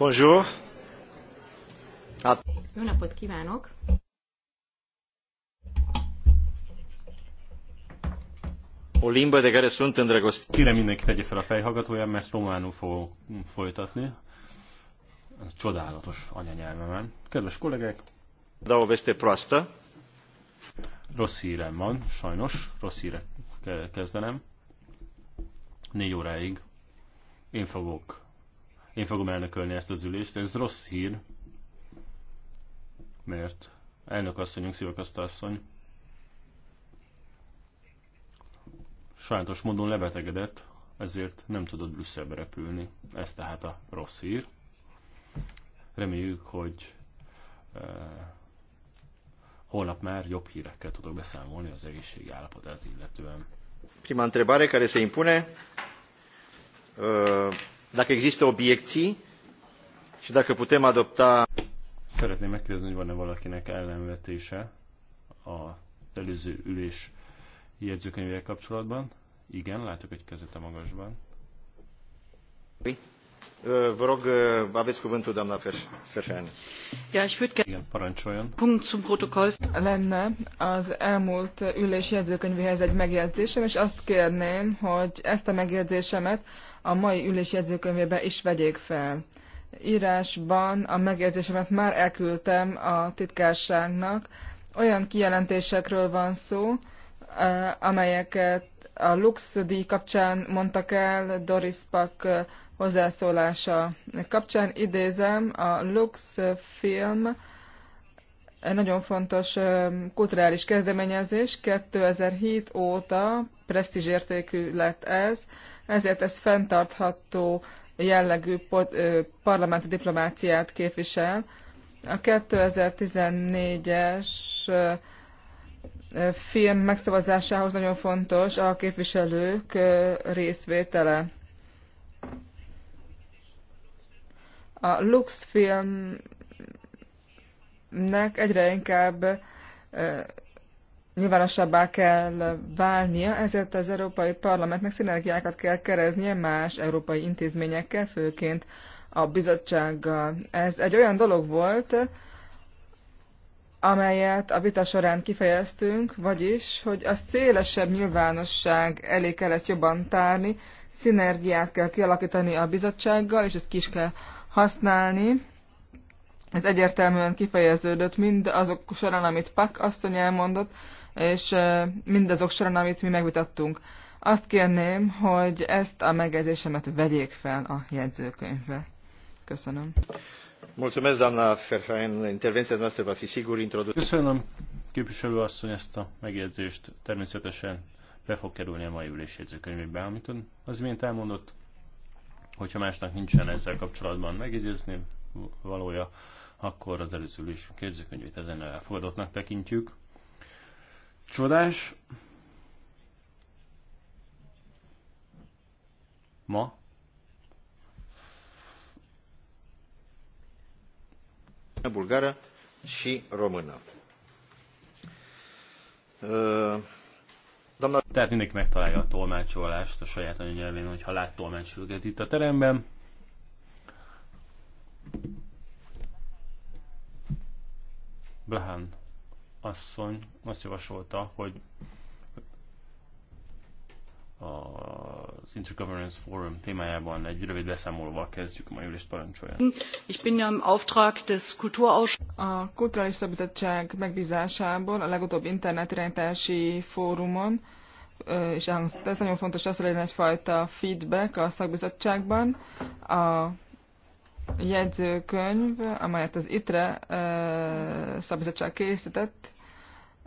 Bonjour. Hát. Jó napot kívánok! O limba de care sunt îndrăgostit. Kérem mindenki tegye fel a fejhallgatóját, mert románul fog folytatni. Ez csodálatos anyanyelvemen. Kedves kollégák! Da o veste proastă. Rossz hírem van, sajnos. Rossz hírek kezdenem. Négy óráig én fogok én fogom elnökölni ezt az ülést. Ez rossz hír, mert elnök asszonyunk, szivakaszta asszony sajnos módon lebetegedett, ezért nem tudott Brüsszelbe repülni. Ez tehát a rossz hír. Reméljük, hogy e, holnap már jobb hírekkel tudok beszámolni az egészségi állapotát illetően. Prima întrebare care se impune. Uh... Dacă există obiecții și dacă putem adopta... Szeretném megkérdezni, hogy van-e valakinek ellenvetése a előző ülés jegyzőkönyvével kapcsolatban. Igen, látok egy kezet a magasban. Vă rog, aveți cuvântul, doamna Ja, ich würde gerne parancsoljon. Punkt zum Protokoll. Lenne az elmúlt ülés jegyzőkönyvéhez egy megjegyzésem, és azt kérném, hogy ezt a megjegyzésemet a mai ülés jegyzőkönyvébe is vegyék fel. Írásban a megjegyzésemet már elküldtem a titkárságnak. Olyan kijelentésekről van szó, eh, amelyeket a Lux díj kapcsán mondtak el Doris Pak eh, hozzászólása kapcsán. Idézem, a Lux film egy nagyon fontos kulturális kezdeményezés. 2007 óta presztízsértékű lett ez, ezért ez fenntartható jellegű parlamenti diplomáciát képvisel. A 2014-es film megszavazásához nagyon fontos a képviselők részvétele. A Lux film nek egyre inkább nyilvánosabbá kell válnia, ezért az Európai Parlamentnek szinergiákat kell kereznie más európai intézményekkel, főként a bizottsággal. Ez egy olyan dolog volt, amelyet a vita során kifejeztünk, vagyis, hogy a szélesebb nyilvánosság elé kellett jobban tárni, szinergiát kell kialakítani a bizottsággal, és ezt ki is kell használni. Ez egyértelműen kifejeződött mind azok során, amit Pak asszony elmondott, és mindazok során, amit mi megvitattunk. Azt kérném, hogy ezt a megjegyzésemet vegyék fel a jegyzőkönyvbe. Köszönöm. Köszönöm, képviselő asszony, ezt a megjegyzést természetesen be fog kerülni a mai ülés jegyzőkönyvébe, amit az imént elmondott, hogyha másnak nincsen ezzel kapcsolatban megjegyezni valója, akkor az előszülős képzőkönyvét ezen elfogadottnak tekintjük. Csodás! Ma a și română. Doamna... Tehát mindenki megtalálja a tolmácsolást a saját anyanyelvén, hogyha lát tolmácsülget itt a teremben. Blahan asszony azt javasolta, hogy az Intergovernance Forum témájában egy rövid beszámolóval kezdjük, a mai ülést parancsolja. Ich bin am Auftrag des A Kulturális Szabadság megbízásából a legutóbb internetirányítási fórumon és ez nagyon fontos az, hogy legyen egyfajta feedback a szakbizottságban. A jegyzőkönyv, amelyet az ITRE szabizottság készített,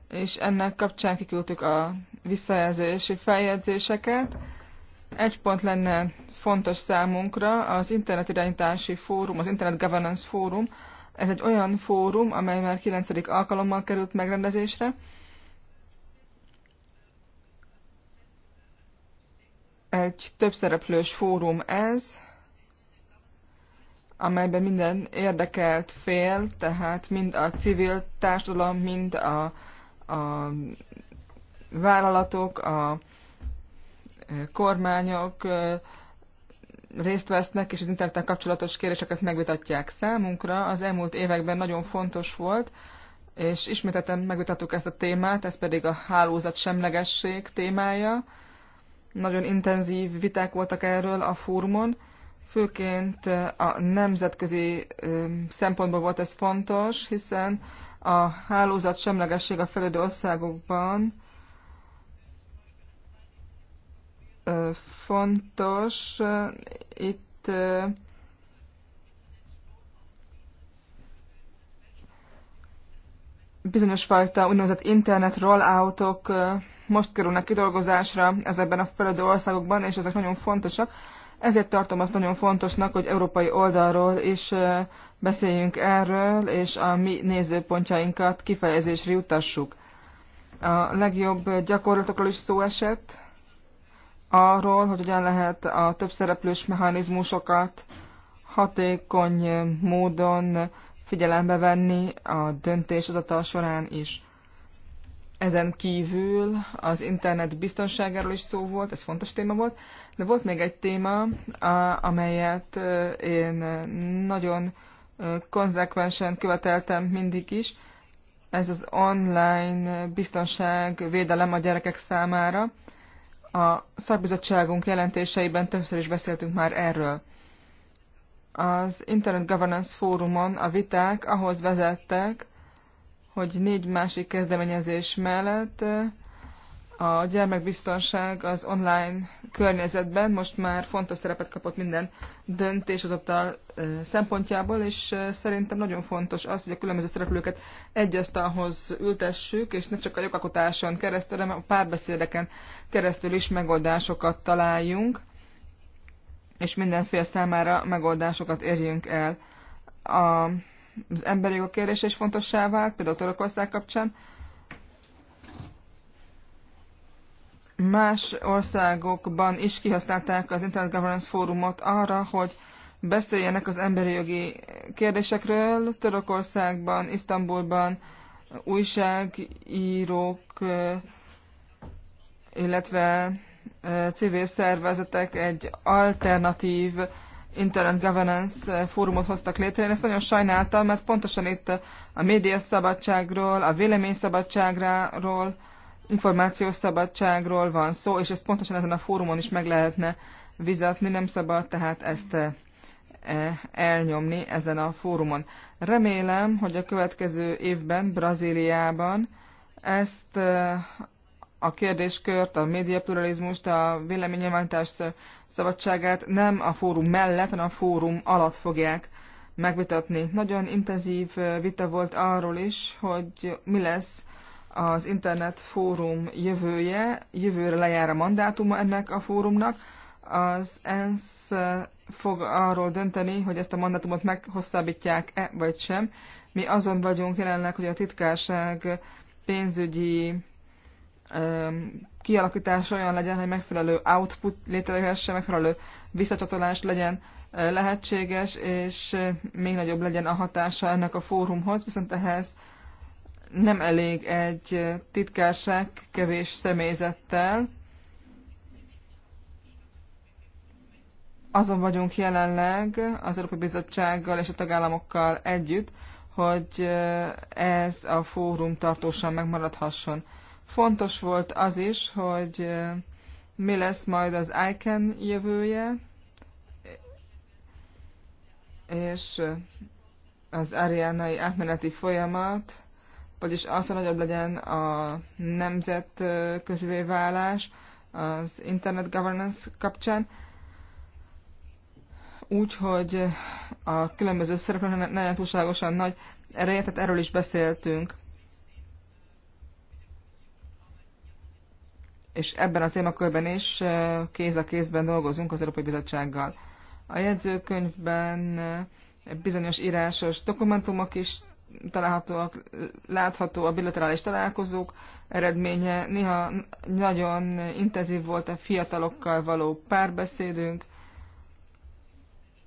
és ennek kapcsán kiküldtük a visszajelzési feljegyzéseket. Egy pont lenne fontos számunkra, az Internet Irányítási Fórum, az Internet Governance Fórum. Ez egy olyan fórum, amely már 9. alkalommal került megrendezésre. Egy többszereplős fórum ez, amelyben minden érdekelt fél, tehát mind a civil társadalom, mind a, a vállalatok, a e, kormányok e, részt vesznek, és az interneten kapcsolatos kéréseket megvitatják számunkra. Az elmúlt években nagyon fontos volt, és ismételten megvitattuk ezt a témát, ez pedig a hálózat semlegesség témája. Nagyon intenzív viták voltak erről a fórumon, Főként a nemzetközi szempontból volt ez fontos, hiszen a hálózat semlegesség a fejlődő országokban fontos. Itt bizonyos fajta úgynevezett internet rolloutok most kerülnek kidolgozásra ezekben a fejlődő országokban, és ezek nagyon fontosak. Ezért tartom azt nagyon fontosnak, hogy európai oldalról is beszéljünk erről, és a mi nézőpontjainkat kifejezésre jutassuk. A legjobb gyakorlatokról is szó esett, arról, hogy hogyan lehet a többszereplős mechanizmusokat hatékony módon figyelembe venni a döntéshozatal során is. Ezen kívül az internet biztonságáról is szó volt, ez fontos téma volt, de volt még egy téma, amelyet én nagyon konzekvensen követeltem mindig is, ez az online biztonság védelem a gyerekek számára. A szakbizottságunk jelentéseiben többször is beszéltünk már erről. Az Internet Governance Fórumon a viták ahhoz vezettek, hogy négy másik kezdeményezés mellett a gyermekbiztonság az online környezetben most már fontos szerepet kapott minden döntés az optál szempontjából, és szerintem nagyon fontos az, hogy a különböző szereplőket egy asztalhoz ültessük, és ne csak a jogalkotáson keresztül, hanem a párbeszédeken keresztül is megoldásokat találjunk, és mindenféle számára megoldásokat érjünk el. A az emberi jogok kérdése is fontossá vált, például Törökország kapcsán. Más országokban is kihasználták az Internet Governance Fórumot arra, hogy beszéljenek az emberi jogi kérdésekről. Törökországban, Isztambulban újságírók, illetve civil szervezetek egy alternatív Internet Governance eh, fórumot hoztak létre. Én ezt nagyon sajnáltam, mert pontosan itt a médiaszabadságról, a véleményszabadságról, szabadságról van szó, és ezt pontosan ezen a fórumon is meg lehetne vizetni, nem szabad tehát ezt eh, eh, elnyomni ezen a fórumon. Remélem, hogy a következő évben Brazíliában ezt a kérdéskört, a médiapluralizmust, a véleménynyilvánítás szabadságát nem a fórum mellett, hanem a fórum alatt fogják megvitatni. Nagyon intenzív vita volt arról is, hogy mi lesz az internet fórum jövője, jövőre lejár a mandátuma ennek a fórumnak. Az ENSZ fog arról dönteni, hogy ezt a mandátumot meghosszabbítják-e vagy sem. Mi azon vagyunk jelenleg, hogy a titkárság pénzügyi Kialakítás olyan legyen, hogy megfelelő output létrejöhessen, megfelelő visszacsatolás legyen lehetséges, és még nagyobb legyen a hatása ennek a fórumhoz, viszont ehhez nem elég egy titkárság kevés személyzettel. Azon vagyunk jelenleg az Európai Bizottsággal és a tagállamokkal együtt, hogy ez a fórum tartósan megmaradhasson. Fontos volt az is, hogy mi lesz majd az ICAN jövője, és az ariánai átmeneti folyamat, vagyis az, hogy nagyobb legyen a nemzet közévé válás az internet governance kapcsán, úgyhogy a különböző szereplőknek nagyon túlságosan nagy erejét, tehát erről is beszéltünk. és ebben a témakörben is kéz a kézben dolgozunk az Európai Bizottsággal. A jegyzőkönyvben bizonyos írásos dokumentumok is találhatóak, látható a bilaterális találkozók eredménye. Néha nagyon intenzív volt a fiatalokkal való párbeszédünk,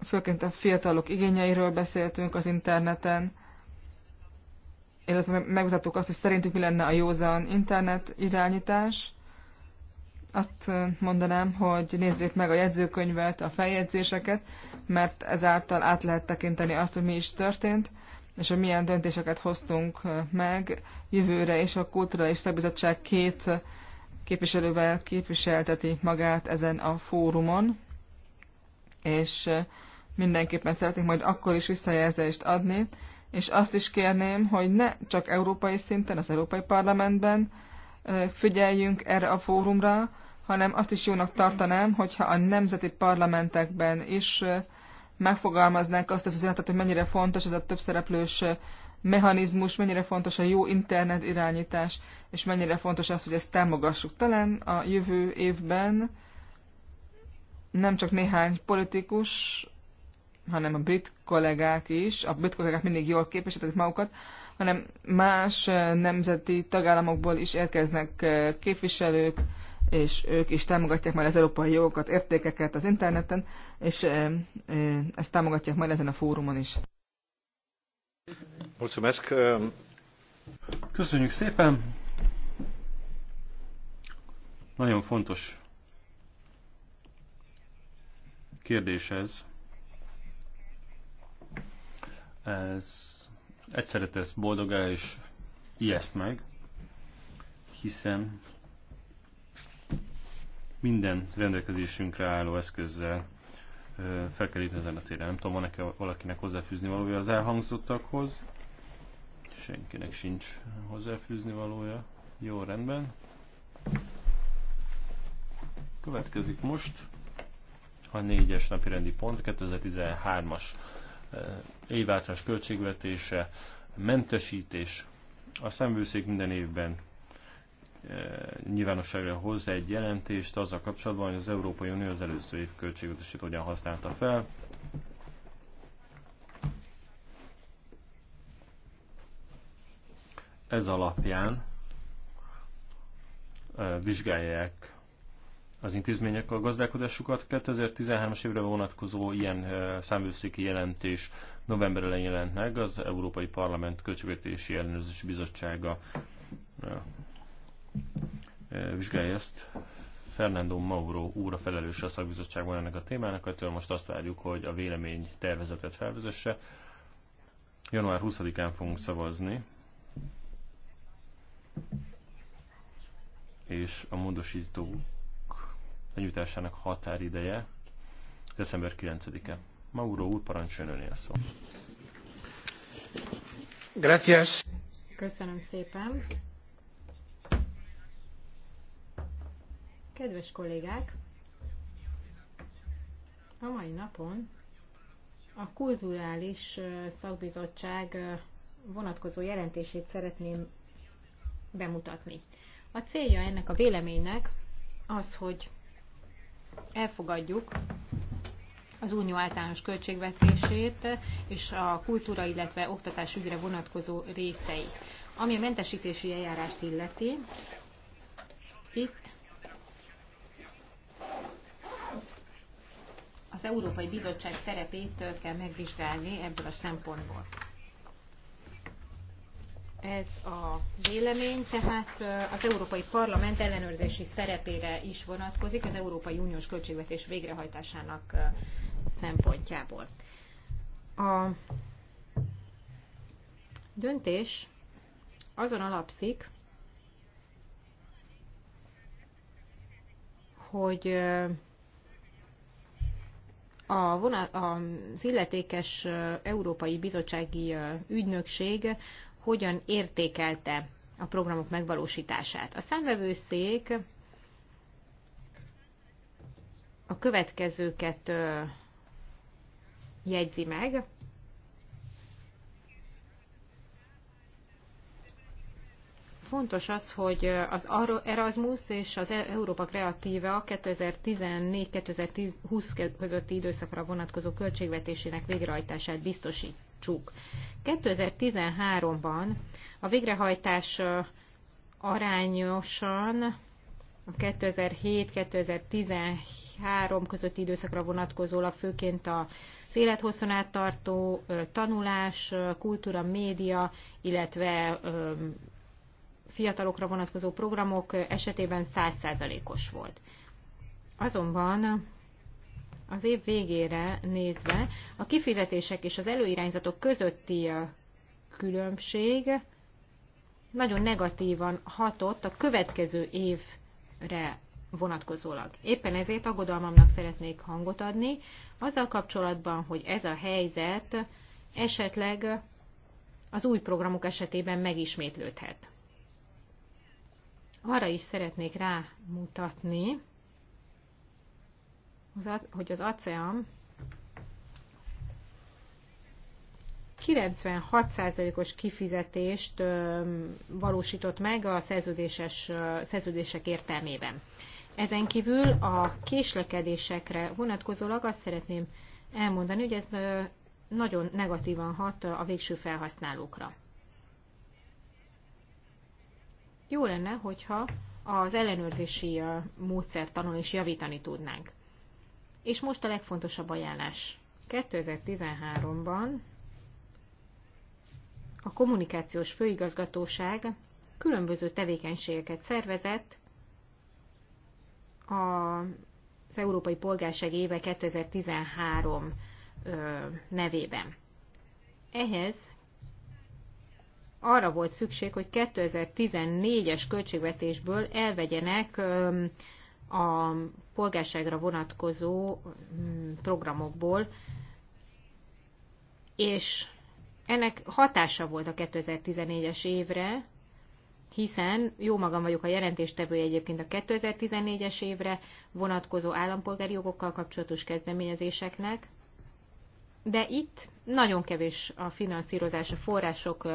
főként a fiatalok igényeiről beszéltünk az interneten, illetve megmutattuk azt, hogy szerintük mi lenne a józan internet irányítás azt mondanám, hogy nézzék meg a jegyzőkönyvet, a feljegyzéseket, mert ezáltal át lehet tekinteni azt, hogy mi is történt, és hogy milyen döntéseket hoztunk meg jövőre, és a Kultúra és Szakbizottság két képviselővel képviselteti magát ezen a fórumon, és mindenképpen szeretnék majd akkor is visszajelzést adni, és azt is kérném, hogy ne csak európai szinten, az Európai Parlamentben figyeljünk erre a fórumra, hanem azt is jónak tartanám, hogyha a nemzeti parlamentekben is megfogalmaznánk azt az üzenetet, hogy mennyire fontos ez a többszereplős mechanizmus, mennyire fontos a jó internet irányítás, és mennyire fontos az, hogy ezt támogassuk. Talán a jövő évben nem csak néhány politikus, hanem a brit kollégák is, a brit kollégák mindig jól képviseltetik magukat, hanem más nemzeti tagállamokból is érkeznek képviselők, és ők is támogatják majd az európai jogokat, értékeket az interneten, és ezt támogatják majd ezen a fórumon is. Mulțumesc. Köszönjük szépen! Nagyon fontos kérdés ez. Ez egyszerre tesz boldogá és ijeszt meg, hiszen minden rendelkezésünkre álló eszközzel fel kell lépni ezen a téren. Nem tudom, van-e valakinek hozzáfűzni valója az elhangzottakhoz. Senkinek sincs hozzáfűzni valója. Jó, rendben. Következik most a négyes napi rendi pont, 2013-as évváltás költségvetése, mentesítés. A szemvőszék minden évben Eh, nyilvánosságra hoz egy jelentést azzal kapcsolatban, hogy az Európai Unió az előző év költségvetését hogyan használta fel. Ez alapján eh, vizsgálják az intézmények a gazdálkodásukat. 2013-as évre vonatkozó ilyen eh, számvőszéki jelentés november elején jelent meg, az Európai Parlament Költségvetési Ellenőrzési Bizottsága vizsgálja ezt. Fernando Mauro úr a felelős a szakbizottságban ennek a témának, ettől most azt várjuk, hogy a vélemény tervezetet felvezesse. Január 20-án fogunk szavazni, és a módosítók benyújtásának határideje december 9-e. Mauro úr, parancsön önél szó. Gracias. Köszönöm szépen. Kedves kollégák, a mai napon a Kulturális Szakbizottság vonatkozó jelentését szeretném bemutatni. A célja ennek a véleménynek az, hogy elfogadjuk az unió általános költségvetését és a kultúra, illetve oktatás ügyre vonatkozó részeit. Ami a mentesítési eljárást illeti, itt az Európai Bizottság szerepét kell megvizsgálni ebből a szempontból. Ez a vélemény tehát az Európai Parlament ellenőrzési szerepére is vonatkozik az Európai Uniós költségvetés végrehajtásának szempontjából. A döntés azon alapszik, hogy a vonat, az illetékes Európai Bizottsági Ügynökség hogyan értékelte a programok megvalósítását. A számvevőszék a következőket jegyzi meg. Fontos az, hogy eh, az Erasmus és az e- Európa Kreatíve a 2014-2020 közötti időszakra vonatkozó költségvetésének végrehajtását biztosítsuk. 2013-ban a végrehajtás eh, arányosan a 2007-2013 közötti időszakra vonatkozólag főként a élethosszon áttartó eh, tanulás, kultúra, média, illetve fiatalokra vonatkozó programok esetében 100%-os volt. Azonban az év végére nézve a kifizetések és az előirányzatok közötti különbség nagyon negatívan hatott a következő évre vonatkozólag. Éppen ezért aggodalmamnak szeretnék hangot adni, azzal kapcsolatban, hogy ez a helyzet esetleg az új programok esetében megismétlődhet arra is szeretnék rámutatni, hogy az ACEAM 96%-os kifizetést valósított meg a szerződéses, szerződések értelmében. Ezen kívül a késlekedésekre vonatkozólag azt szeretném elmondani, hogy ez nagyon negatívan hat a végső felhasználókra. Jó lenne, hogyha az ellenőrzési módszertanul is javítani tudnánk. És most a legfontosabb ajánlás. 2013-ban a kommunikációs főigazgatóság különböző tevékenységeket szervezett az Európai Polgárság éve 2013 nevében. Ehhez arra volt szükség, hogy 2014-es költségvetésből elvegyenek a polgárságra vonatkozó programokból, és ennek hatása volt a 2014-es évre, hiszen jó magam vagyok a jelentéstevője egyébként a 2014-es évre vonatkozó állampolgári jogokkal kapcsolatos kezdeményezéseknek, de itt nagyon kevés a finanszírozás, a források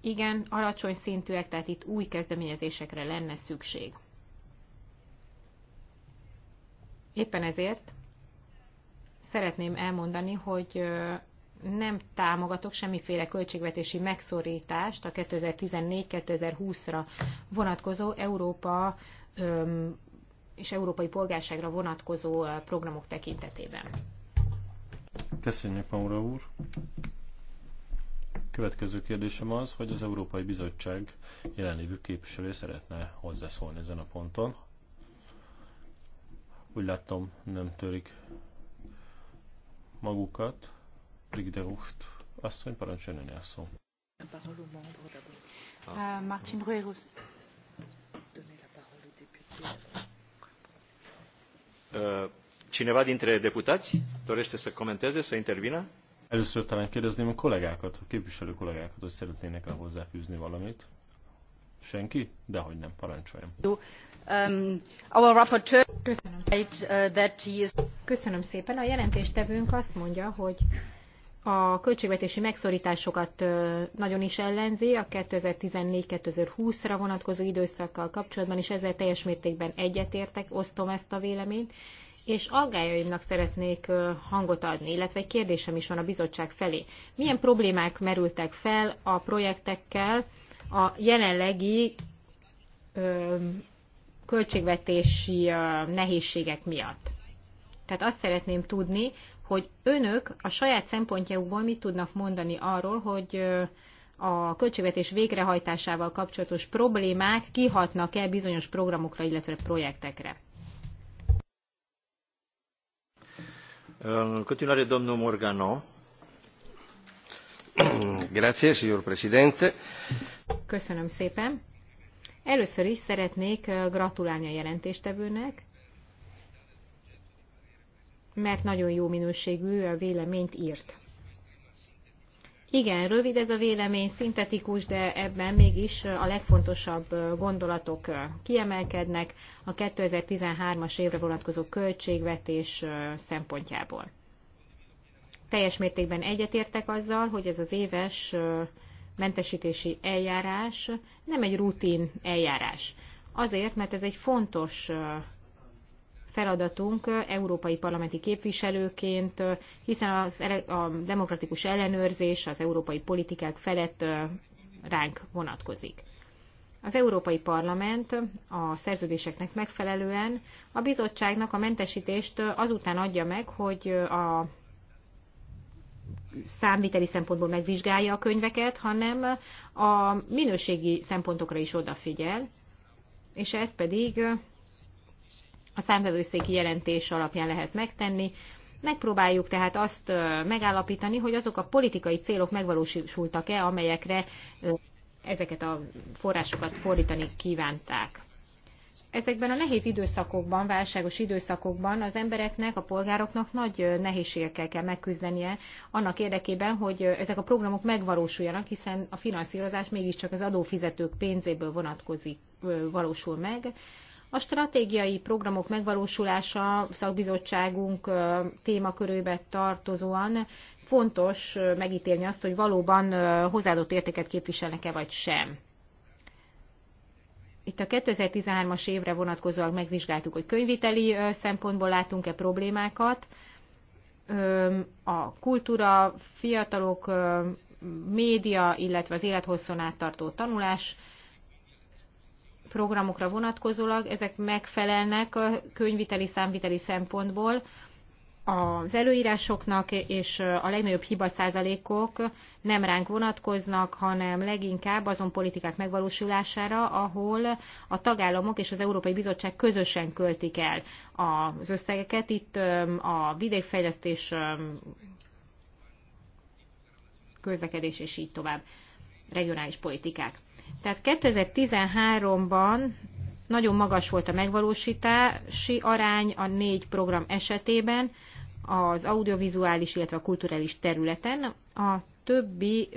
igen alacsony szintűek, tehát itt új kezdeményezésekre lenne szükség. Éppen ezért szeretném elmondani, hogy nem támogatok semmiféle költségvetési megszorítást a 2014-2020-ra vonatkozó Európa és európai polgárságra vonatkozó programok tekintetében. Köszönjük, Paula úr! Következő kérdésem az, hogy az Európai Bizottság jelenlévő képviselő szeretne hozzászólni ezen a ponton. Úgy látom, nem törik magukat. Brigitte Rucht asszony, parancsoljon önnél szó. Uh, Martin Rueros. Uh, cineva dintre deputați dorește să comenteze, să intervină? Először talán kérdezném a kollégákat, a képviselő kollégákat, hogy szeretnének -e hozzáfűzni valamit. Senki? Dehogy nem, parancsoljam. Um, Köszönöm. Uh, Köszönöm szépen. A jelentéstevőnk azt mondja, hogy a költségvetési megszorításokat nagyon is ellenzi a 2014-2020-ra vonatkozó időszakkal kapcsolatban, és ezzel teljes mértékben egyetértek, osztom ezt a véleményt, és aggájaimnak szeretnék hangot adni, illetve egy kérdésem is van a bizottság felé. Milyen problémák merültek fel a projektekkel a jelenlegi ö, költségvetési ö, nehézségek miatt? Tehát azt szeretném tudni, hogy önök a saját szempontjából mit tudnak mondani arról, hogy ö, a költségvetés végrehajtásával kapcsolatos problémák kihatnak-e bizonyos programokra, illetve projektekre. Köszönöm szépen. Először is szeretnék gratulálni a jelentéstevőnek, mert nagyon jó minőségű véleményt rt. Igen, rövid ez a vélemény, szintetikus, de ebben mégis a legfontosabb gondolatok kiemelkednek a 2013-as évre vonatkozó költségvetés szempontjából. Teljes mértékben egyetértek azzal, hogy ez az éves mentesítési eljárás nem egy rutin eljárás. Azért, mert ez egy fontos feladatunk európai parlamenti képviselőként, hiszen az, a demokratikus ellenőrzés az európai politikák felett ránk vonatkozik. Az Európai Parlament a szerződéseknek megfelelően a bizottságnak a mentesítést azután adja meg, hogy a számviteli szempontból megvizsgálja a könyveket, hanem a minőségi szempontokra is odafigyel, és ez pedig a számvevőszéki jelentés alapján lehet megtenni. Megpróbáljuk tehát azt megállapítani, hogy azok a politikai célok megvalósultak-e, amelyekre ezeket a forrásokat fordítani kívánták. Ezekben a nehéz időszakokban, válságos időszakokban az embereknek, a polgároknak nagy nehézségekkel kell megküzdenie annak érdekében, hogy ezek a programok megvalósuljanak, hiszen a finanszírozás mégiscsak az adófizetők pénzéből vonatkozik, valósul meg, a stratégiai programok megvalósulása szakbizottságunk témakörébe tartozóan fontos megítélni azt, hogy valóban hozzáadott értéket képviselnek-e vagy sem. Itt a 2013-as évre vonatkozóan megvizsgáltuk, hogy könyviteli szempontból látunk-e problémákat. A kultúra, fiatalok, média, illetve az élethosszon áttartó tanulás programokra vonatkozólag, ezek megfelelnek a könyviteli, számviteli szempontból az előírásoknak, és a legnagyobb hibaszázalékok nem ránk vonatkoznak, hanem leginkább azon politikák megvalósulására, ahol a tagállamok és az Európai Bizottság közösen költik el az összegeket. Itt a vidékfejlesztés közlekedés és így tovább regionális politikák. Tehát 2013-ban nagyon magas volt a megvalósítási arány a négy program esetében, az audiovizuális, illetve a kulturális területen. A többi,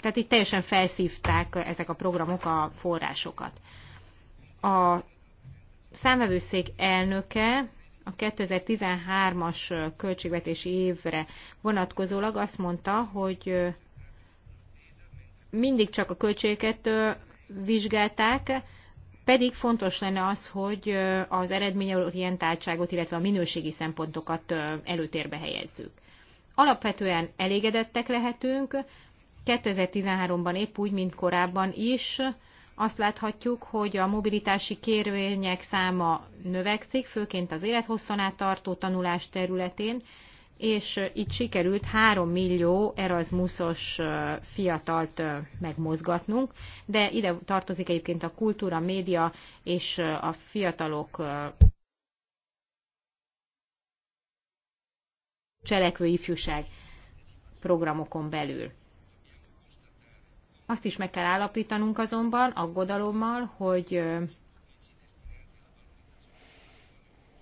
tehát itt teljesen felszívták ezek a programok a forrásokat. A számvevőszék elnöke a 2013-as költségvetési évre vonatkozólag azt mondta, hogy mindig csak a költségeket vizsgálták, pedig fontos lenne az, hogy az eredményorientáltságot, illetve a minőségi szempontokat előtérbe helyezzük. Alapvetően elégedettek lehetünk, 2013-ban épp úgy, mint korábban is, azt láthatjuk, hogy a mobilitási kérvények száma növekszik, főként az élethosszon át tartó tanulás területén, és itt sikerült 3 millió Erasmusos fiatalt megmozgatnunk, de ide tartozik egyébként a kultúra, média és a fiatalok cselekvő ifjúság programokon belül. Azt is meg kell állapítanunk azonban aggodalommal, hogy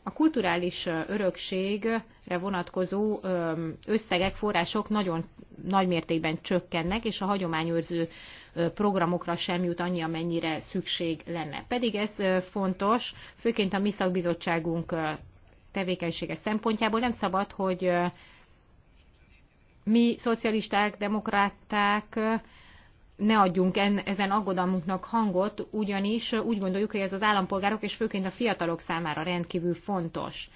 a kulturális örökségre vonatkozó összegek, források nagyon nagy mértékben csökkennek, és a hagyományőrző programokra sem jut annyi, amennyire szükség lenne. Pedig ez fontos, főként a mi szakbizottságunk tevékenysége szempontjából nem szabad, hogy mi szocialisták, demokraták ne adjunk en, ezen aggodalmunknak hangot, ugyanis úgy gondoljuk, hogy ez az állampolgárok és főként a fiatalok számára rendkívül fontos.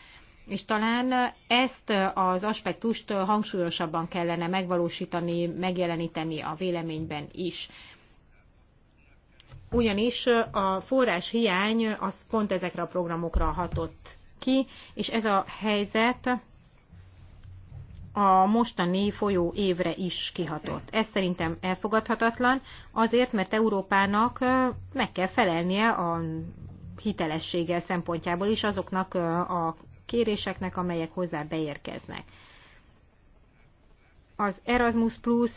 És talán ezt az aspektust hangsúlyosabban kellene megvalósítani, megjeleníteni a véleményben is. Ugyanis a forrás hiány az pont ezekre a programokra hatott ki, és ez a helyzet a mostani folyó évre is kihatott. Ez szerintem elfogadhatatlan, azért, mert Európának meg kell felelnie a hitelessége szempontjából is azoknak a kéréseknek, amelyek hozzá beérkeznek. Az Erasmus Plus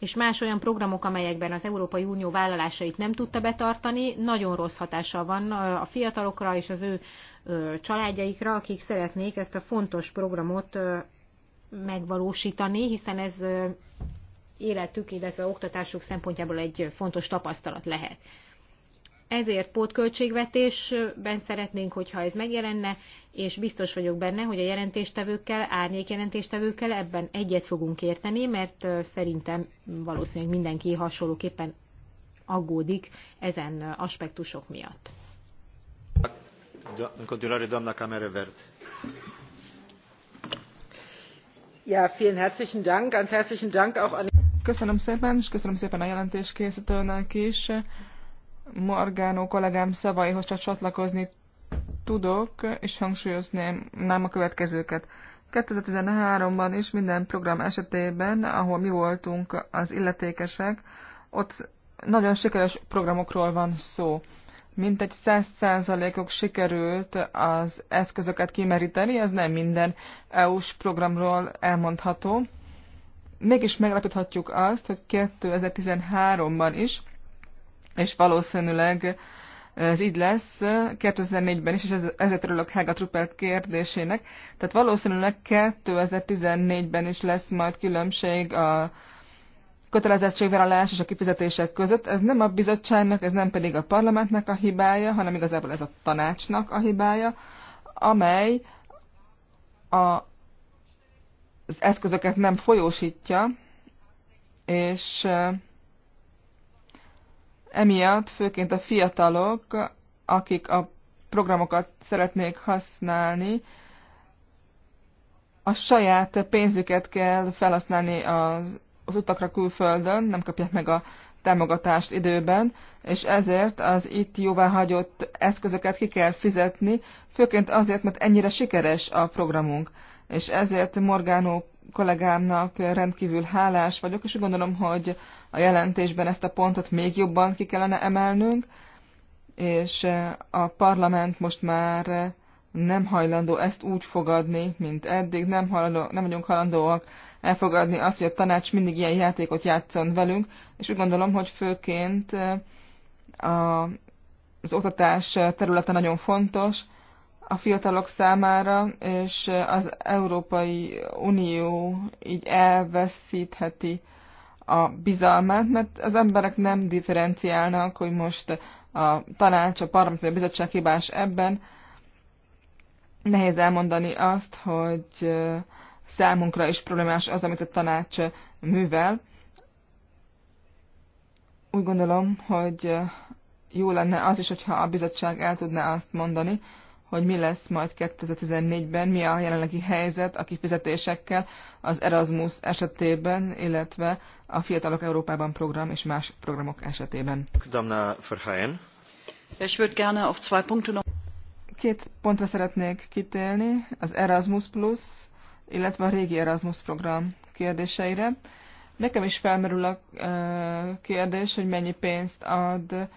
és más olyan programok, amelyekben az Európai Unió vállalásait nem tudta betartani, nagyon rossz hatással van a fiatalokra és az ő családjaikra, akik szeretnék ezt a fontos programot megvalósítani, hiszen ez életük, illetve oktatásuk szempontjából egy fontos tapasztalat lehet. Ezért pótköltségvetésben szeretnénk, hogyha ez megjelenne, és biztos vagyok benne, hogy a jelentéstevőkkel, jelentéstevőkkel ebben egyet fogunk érteni, mert szerintem valószínűleg mindenki hasonlóképpen aggódik ezen aspektusok miatt. Ja, vielen herzlichen Dank, ganz herzlichen Dank auch an... Köszönöm szépen, és köszönöm szépen a jelentéskészítőnek is. Morgánó kollégám szavaihoz csak csatlakozni tudok, és hangsúlyozném nem a következőket. 2013-ban is minden program esetében, ahol mi voltunk az illetékesek, ott nagyon sikeres programokról van szó. Mintegy 100%-ok sikerült az eszközöket kimeríteni, ez nem minden EU-s programról elmondható. Mégis meglepíthatjuk azt, hogy 2013-ban is és valószínűleg ez így lesz 2004-ben is, és ez, ezért örülök Helga Truppel kérdésének. Tehát valószínűleg 2014-ben is lesz majd különbség a kötelezettségvállalás és a kifizetések között. Ez nem a bizottságnak, ez nem pedig a parlamentnek a hibája, hanem igazából ez a tanácsnak a hibája, amely a, az eszközöket nem folyósítja, és Emiatt főként a fiatalok, akik a programokat szeretnék használni, a saját pénzüket kell felhasználni az, az utakra külföldön, nem kapják meg a támogatást időben, és ezért az itt jóváhagyott eszközöket ki kell fizetni, főként azért, mert ennyire sikeres a programunk. És ezért Morgánó kollégámnak rendkívül hálás vagyok, és úgy gondolom, hogy a jelentésben ezt a pontot még jobban ki kellene emelnünk, és a parlament most már nem hajlandó ezt úgy fogadni, mint eddig, nem, hajlandó, nem vagyunk hajlandóak elfogadni azt, hogy a tanács mindig ilyen játékot játszon velünk, és úgy gondolom, hogy főként eh, a, az oktatás területe nagyon fontos, a fiatalok számára, és az Európai Unió így elveszítheti a bizalmát, mert az emberek nem differenciálnak, hogy most a tanács, a parlament, a bizottság hibás ebben. Nehéz elmondani azt, hogy számunkra is problémás az, amit a tanács művel. Úgy gondolom, hogy jó lenne az is, hogyha a bizottság el tudná azt mondani, hogy mi lesz majd 2014-ben, mi a jelenlegi helyzet a kifizetésekkel az Erasmus esetében, illetve a Fiatalok Európában program és más programok esetében. Két pontra szeretnék kitélni, az Erasmus Plus, illetve a régi Erasmus program kérdéseire. Nekem is felmerül a kérdés, hogy mennyi pénzt ad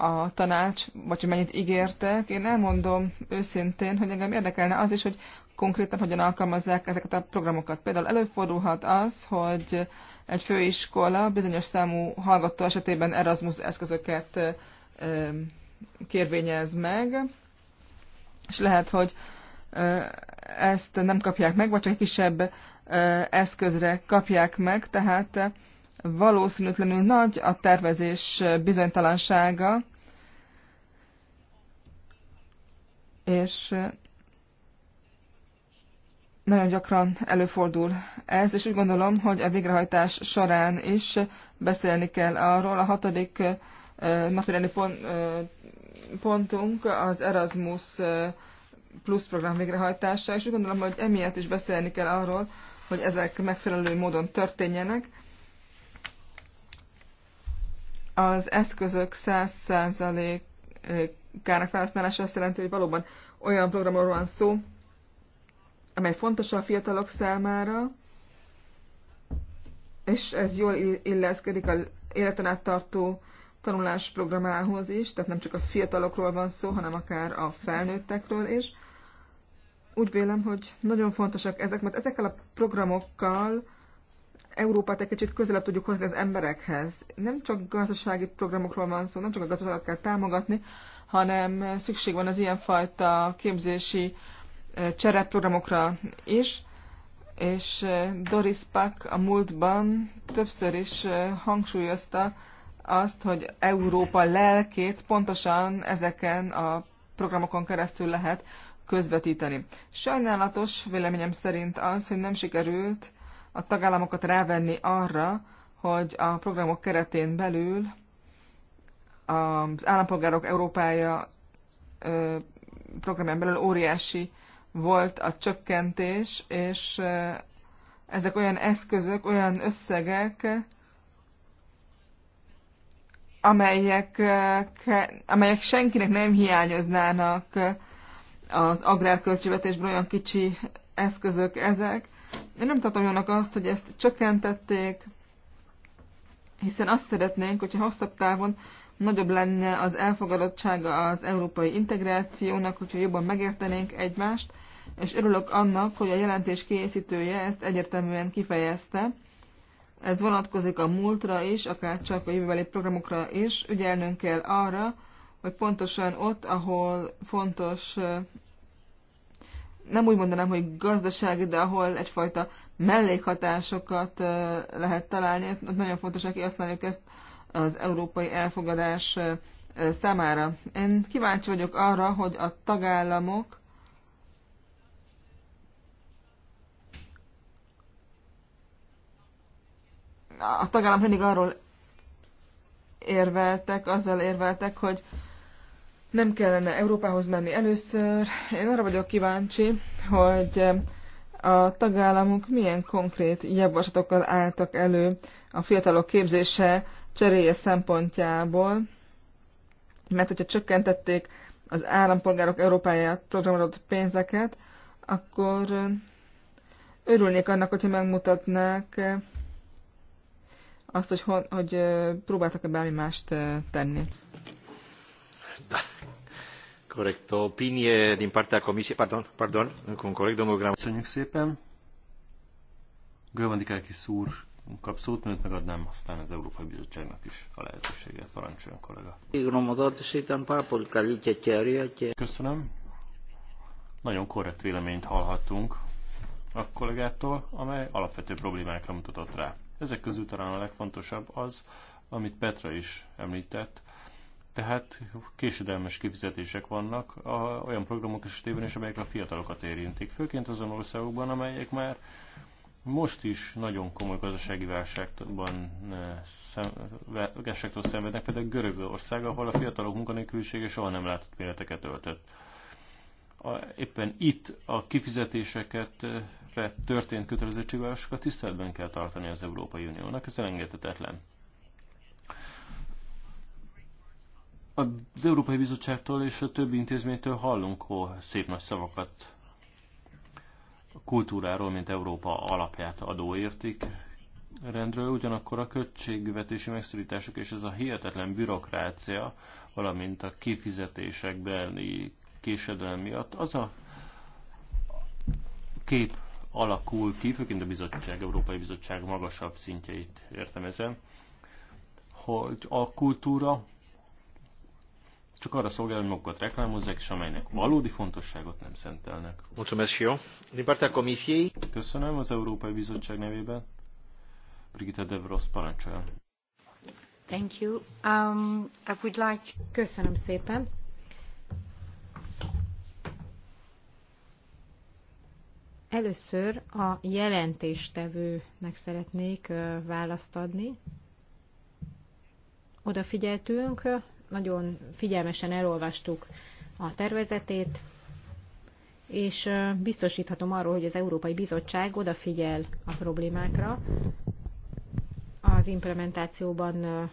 a tanács, vagy hogy mennyit ígértek. Én elmondom őszintén, hogy engem érdekelne az is, hogy konkrétan hogyan alkalmazzák ezeket a programokat. Például előfordulhat az, hogy egy főiskola bizonyos számú hallgató esetében Erasmus eszközöket kérvényez meg, és lehet, hogy ezt nem kapják meg, vagy csak egy kisebb eszközre kapják meg, tehát valószínűtlenül nagy a tervezés bizonytalansága, és nagyon gyakran előfordul ez, és úgy gondolom, hogy a végrehajtás során is beszélni kell arról. A hatodik napirendi pontunk az Erasmus plusz program végrehajtása, és úgy gondolom, hogy emiatt is beszélni kell arról, hogy ezek megfelelő módon történjenek. Az eszközök 100% kárnak felhasználása azt jelenti, hogy valóban olyan programról van szó, amely fontos a fiatalok számára, és ez jól illeszkedik a életen át tartó tanulás programához is, tehát nem csak a fiatalokról van szó, hanem akár a felnőttekről is. Úgy vélem, hogy nagyon fontosak ezek, mert ezekkel a programokkal Európát egy kicsit közelebb tudjuk hozni az emberekhez. Nem csak gazdasági programokról van szó, nem csak a gazdaságot kell támogatni, hanem szükség van az ilyenfajta képzési csereprogramokra is, és Doris Pack a múltban többször is hangsúlyozta azt, hogy Európa lelkét pontosan ezeken a programokon keresztül lehet közvetíteni. Sajnálatos véleményem szerint az, hogy nem sikerült a tagállamokat rávenni arra, hogy a programok keretén belül az állampolgárok Európája programján belül óriási volt a csökkentés, és ezek olyan eszközök, olyan összegek, amelyek, amelyek senkinek nem hiányoznának az agrárköltségvetésből olyan kicsi eszközök ezek. Én nem tartom jónak azt, hogy ezt csökkentették, hiszen azt szeretnénk, hogyha hosszabb távon nagyobb lenne az elfogadottsága az európai integrációnak, hogyha jobban megértenénk egymást, és örülök annak, hogy a jelentés készítője ezt egyértelműen kifejezte. Ez vonatkozik a múltra is, akár csak a jövőbeli programokra is. Ügyelnünk kell arra, hogy pontosan ott, ahol fontos, nem úgy mondanám, hogy gazdasági, de ahol egyfajta mellékhatásokat eh, lehet találni, ott nagyon fontos, hogy kihasználjuk ezt az európai elfogadás számára. Én kíváncsi vagyok arra, hogy a tagállamok a tagállam mindig arról érveltek, azzal érveltek, hogy nem kellene Európához menni először. Én arra vagyok kíváncsi, hogy a tagállamok milyen konkrét javaslatokkal álltak elő a fiatalok képzése cseréje szempontjából, mert hogyha csökkentették az állampolgárok Európáját programozott pénzeket, akkor örülnék annak, hogyha megmutatnák azt, hogy, hon, hogy próbáltak-e bármi mást tenni. Da. opinie din partea Comisiei. Pardon, pardon, încă un coleg, domnul Gram. Köszönjük szépen. Grövandikákis úr kap szót, mert megadnám aztán az Európai Bizottságnak is a lehetőséget. Parancsoljon, kollega. Köszönöm. Nagyon korrekt véleményt hallhattunk a kollégától, amely alapvető problémákra mutatott rá. Ezek közül talán a legfontosabb az, amit Petra is említett, tehát késedelmes kifizetések vannak a, olyan programok esetében is, amelyek a fiatalokat érintik, főként azon országokban, amelyek már most is nagyon komoly gazdasági válságban eh, válságtól szenvednek, például Görögország, ahol a fiatalok munkanélkülisége soha nem látott méreteket öltött. A, éppen itt a kifizetéseket történt kötelezettségvállalásokat tiszteletben kell tartani az Európai Uniónak, ez elengedhetetlen. Az Európai Bizottságtól és a többi intézménytől hallunk ó, szép nagy szavakat a kultúráról, mint Európa alapját érték rendről, ugyanakkor a költségvetési megszorítások és ez a hihetetlen bürokrácia, valamint a belni késedelem miatt az a kép alakul ki, főként a bizottság, Európai Bizottság magasabb szintjeit értem ezen, hogy a kultúra csak arra szolgál, hogy magukat reklámozzák, és amelynek valódi fontosságot nem szentelnek. Köszönöm az Európai Bizottság nevében. Brigitte Devros parancsolja. Thank you. Um, I would like to... Köszönöm szépen. Először a jelentéstevőnek szeretnék választ adni. Odafigyeltünk nagyon figyelmesen elolvastuk a tervezetét, és biztosíthatom arról, hogy az Európai Bizottság odafigyel a problémákra, az implementációban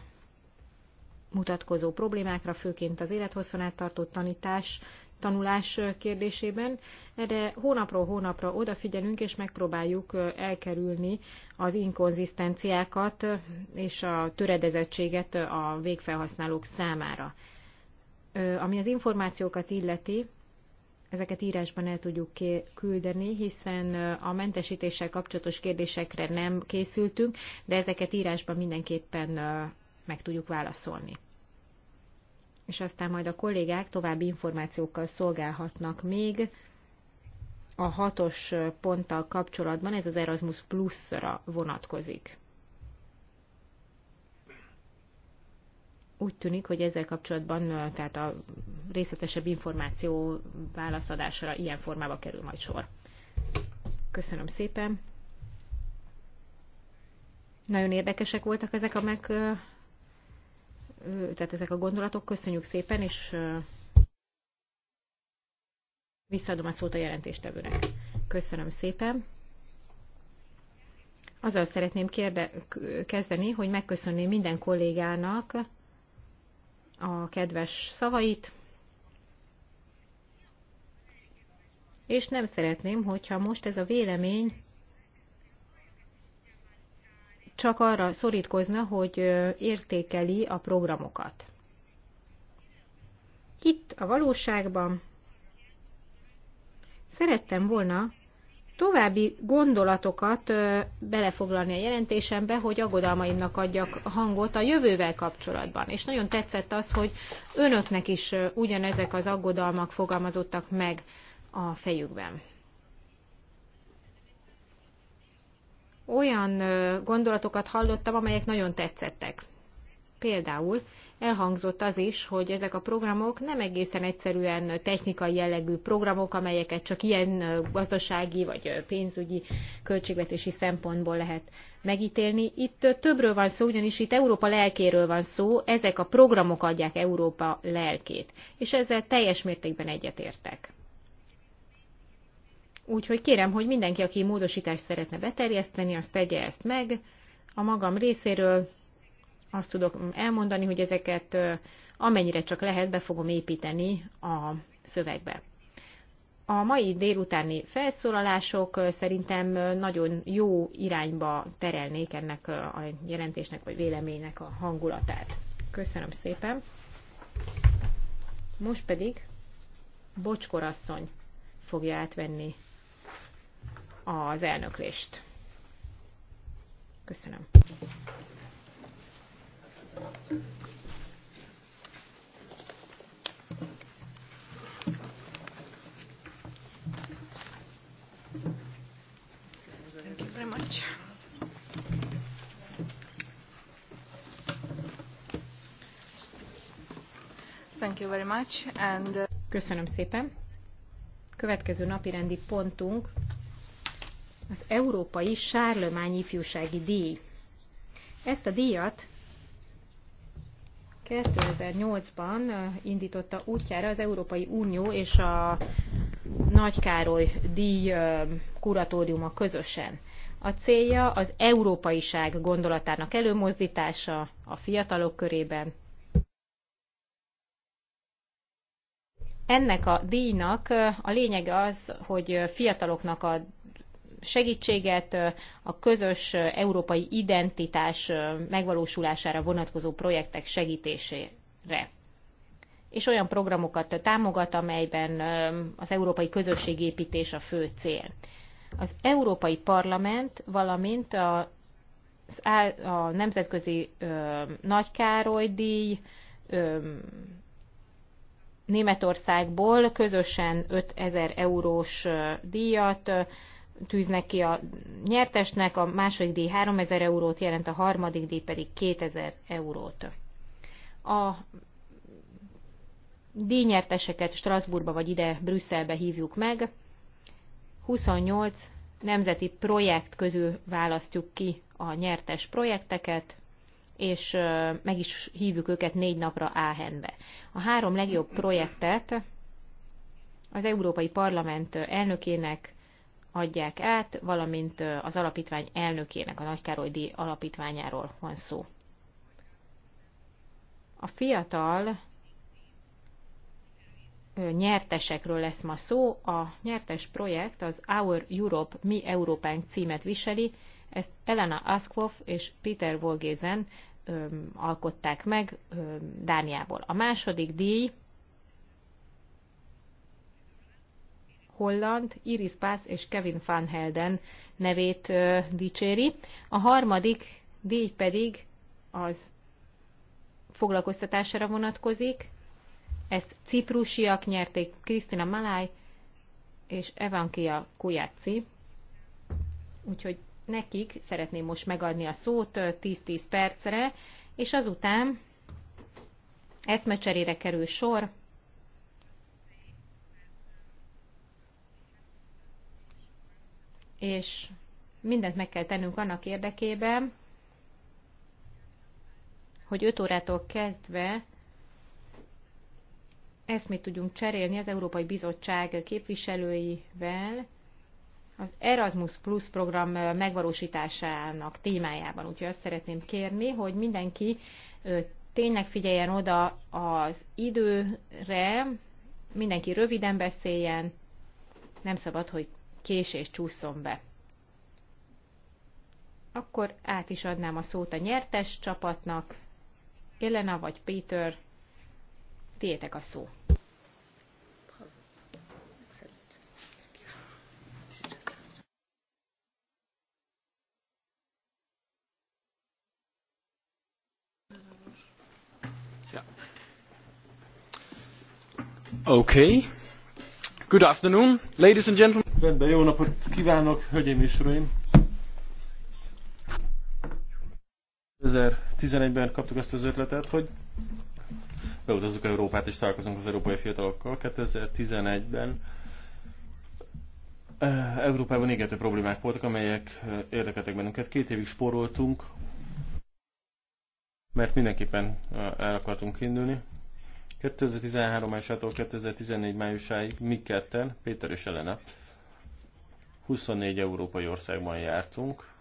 mutatkozó problémákra, főként az élethosszon áttartó tanítás tanulás kérdésében. Erre hónapról hónapra odafigyelünk, és megpróbáljuk elkerülni az inkonzisztenciákat és a töredezettséget a végfelhasználók számára. Ami az információkat illeti, ezeket írásban el tudjuk küldeni, hiszen a mentesítéssel kapcsolatos kérdésekre nem készültünk, de ezeket írásban mindenképpen meg tudjuk válaszolni és aztán majd a kollégák további információkkal szolgálhatnak még a hatos ponttal kapcsolatban, ez az Erasmus Plus-ra vonatkozik. Úgy tűnik, hogy ezzel kapcsolatban tehát a részletesebb információ válaszadásra ilyen formába kerül majd sor. Köszönöm szépen! Nagyon érdekesek voltak ezek a meg tehát ezek a gondolatok. Köszönjük szépen, és visszaadom a szót a jelentéstevőnek. Köszönöm szépen. Azzal szeretném kérde, kezdeni, hogy megköszönném minden kollégának a kedves szavait, és nem szeretném, hogyha most ez a vélemény csak arra szorítkozna, hogy értékeli a programokat. Itt a valóságban szerettem volna további gondolatokat belefoglalni a jelentésembe, hogy aggodalmaimnak adjak hangot a jövővel kapcsolatban. És nagyon tetszett az, hogy önöknek is ugyanezek az aggodalmak fogalmazottak meg a fejükben. olyan gondolatokat hallottam, amelyek nagyon tetszettek. Például elhangzott az is, hogy ezek a programok nem egészen egyszerűen technikai jellegű programok, amelyeket csak ilyen gazdasági vagy pénzügyi költségvetési szempontból lehet megítélni. Itt többről van szó, ugyanis itt Európa lelkéről van szó, ezek a programok adják Európa lelkét, és ezzel teljes mértékben egyetértek. Úgyhogy kérem, hogy mindenki, aki módosítást szeretne beterjeszteni, azt tegye ezt meg. A magam részéről azt tudok elmondani, hogy ezeket amennyire csak lehet, be fogom építeni a szövegbe. A mai délutáni felszólalások szerintem nagyon jó irányba terelnék ennek a jelentésnek vagy véleménynek a hangulatát. Köszönöm szépen. Most pedig Bocskorasszony fogja átvenni az elnöklést. Köszönöm. Thank you very much. Thank you very much and uh, Köszönöm szépen. Következő napi rendi pontunk az Európai Sárlomány Ifjúsági Díj. Ezt a díjat 2008-ban indította útjára az Európai Unió és a Nagy Károly díj kuratóriuma közösen. A célja az európaiság gondolatának előmozdítása a fiatalok körében. Ennek a díjnak a lényege az, hogy fiataloknak a segítséget a közös európai identitás megvalósulására vonatkozó projektek segítésére. És olyan programokat támogat, amelyben az európai közösségépítés a fő cél. Az Európai Parlament, valamint a, a Nemzetközi ö, Nagykároly díj ö, Németországból közösen 5000 eurós díjat tűznek ki a nyertesnek, a második díj 3000 eurót jelent, a harmadik díj pedig 2000 eurót. A díjnyerteseket Strasbourgba vagy ide Brüsszelbe hívjuk meg. 28 nemzeti projekt közül választjuk ki a nyertes projekteket, és meg is hívjuk őket négy napra Áhenbe. A három legjobb projektet az Európai Parlament elnökének adják át, valamint az alapítvány elnökének, a Nagykároly díj alapítványáról van szó. A fiatal nyertesekről lesz ma szó. A nyertes projekt az Our Europe, Mi Európánk címet viseli. Ezt Elena Askov és Peter Volgézen alkották meg Dániából. A második díj Holland, Iris Pász és Kevin Van Helden nevét ö, dicséri. A harmadik díj pedig az foglalkoztatására vonatkozik. Ezt ciprusiak nyerték Krisztina Maláj és Evankia Kujáci. Úgyhogy nekik szeretném most megadni a szót 10-10 percre, és azután eszmecserére kerül sor, és mindent meg kell tennünk annak érdekében, hogy 5 órától kezdve mi tudjunk cserélni az Európai Bizottság képviselőivel az Erasmus Plus program megvalósításának témájában. Úgyhogy azt szeretném kérni, hogy mindenki tényleg figyeljen oda az időre, mindenki röviden beszéljen, nem szabad, hogy késés csúszom be. Akkor át is adnám a szót a nyertes csapatnak. Elena vagy Péter, tiétek a szó. Okay. Good afternoon, ladies and gentlemen. Rendben, jó napot kívánok, hölgyeim és uraim! 2011-ben kaptuk ezt az ötletet, hogy beutazzuk Európát és találkozunk az európai fiatalokkal. 2011-ben eh, Európában égető problémák voltak, amelyek eh, érdekeltek bennünket. Két évig spóroltunk, mert mindenképpen eh, el akartunk indulni. 2013 májusától 2014 májusáig mi ketten, Péter és Elena 24 európai országban jártunk,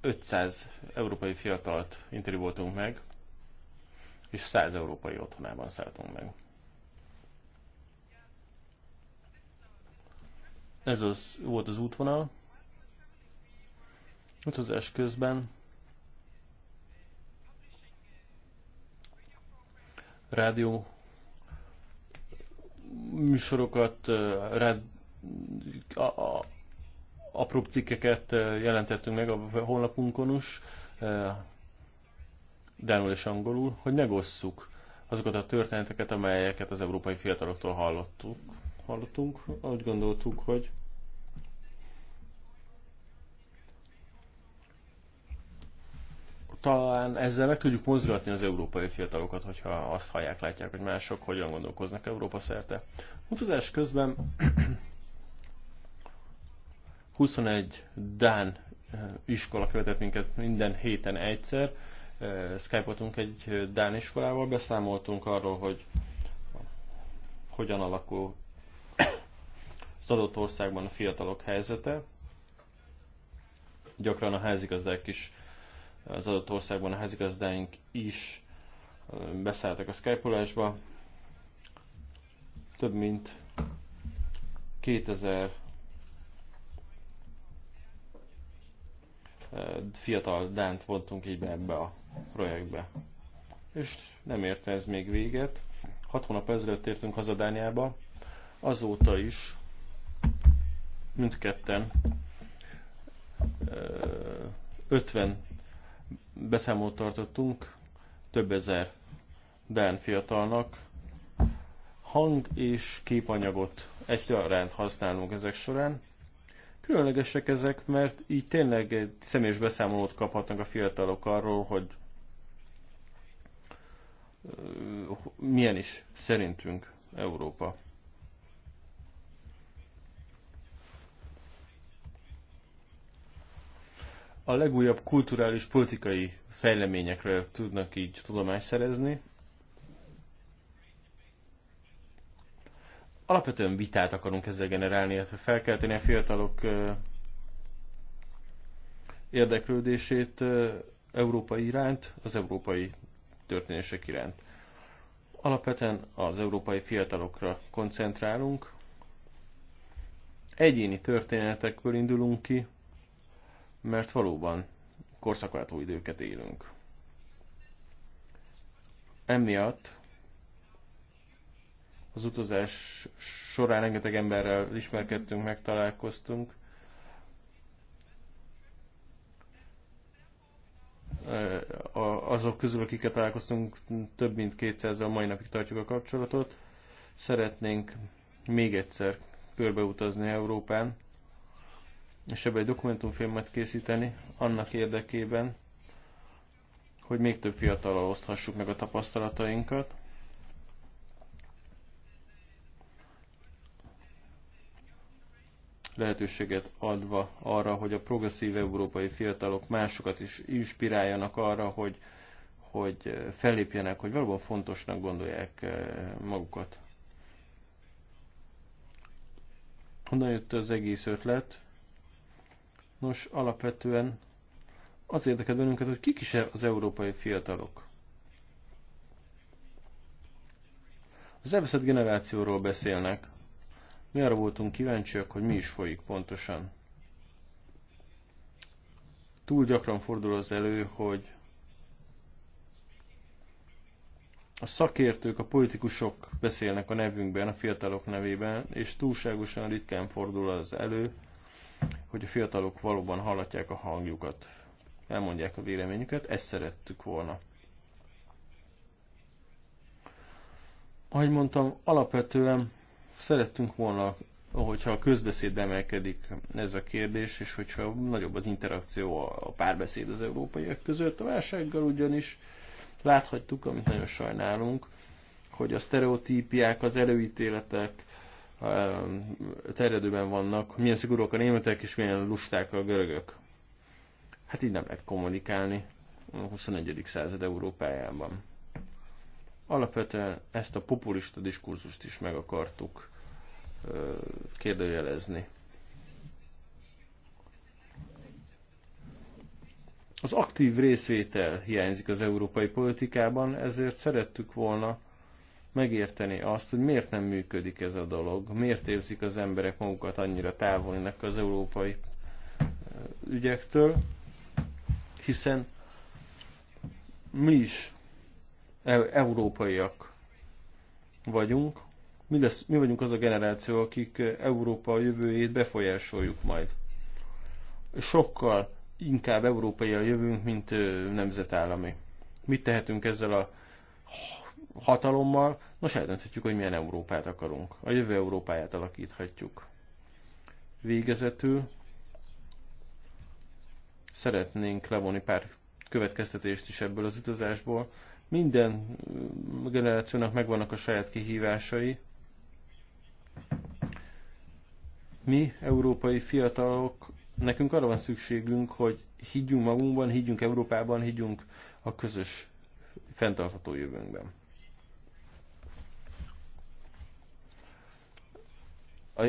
500 európai fiatalt interjúvoltunk meg, és 100 európai otthonában szálltunk meg. Ez az, volt az útvonal. Utazás közben rádió műsorokat, rád, a, a, apró cikkeket jelentettünk meg a honlapunkon is, dánul és angolul, hogy megosszuk azokat a történeteket, amelyeket az európai fiataloktól hallottuk. hallottunk. Úgy gondoltuk, hogy talán ezzel meg tudjuk mozgatni az európai fiatalokat, hogyha azt hallják, látják, hogy mások hogyan gondolkoznak Európa szerte. Utazás közben 21 Dán eh, iskola követett minket minden héten egyszer. Eh, Skype-oltunk egy eh, Dán iskolával, beszámoltunk arról, hogy hogyan alakul az adott országban a fiatalok helyzete. Gyakran a házigazdák is az adott országban a házigazdáink is beszálltak a skype Több mint 2000 fiatal Dánt vontunk így be ebbe a projektbe. És nem érte ez még véget. Hat hónap ezelőtt értünk haza Dániába, azóta is mindketten 50 beszámolót tartottunk több ezer Dán fiatalnak. Hang és képanyagot egyaránt használunk ezek során. Különlegesek ezek, mert így tényleg egy személyes beszámolót kaphatnak a fiatalok arról, hogy milyen is szerintünk Európa. a legújabb kulturális politikai fejleményekről tudnak így tudomást szerezni. Alapvetően vitát akarunk ezzel generálni, illetve felkelteni a fiatalok érdeklődését európai iránt, az európai történések iránt. Alapvetően az európai fiatalokra koncentrálunk, egyéni történetekből indulunk ki, mert valóban korszakváltó időket élünk. Emiatt az utazás során rengeteg emberrel ismerkedtünk, megtalálkoztunk. Azok közül, akiket találkoztunk, több mint 200 a mai napig tartjuk a kapcsolatot. Szeretnénk még egyszer körbeutazni Európán, és ebből egy dokumentumfilmet készíteni annak érdekében, hogy még több fiatalal oszthassuk meg a tapasztalatainkat. lehetőséget adva arra, hogy a progresszív európai fiatalok másokat is inspiráljanak arra, hogy, hogy fellépjenek, hogy valóban fontosnak gondolják eh, magukat. Honnan jött az egész ötlet? Nos, alapvetően az érdekel bennünket, hogy kik is e- az európai fiatalok. Az elveszett generációról beszélnek. Mi arra voltunk kíváncsiak, hogy mi is folyik pontosan. Túl gyakran fordul az elő, hogy a szakértők, a politikusok beszélnek a nevünkben, a fiatalok nevében, és túlságosan ritkán fordul az elő, hogy a fiatalok valóban hallatják a hangjukat, elmondják a véleményüket, ezt szerettük volna. Ahogy mondtam, alapvetően szerettünk volna, hogyha a közbeszéd emelkedik ez a kérdés, és hogyha nagyobb az interakció, a párbeszéd az európaiak között, a válsággal ugyanis láthatjuk, amit nagyon sajnálunk, hogy a sztereotípiák, az előítéletek terjedőben vannak, milyen szigorúak a németek és milyen lusták a görögök. Hát így nem lehet kommunikálni a 21. század Európájában. Alapvetően ezt a populista diskurzust is meg akartuk kérdőjelezni. Az aktív részvétel hiányzik az európai politikában, ezért szerettük volna megérteni azt, hogy miért nem működik ez a dolog, miért érzik az emberek magukat annyira távolinak az európai ügyektől, hiszen mi is e-, európaiak vagyunk, mi, lesz, mi vagyunk az a generáció, akik Európa jövőjét befolyásoljuk majd. Sokkal inkább európai a jövőnk, mint nemzetállami. Mit tehetünk ezzel a hatalommal, nos eldönthetjük, hogy milyen Európát akarunk. A jövő Európáját alakíthatjuk. Végezetül szeretnénk levonni pár következtetést is ebből az utazásból. Minden generációnak megvannak a saját kihívásai. Mi, európai fiatalok, nekünk arra van szükségünk, hogy higgyünk magunkban, higgyünk Európában, higgyünk a közös fenntartható jövőnkben.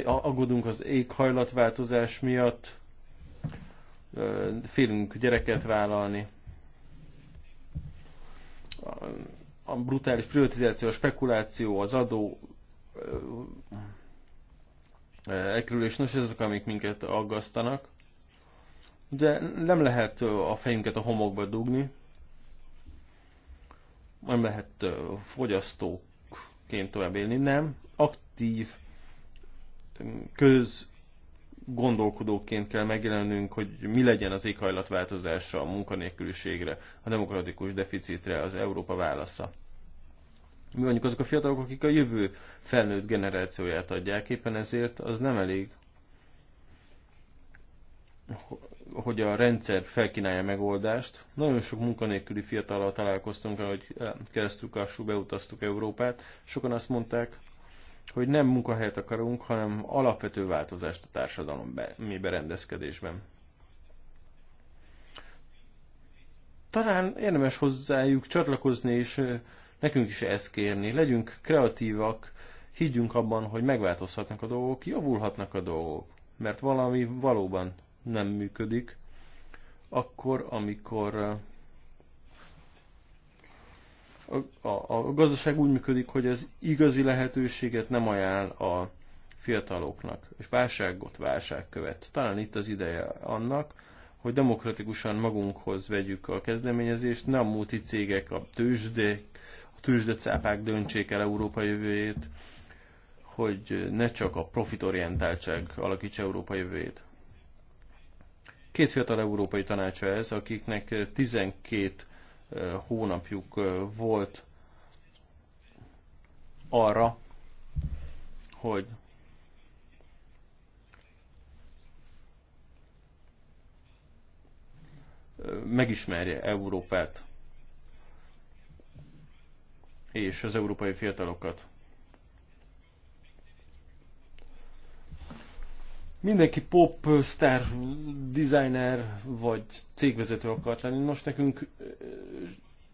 aggódunk az éghajlatváltozás miatt, félünk gyereket vállalni. A brutális privatizáció, a spekuláció, az adó elkerülés, nos ezek, amik minket aggasztanak. De nem lehet a fejünket a homokba dugni, nem lehet fogyasztóként tovább élni, nem. Aktív köz gondolkodóként kell megjelennünk, hogy mi legyen az éghajlatváltozásra, a munkanélküliségre, a demokratikus deficitre az Európa válasza. Mi mondjuk azok a fiatalok, akik a jövő felnőtt generációját adják, éppen ezért az nem elég, hogy a rendszer felkínálja megoldást. Nagyon sok munkanélküli fiatalal találkoztunk, ahogy eh, keresztül kassú beutaztuk Európát. Sokan azt mondták, hogy nem munkahelyet akarunk, hanem alapvető változást a társadalom mi berendezkedésben. Talán érdemes hozzájuk csatlakozni, és nekünk is ezt kérni. Legyünk kreatívak, higgyünk abban, hogy megváltozhatnak a dolgok, javulhatnak a dolgok, mert valami valóban nem működik, akkor, amikor a, a, gazdaság úgy működik, hogy az igazi lehetőséget nem ajánl a fiataloknak, és válságot válság követ. Talán itt az ideje annak, hogy demokratikusan magunkhoz vegyük a kezdeményezést, nem a múlti cégek, a tőzsdék, a tőzsdecápák döntsék el Európa jövőjét, hogy ne csak a profitorientáltság alakítsa Európa jövőjét. Két fiatal európai tanácsa ez, akiknek 12 hónapjuk volt arra, hogy megismerje Európát és az európai fiatalokat. Mindenki pop, sztár, designer vagy cégvezető akart lenni. Most nekünk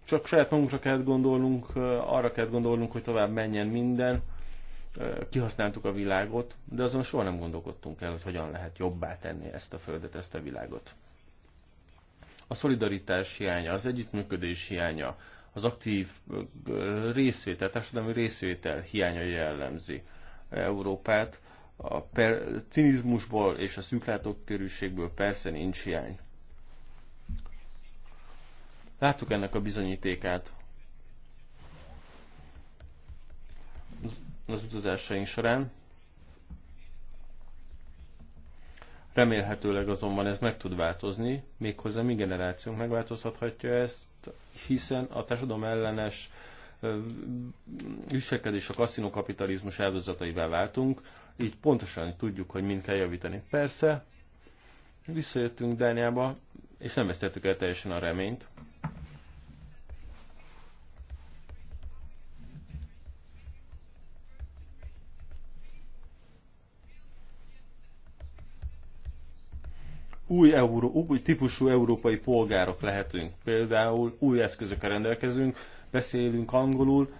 csak saját magunkra kellett gondolnunk, arra kellett gondolnunk, hogy tovább menjen minden. Kihasználtuk a világot, de azon soha nem gondolkodtunk el, hogy hogyan lehet jobbá tenni ezt a földet, ezt a világot. A szolidaritás hiánya, az együttműködés hiánya, az aktív részvétel, társadalmi részvétel hiánya jellemzi Európát. A per, cinizmusból és a szűklátókörűségből persze nincs hiány. Láttuk ennek a bizonyítékát. Az utazásaink során. Remélhetőleg azonban ez meg tud változni, méghozzá mi generációnk megváltozhatja ezt, hiszen a társadalom ellenes viselkedés a kaszinokapitalizmus áldozataival váltunk, így pontosan tudjuk, hogy mind kell javítani. Persze, visszajöttünk Dániába, és nem vesztettük el teljesen a reményt. új, euró, új típusú európai polgárok lehetünk. Például új eszközökkel rendelkezünk, beszélünk angolul,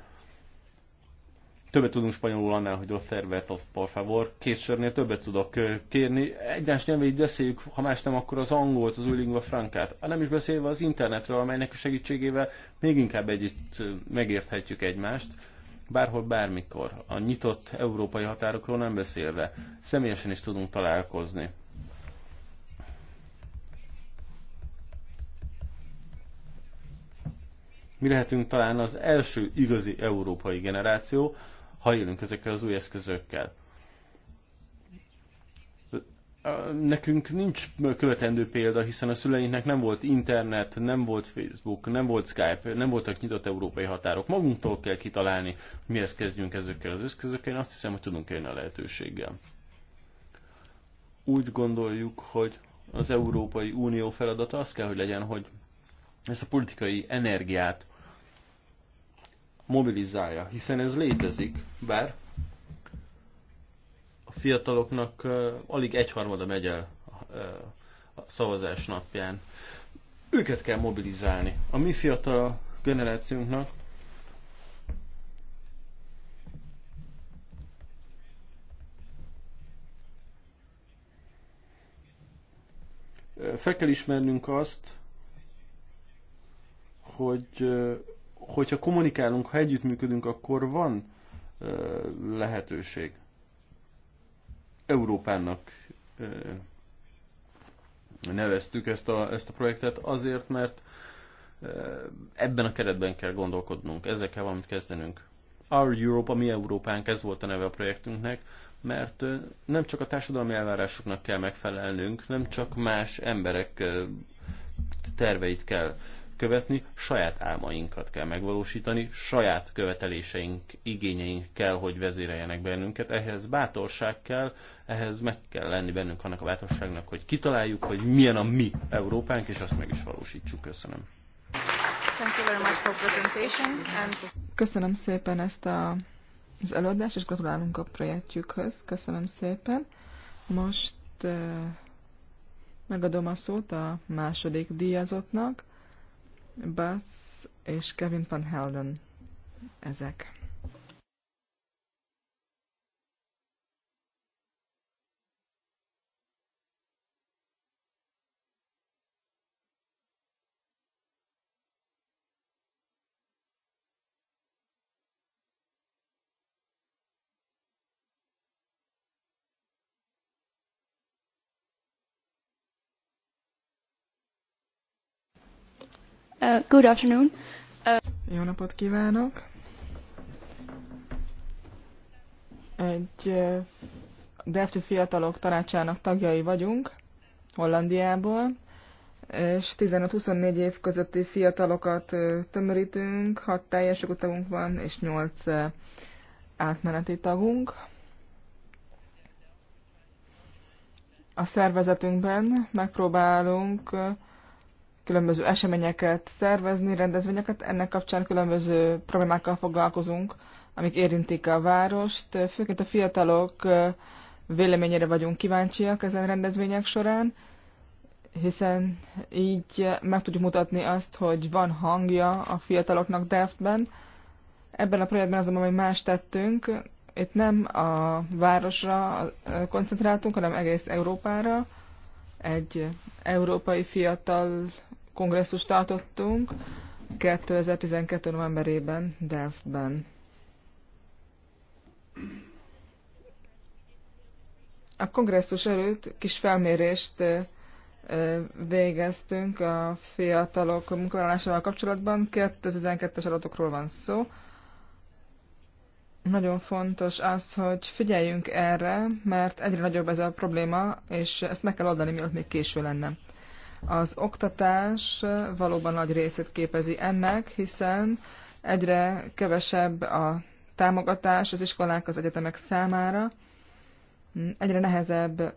többet tudunk spanyolul annál, hogy a szervert azt por favor. Két sörnél többet tudok kérni. Egyes nyelven így beszéljük, ha más nem, akkor az angolt, az új lingua A Nem is beszélve az internetről, amelynek a segítségével még inkább együtt megérthetjük egymást. Bárhol, bármikor, a nyitott európai határokról nem beszélve, személyesen is tudunk találkozni. Mi lehetünk talán az első igazi európai generáció, ha élünk ezekkel az új eszközökkel. Nekünk nincs követendő példa, hiszen a szüleinknek nem volt internet, nem volt Facebook, nem volt Skype, nem voltak nyitott európai határok. Magunktól kell kitalálni, hogy mihez kezdjünk ezekkel az eszközökkel, én azt hiszem, hogy tudunk élni a lehetőséggel. Úgy gondoljuk, hogy az Európai Unió feladata az kell, hogy legyen, hogy ezt a politikai energiát mobilizálja, hiszen ez létezik, bár a fiataloknak alig egyharmada megy el a szavazás napján. Őket kell mobilizálni. A mi fiatal generációnknak fel kell ismernünk azt, hogy hogyha kommunikálunk, ha együttműködünk, akkor van lehetőség. Európának neveztük ezt a, ezt a projektet azért, mert ebben a keretben kell gondolkodnunk, ezzel kell valamit kezdenünk. Our Europe, a mi Európánk, ez volt a neve a projektünknek, mert nem csak a társadalmi elvárásoknak kell megfelelnünk, nem csak más emberek terveit kell követni, saját álmainkat kell megvalósítani, saját követeléseink, igényeink kell, hogy vezéreljenek bennünket, ehhez bátorság kell, ehhez meg kell lenni bennünk annak a bátorságnak, hogy kitaláljuk, hogy milyen a mi Európánk, és azt meg is valósítsuk. Köszönöm. Köszönöm szépen ezt a, az előadást, és gratulálunk a projektjükhöz. Köszönöm szépen. Most megadom a szót a második díjazottnak, Buzz és Kevin Van Helden ezek. Uh, good afternoon. Uh... Jó napot kívánok! Egy DEFTI Fiatalok Tanácsának tagjai vagyunk, Hollandiából, és 15-24 év közötti fiatalokat tömörítünk, 6 teljes jogú tagunk van, és 8 átmeneti tagunk. A szervezetünkben megpróbálunk különböző eseményeket szervezni, rendezvényeket. Ennek kapcsán különböző problémákkal foglalkozunk, amik érintik a várost. Főként a fiatalok véleményére vagyunk kíváncsiak ezen rendezvények során, hiszen így meg tudjuk mutatni azt, hogy van hangja a fiataloknak Delftben. Ebben a projektben azonban még más tettünk, itt nem a városra koncentráltunk, hanem egész Európára. Egy európai fiatal kongresszust tartottunk 2012. novemberében Delftben. A kongresszus előtt kis felmérést végeztünk a fiatalok munkavállalásával kapcsolatban. 2012-es adatokról van szó. Nagyon fontos az, hogy figyeljünk erre, mert egyre nagyobb ez a probléma, és ezt meg kell adani, mielőtt még késő lenne. Az oktatás valóban nagy részét képezi ennek, hiszen egyre kevesebb a támogatás az iskolák, az egyetemek számára, egyre nehezebb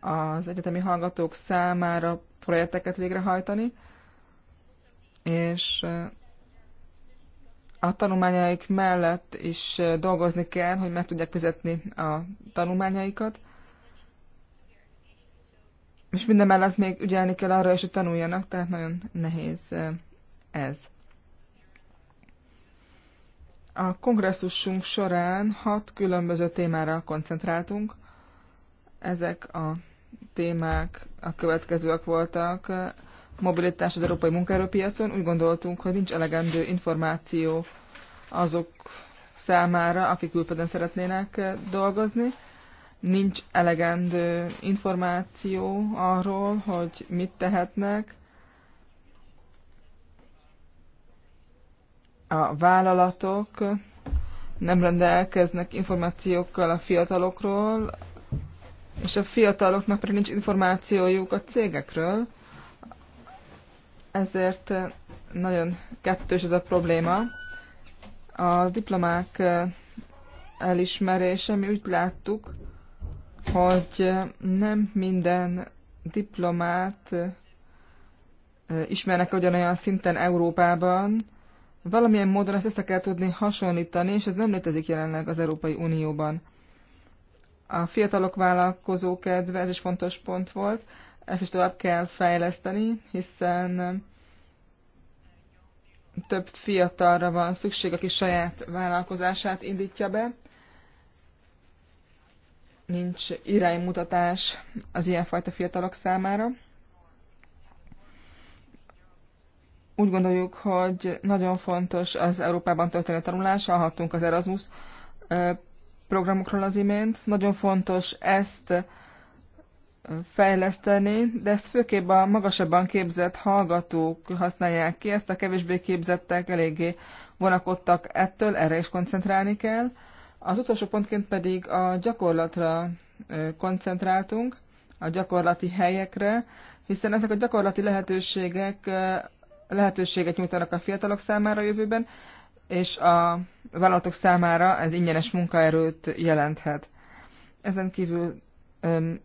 az egyetemi hallgatók számára projekteket végrehajtani, és a tanulmányaik mellett is dolgozni kell, hogy meg tudják fizetni a tanulmányaikat és minden mellett még ügyelni kell arra is, hogy tanuljanak, tehát nagyon nehéz ez. A kongresszusunk során hat különböző témára koncentráltunk. Ezek a témák a következőek voltak. Mobilitás az európai munkaerőpiacon. Úgy gondoltunk, hogy nincs elegendő információ azok számára, akik külföldön szeretnének dolgozni nincs elegendő információ arról, hogy mit tehetnek. A vállalatok nem rendelkeznek információkkal a fiatalokról, és a fiataloknak pedig nincs információjuk a cégekről, ezért nagyon kettős ez a probléma. A diplomák elismerése, mi úgy láttuk, hogy nem minden diplomát ismernek ugyanolyan szinten Európában, valamilyen módon ezt össze kell tudni hasonlítani, és ez nem létezik jelenleg az Európai Unióban. A fiatalok vállalkozó kedve, ez is fontos pont volt, ezt is tovább kell fejleszteni, hiszen több fiatalra van szükség, aki saját vállalkozását indítja be nincs iránymutatás az ilyenfajta fiatalok számára. Úgy gondoljuk, hogy nagyon fontos az Európában történő tanulás, hallhattunk az Erasmus programokról az imént. Nagyon fontos ezt fejleszteni, de ezt főképp a magasabban képzett hallgatók használják ki, ezt a kevésbé képzettek eléggé vonakodtak ettől, erre is koncentrálni kell. Az utolsó pontként pedig a gyakorlatra koncentráltunk, a gyakorlati helyekre, hiszen ezek a gyakorlati lehetőségek lehetőséget nyújtanak a fiatalok számára a jövőben, és a vállalatok számára ez ingyenes munkaerőt jelenthet. Ezen kívül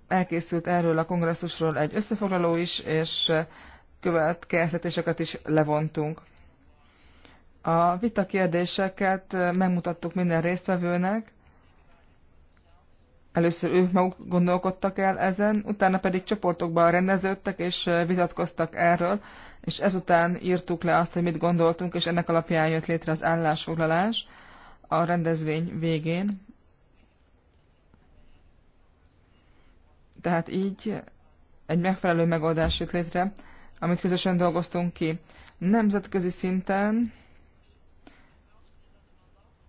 elkészült erről a kongresszusról egy összefoglaló is, és következtetéseket is levontunk. A vita kérdéseket megmutattuk minden résztvevőnek. Először ők maguk gondolkodtak el ezen, utána pedig csoportokban rendeződtek és vitatkoztak erről, és ezután írtuk le azt, hogy mit gondoltunk, és ennek alapján jött létre az állásfoglalás a rendezvény végén. Tehát így egy megfelelő megoldás jött létre, amit közösen dolgoztunk ki. Nemzetközi szinten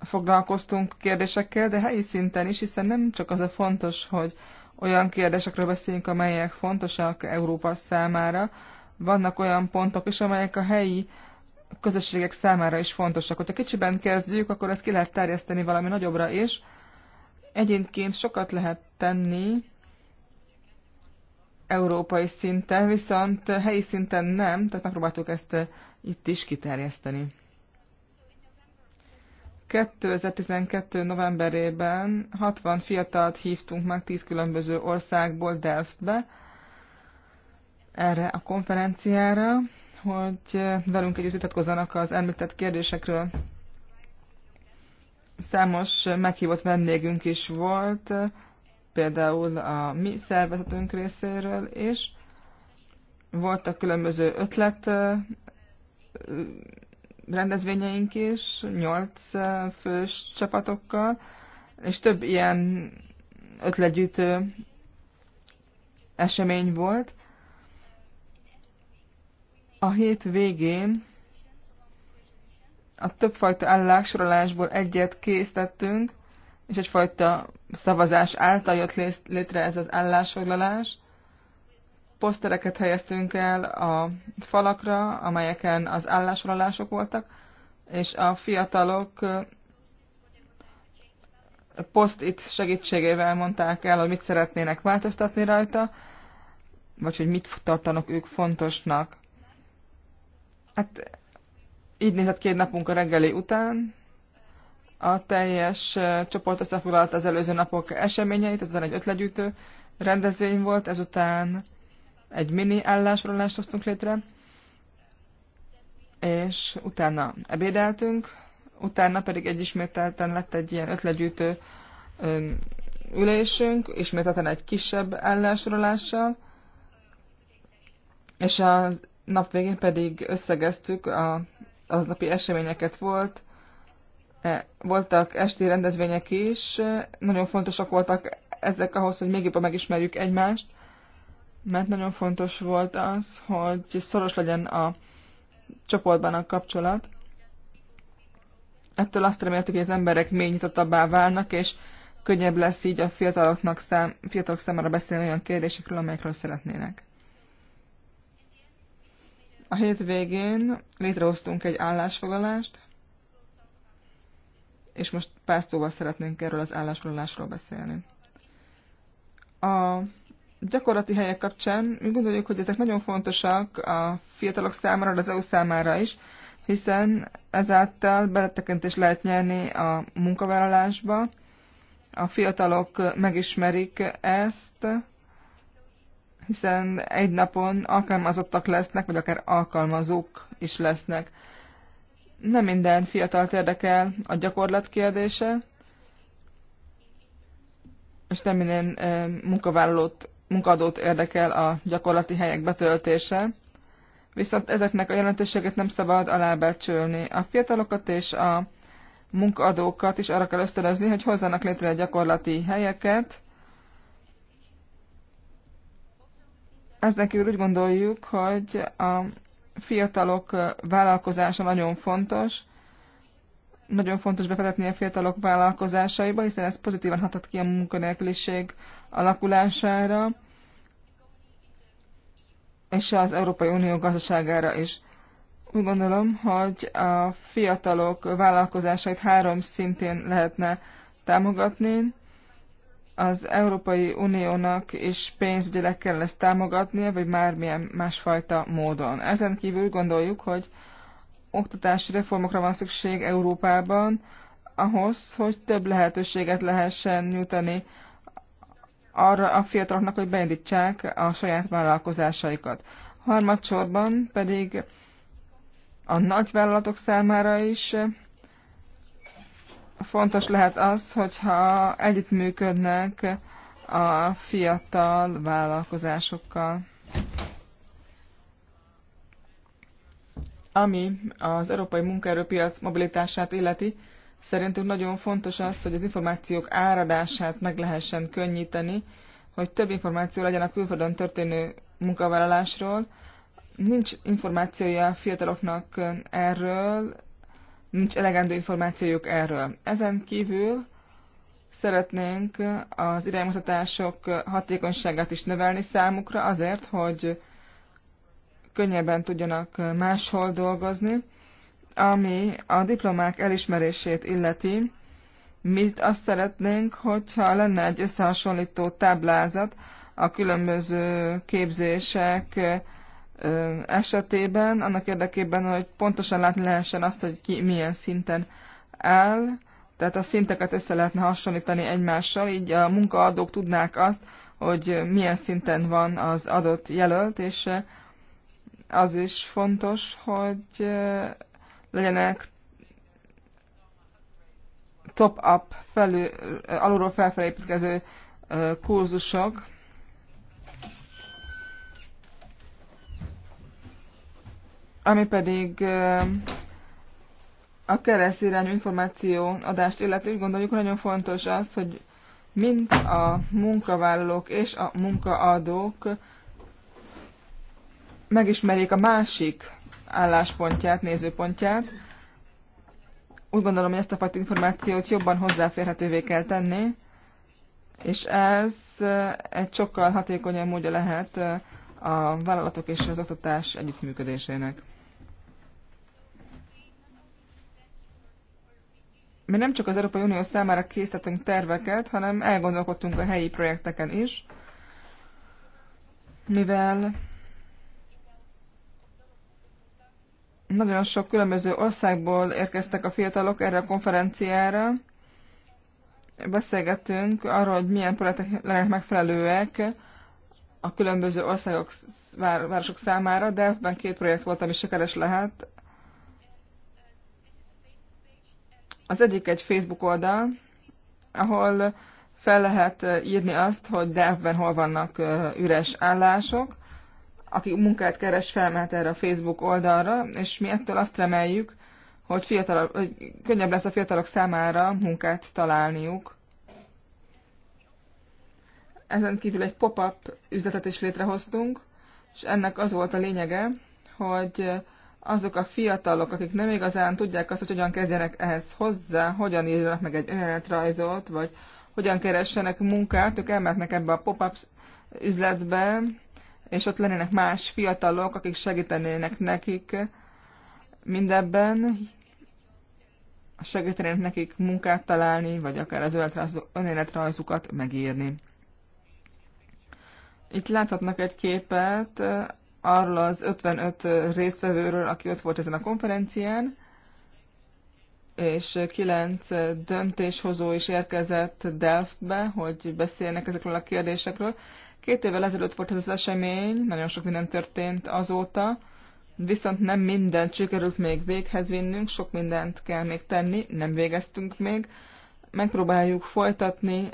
foglalkoztunk kérdésekkel, de helyi szinten is, hiszen nem csak az a fontos, hogy olyan kérdésekről beszéljünk, amelyek fontosak Európa számára, vannak olyan pontok is, amelyek a helyi közösségek számára is fontosak. Hogyha kicsiben kezdjük, akkor ezt ki lehet terjeszteni valami nagyobbra is. Egyébként sokat lehet tenni európai szinten, viszont helyi szinten nem, tehát megpróbáltuk ezt eh, itt is kiterjeszteni. 2012. novemberében 60 fiatalt hívtunk meg 10 különböző országból Delftbe erre a konferenciára, hogy velünk együtt vitatkozzanak az említett kérdésekről. Számos meghívott vendégünk is volt, például a mi szervezetünk részéről is. Voltak különböző ötlet rendezvényeink is, nyolc fős csapatokkal, és több ilyen ötletgyűjtő esemény volt. A hét végén a többfajta állásorolásból egyet készítettünk, és egyfajta szavazás által jött létre ez az állásorolás posztereket helyeztünk el a falakra, amelyeken az állásolások voltak, és a fiatalok poszt itt segítségével mondták el, hogy mit szeretnének változtatni rajta, vagy hogy mit tartanak ők fontosnak. Hát így nézett két napunk a reggeli után. A teljes csoport összefoglalta az előző napok eseményeit, ez egy ötlegyűjtő rendezvény volt, ezután egy mini állásfoglalást hoztunk létre, és utána ebédeltünk, utána pedig egy ismételten lett egy ilyen ötletgyűjtő ülésünk, ismételten egy kisebb állásrólással, és a nap végén pedig összegeztük a aznapi eseményeket volt, e, voltak esti rendezvények is, nagyon fontosak voltak ezek ahhoz, hogy még jobban megismerjük egymást, mert nagyon fontos volt az, hogy szoros legyen a csoportban a kapcsolat. Ettől azt reméltük, hogy az emberek még nyitottabbá válnak, és könnyebb lesz így a fiataloknak szám, fiatalok számára beszélni olyan kérdésekről, amelyekről szeretnének. A végén létrehoztunk egy állásfoglalást, és most pár szóval szeretnénk erről az állásfoglalásról beszélni. A gyakorlati helyek kapcsán mi gondoljuk, hogy ezek nagyon fontosak a fiatalok számára, az EU számára is, hiszen ezáltal beletekintést lehet nyerni a munkavállalásba. A fiatalok megismerik ezt, hiszen egy napon alkalmazottak lesznek, vagy akár alkalmazók is lesznek. Nem minden fiatal érdekel a gyakorlat kérdése, és nem minden munkavállalót munkadót érdekel a gyakorlati helyek betöltése, viszont ezeknek a jelentőséget nem szabad alábecsülni. A fiatalokat és a munkadókat is arra kell ösztönözni, hogy hozzanak létre a gyakorlati helyeket. Ezen kívül úgy gondoljuk, hogy a fiatalok vállalkozása nagyon fontos, nagyon fontos befektetni a fiatalok vállalkozásaiba, hiszen ez pozitívan hatott ki a munkanélküliség alakulására, és az Európai Unió gazdaságára is. Úgy gondolom, hogy a fiatalok vállalkozásait három szintén lehetne támogatni. Az Európai Uniónak is pénzügyileg kell ezt támogatnia, vagy mármilyen másfajta módon. Ezen kívül gondoljuk, hogy oktatási reformokra van szükség Európában, ahhoz, hogy több lehetőséget lehessen nyújtani arra a fiataloknak, hogy beindítsák a saját vállalkozásaikat. Harmadsorban pedig a nagyvállalatok számára is fontos lehet az, hogyha együttműködnek a fiatal vállalkozásokkal. Ami az európai munkaerőpiac mobilitását illeti, szerintünk nagyon fontos az, hogy az információk áradását meg lehessen könnyíteni, hogy több információ legyen a külföldön történő munkavállalásról. Nincs információja a fiataloknak erről, nincs elegendő információjuk erről. Ezen kívül szeretnénk az iránymutatások hatékonyságát is növelni számukra azért, hogy könnyebben tudjanak máshol dolgozni. Ami a diplomák elismerését illeti, mi azt szeretnénk, hogyha lenne egy összehasonlító táblázat a különböző képzések esetében, annak érdekében, hogy pontosan látni lehessen azt, hogy ki milyen szinten áll, tehát a szinteket össze lehetne hasonlítani egymással, így a munkaadók tudnák azt, hogy milyen szinten van az adott jelölt, és az is fontos, hogy legyenek top-up, alulról felfelé építkező kurzusok. Ami pedig a keresztirányú információ adást illeti, úgy gondoljuk, nagyon fontos az, hogy mind a munkavállalók és a munkaadók megismerjék a másik álláspontját, nézőpontját. Úgy gondolom, hogy ezt a fajta információt jobban hozzáférhetővé kell tenni, és ez egy sokkal hatékonyabb módja lehet a vállalatok és az oktatás együttműködésének. mi nem csak az Európai Unió számára készítettünk terveket, hanem elgondolkodtunk a helyi projekteken is, mivel Nagyon sok különböző országból érkeztek a fiatalok erre a konferenciára. Beszélgettünk arról, hogy milyen projektek lennek megfelelőek a különböző országok, városok számára, de ebben két projekt volt, ami sikeres lehet. Az egyik egy Facebook oldal, ahol fel lehet írni azt, hogy devben hol vannak üres állások, aki munkát keres, felmehet erre a Facebook oldalra, és mi ettől azt reméljük, hogy, hogy könnyebb lesz a fiatalok számára munkát találniuk. Ezen kívül egy pop-up üzletet is létrehoztunk, és ennek az volt a lényege, hogy azok a fiatalok, akik nem igazán tudják azt, hogy hogyan kezdjenek ehhez hozzá, hogyan írjanak meg egy önéletrajzot, vagy hogyan keressenek munkát, ők elmehetnek ebbe a pop-up üzletbe, és ott lennének más fiatalok, akik segítenének nekik mindebben, segítenének nekik munkát találni, vagy akár az önéletrajzukat megírni. Itt láthatnak egy képet arról az 55 résztvevőről, aki ott volt ezen a konferencián, és kilenc döntéshozó is érkezett Delftbe, hogy beszélnek ezekről a kérdésekről. Két évvel ezelőtt volt ez az esemény, nagyon sok minden történt azóta, viszont nem mindent sikerült még véghez vinnünk, sok mindent kell még tenni, nem végeztünk még. Megpróbáljuk folytatni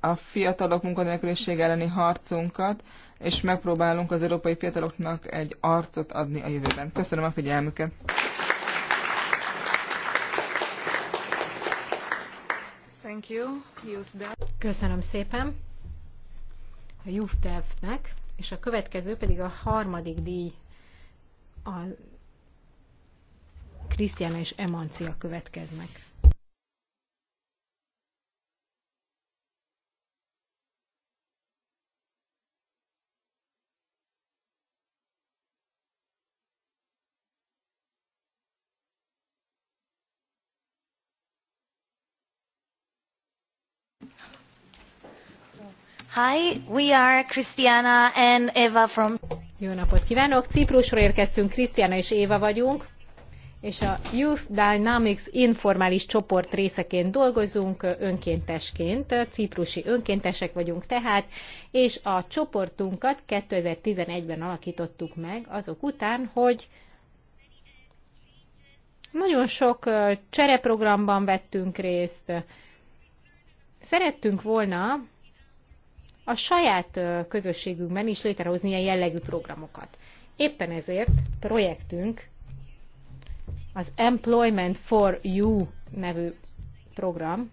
a fiatalok munkanélküliség elleni harcunkat, és megpróbálunk az európai fiataloknak egy arcot adni a jövőben. Köszönöm a figyelmüket! Köszönöm szépen! a Juftevnek, és a következő pedig a harmadik díj a Krisztián és Emancia következnek. Hi, we are Christiana and Eva from... Jó napot kívánok! Ciprusról érkeztünk, Krisztiana és Éva vagyunk, és a Youth Dynamics informális csoport részeként dolgozunk önkéntesként, ciprusi önkéntesek vagyunk tehát, és a csoportunkat 2011-ben alakítottuk meg azok után, hogy nagyon sok csereprogramban vettünk részt, Szerettünk volna a saját közösségünkben is létrehozni ilyen jellegű programokat. Éppen ezért projektünk az Employment for You nevű program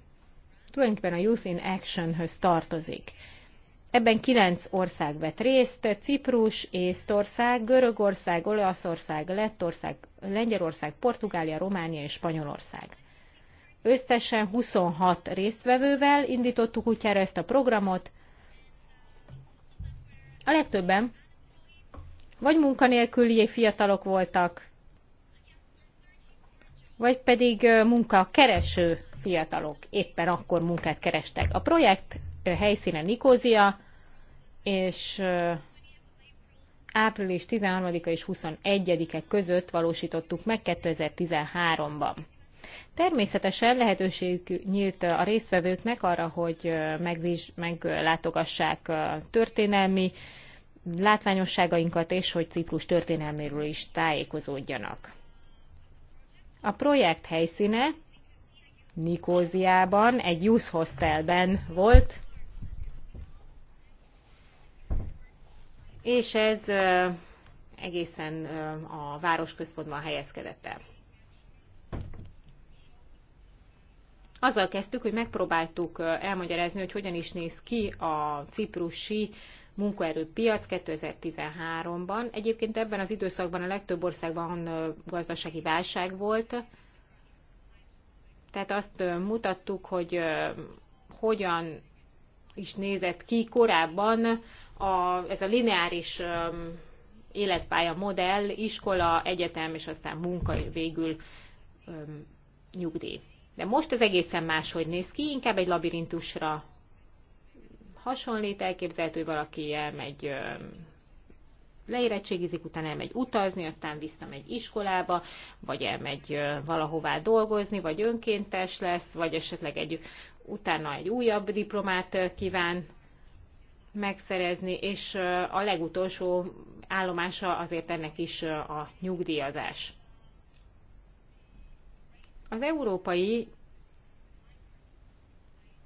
tulajdonképpen a Youth in Action-höz tartozik. Ebben kilenc ország vett részt, Ciprus, Észtország, Görögország, Olaszország, Lettország, Lengyelország, Portugália, Románia és Spanyolország. Összesen 26 résztvevővel indítottuk útjára ezt a programot, a legtöbben vagy munkanélküli fiatalok voltak, vagy pedig munkakereső fiatalok éppen akkor munkát kerestek. A projekt helyszíne Nikózia, és április 13-a és 21-e között valósítottuk meg 2013-ban. Természetesen lehetőség nyílt a résztvevőknek arra, hogy megvizs, meglátogassák történelmi látványosságainkat, és hogy Ciprus történelméről is tájékozódjanak. A projekt helyszíne Nikóziában, egy youth hostelben volt, és ez egészen a városközpontban helyezkedett el. azzal kezdtük, hogy megpróbáltuk elmagyarázni, hogy hogyan is néz ki a ciprusi munkaerőpiac 2013-ban. Egyébként ebben az időszakban a legtöbb országban gazdasági válság volt, tehát azt mutattuk, hogy hogyan is nézett ki korábban a, ez a lineáris életpálya modell, iskola, egyetem és aztán munka végül nyugdíj. De most az egészen máshogy néz ki, inkább egy labirintusra hasonlít, elképzelhető, hogy valaki elmegy leérettségizik, utána elmegy utazni, aztán visszamegy iskolába, vagy elmegy valahová dolgozni, vagy önkéntes lesz, vagy esetleg egy, utána egy újabb diplomát kíván megszerezni, és a legutolsó állomása azért ennek is a nyugdíjazás. Az európai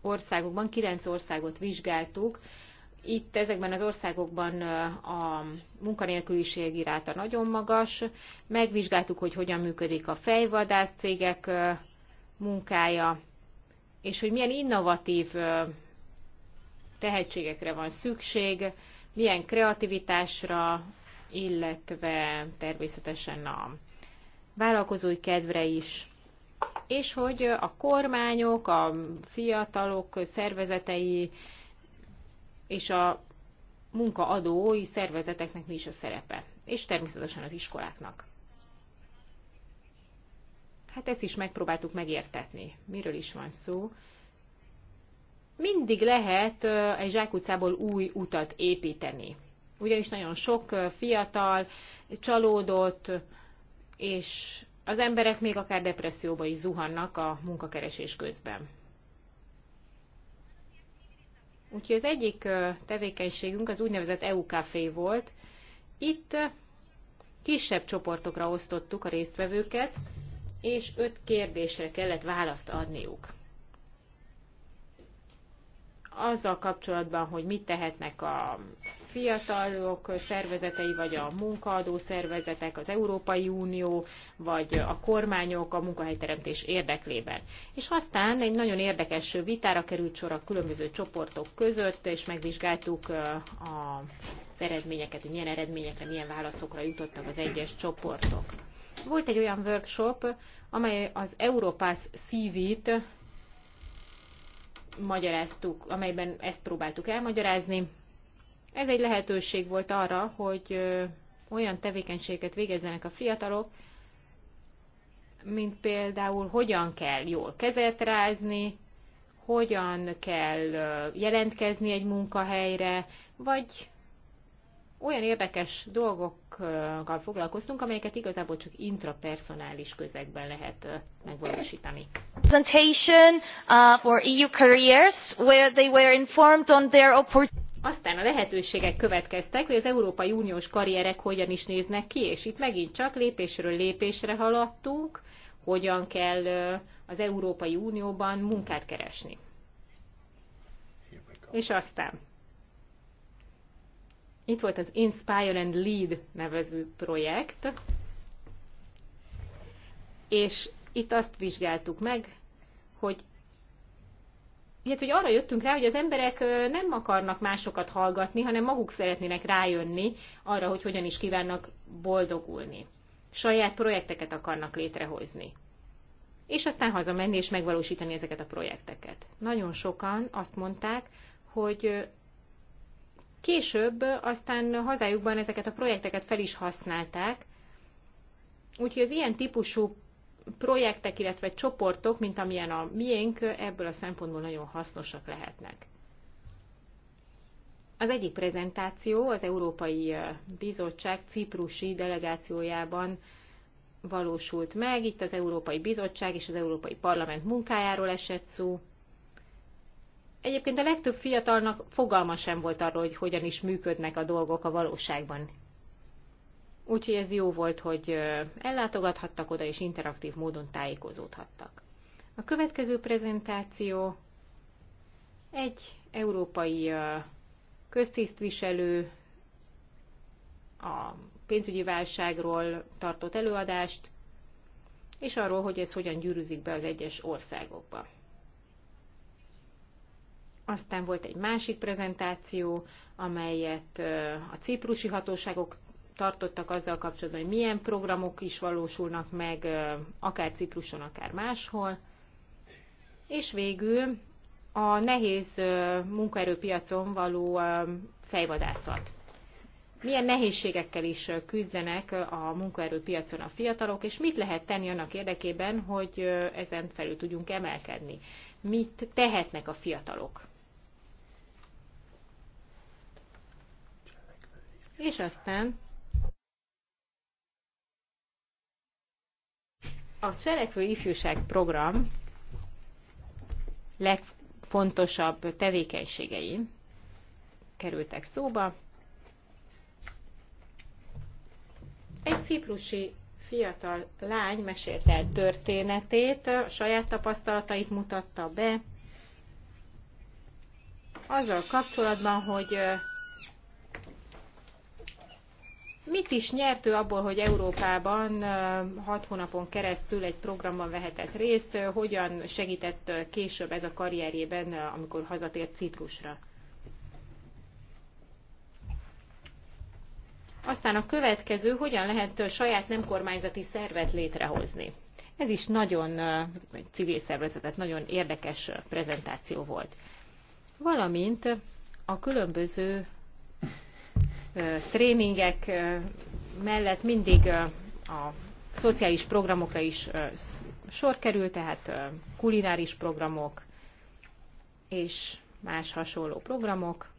országokban, kilenc országot vizsgáltuk, itt ezekben az országokban a munkanélküliségi ráta nagyon magas. Megvizsgáltuk, hogy hogyan működik a fejvadász cégek munkája, és hogy milyen innovatív tehetségekre van szükség, milyen kreativitásra, illetve természetesen a vállalkozói kedvre is és hogy a kormányok, a fiatalok szervezetei és a munkaadói szervezeteknek mi is a szerepe, és természetesen az iskoláknak. Hát ezt is megpróbáltuk megértetni. Miről is van szó? Mindig lehet egy zsákutcából új utat építeni. Ugyanis nagyon sok fiatal, csalódott és az emberek még akár depresszióba is zuhannak a munkakeresés közben. Úgyhogy az egyik tevékenységünk az úgynevezett EU Café volt. Itt kisebb csoportokra osztottuk a résztvevőket, és öt kérdésre kellett választ adniuk. Azzal kapcsolatban, hogy mit tehetnek a fiatalok szervezetei, vagy a munkaadó szervezetek, az Európai Unió, vagy a kormányok a munkahelyteremtés érdeklében. És aztán egy nagyon érdekes vitára került sor a különböző csoportok között, és megvizsgáltuk az eredményeket, hogy milyen eredményekre, milyen válaszokra jutottak az egyes csoportok. Volt egy olyan workshop, amely az Európász szívít magyaráztuk, amelyben ezt próbáltuk elmagyarázni. Ez egy lehetőség volt arra, hogy olyan tevékenységet végezzenek a fiatalok, mint például hogyan kell jól kezet rázni, hogyan kell jelentkezni egy munkahelyre, vagy olyan érdekes dolgokkal foglalkoztunk, amelyeket igazából csak intrapersonális közegben lehet megvalósítani. Presentation uh, for EU careers, where they were informed on their opportunities aztán a lehetőségek következtek, hogy az Európai Uniós karrierek hogyan is néznek ki, és itt megint csak lépésről lépésre haladtunk, hogyan kell az Európai Unióban munkát keresni. És aztán itt volt az Inspire and Lead nevező projekt, és itt azt vizsgáltuk meg, hogy Ilyet, hogy arra jöttünk rá, hogy az emberek nem akarnak másokat hallgatni, hanem maguk szeretnének rájönni arra, hogy hogyan is kívánnak boldogulni. Saját projekteket akarnak létrehozni. És aztán hazamenni és megvalósítani ezeket a projekteket. Nagyon sokan azt mondták, hogy később aztán hazájukban ezeket a projekteket fel is használták, úgyhogy az ilyen típusú projektek, illetve csoportok, mint amilyen a miénk, ebből a szempontból nagyon hasznosak lehetnek. Az egyik prezentáció az Európai Bizottság ciprusi delegációjában valósult meg. Itt az Európai Bizottság és az Európai Parlament munkájáról esett szó. Egyébként a legtöbb fiatalnak fogalma sem volt arról, hogy hogyan is működnek a dolgok a valóságban. Úgyhogy ez jó volt, hogy ellátogathattak oda, és interaktív módon tájékozódhattak. A következő prezentáció egy európai köztisztviselő a pénzügyi válságról tartott előadást, és arról, hogy ez hogyan gyűrűzik be az egyes országokba. Aztán volt egy másik prezentáció, amelyet a ciprusi hatóságok tartottak azzal kapcsolatban, hogy milyen programok is valósulnak meg, akár Cipruson, akár máshol. És végül a nehéz munkaerőpiacon való fejvadászat. Milyen nehézségekkel is küzdenek a munkaerőpiacon a fiatalok, és mit lehet tenni annak érdekében, hogy ezen felül tudjunk emelkedni? Mit tehetnek a fiatalok? És aztán A Cselekvő Ifjúság Program legfontosabb tevékenységei kerültek szóba. Egy ciprusi fiatal lány mesélte el történetét, a saját tapasztalatait mutatta be, azzal kapcsolatban, hogy Mit is nyert ő abból, hogy Európában hat hónapon keresztül egy programban vehetett részt? Hogyan segített később ez a karrierjében, amikor hazatért Ciprusra? Aztán a következő, hogyan lehet saját nem kormányzati szervet létrehozni. Ez is nagyon, egy civil szervezetet, nagyon érdekes prezentáció volt. Valamint a különböző tréningek mellett mindig a szociális programokra is sor kerül, tehát kulináris programok és más hasonló programok.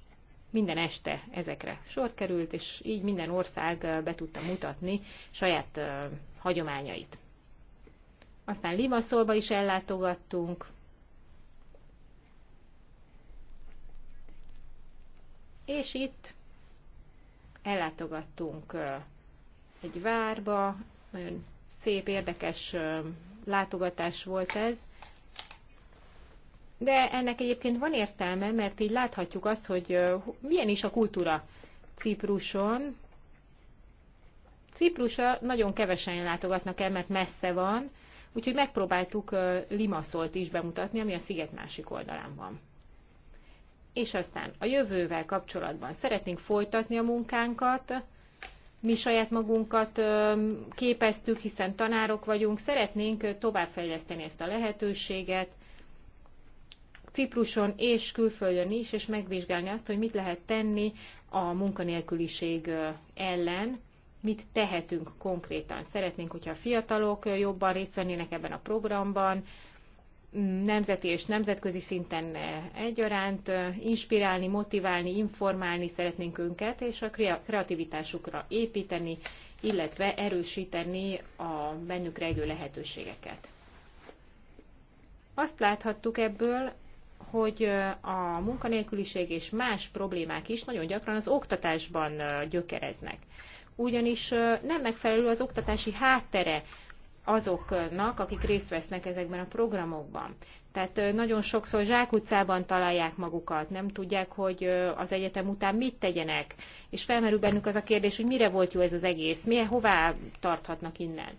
Minden este ezekre sor került, és így minden ország be tudta mutatni saját hagyományait. Aztán Limaszolba is ellátogattunk, és itt ellátogattunk egy várba, nagyon szép, érdekes látogatás volt ez, de ennek egyébként van értelme, mert így láthatjuk azt, hogy milyen is a kultúra Cipruson. Ciprusa nagyon kevesen látogatnak el, mert messze van, úgyhogy megpróbáltuk Limaszolt is bemutatni, ami a sziget másik oldalán van és aztán a jövővel kapcsolatban szeretnénk folytatni a munkánkat, mi saját magunkat képeztük, hiszen tanárok vagyunk, szeretnénk továbbfejleszteni ezt a lehetőséget, Cipruson és külföldön is, és megvizsgálni azt, hogy mit lehet tenni a munkanélküliség ellen, mit tehetünk konkrétan. Szeretnénk, hogyha a fiatalok jobban részt vennének ebben a programban, nemzeti és nemzetközi szinten eh, egyaránt eh, inspirálni, motiválni, informálni szeretnénk önket, és a kreativitásukra építeni, illetve erősíteni a bennük rejlő lehetőségeket. Azt láthattuk ebből, hogy eh, a munkanélküliség és más problémák is nagyon gyakran az oktatásban gyökereznek ugyanis nem megfelelő az oktatási háttere azoknak, akik részt vesznek ezekben a programokban. Tehát nagyon sokszor zsákutcában találják magukat, nem tudják, hogy az egyetem után mit tegyenek, és felmerül bennük az a kérdés, hogy mire volt jó ez az egész, milyen, hová tarthatnak innen.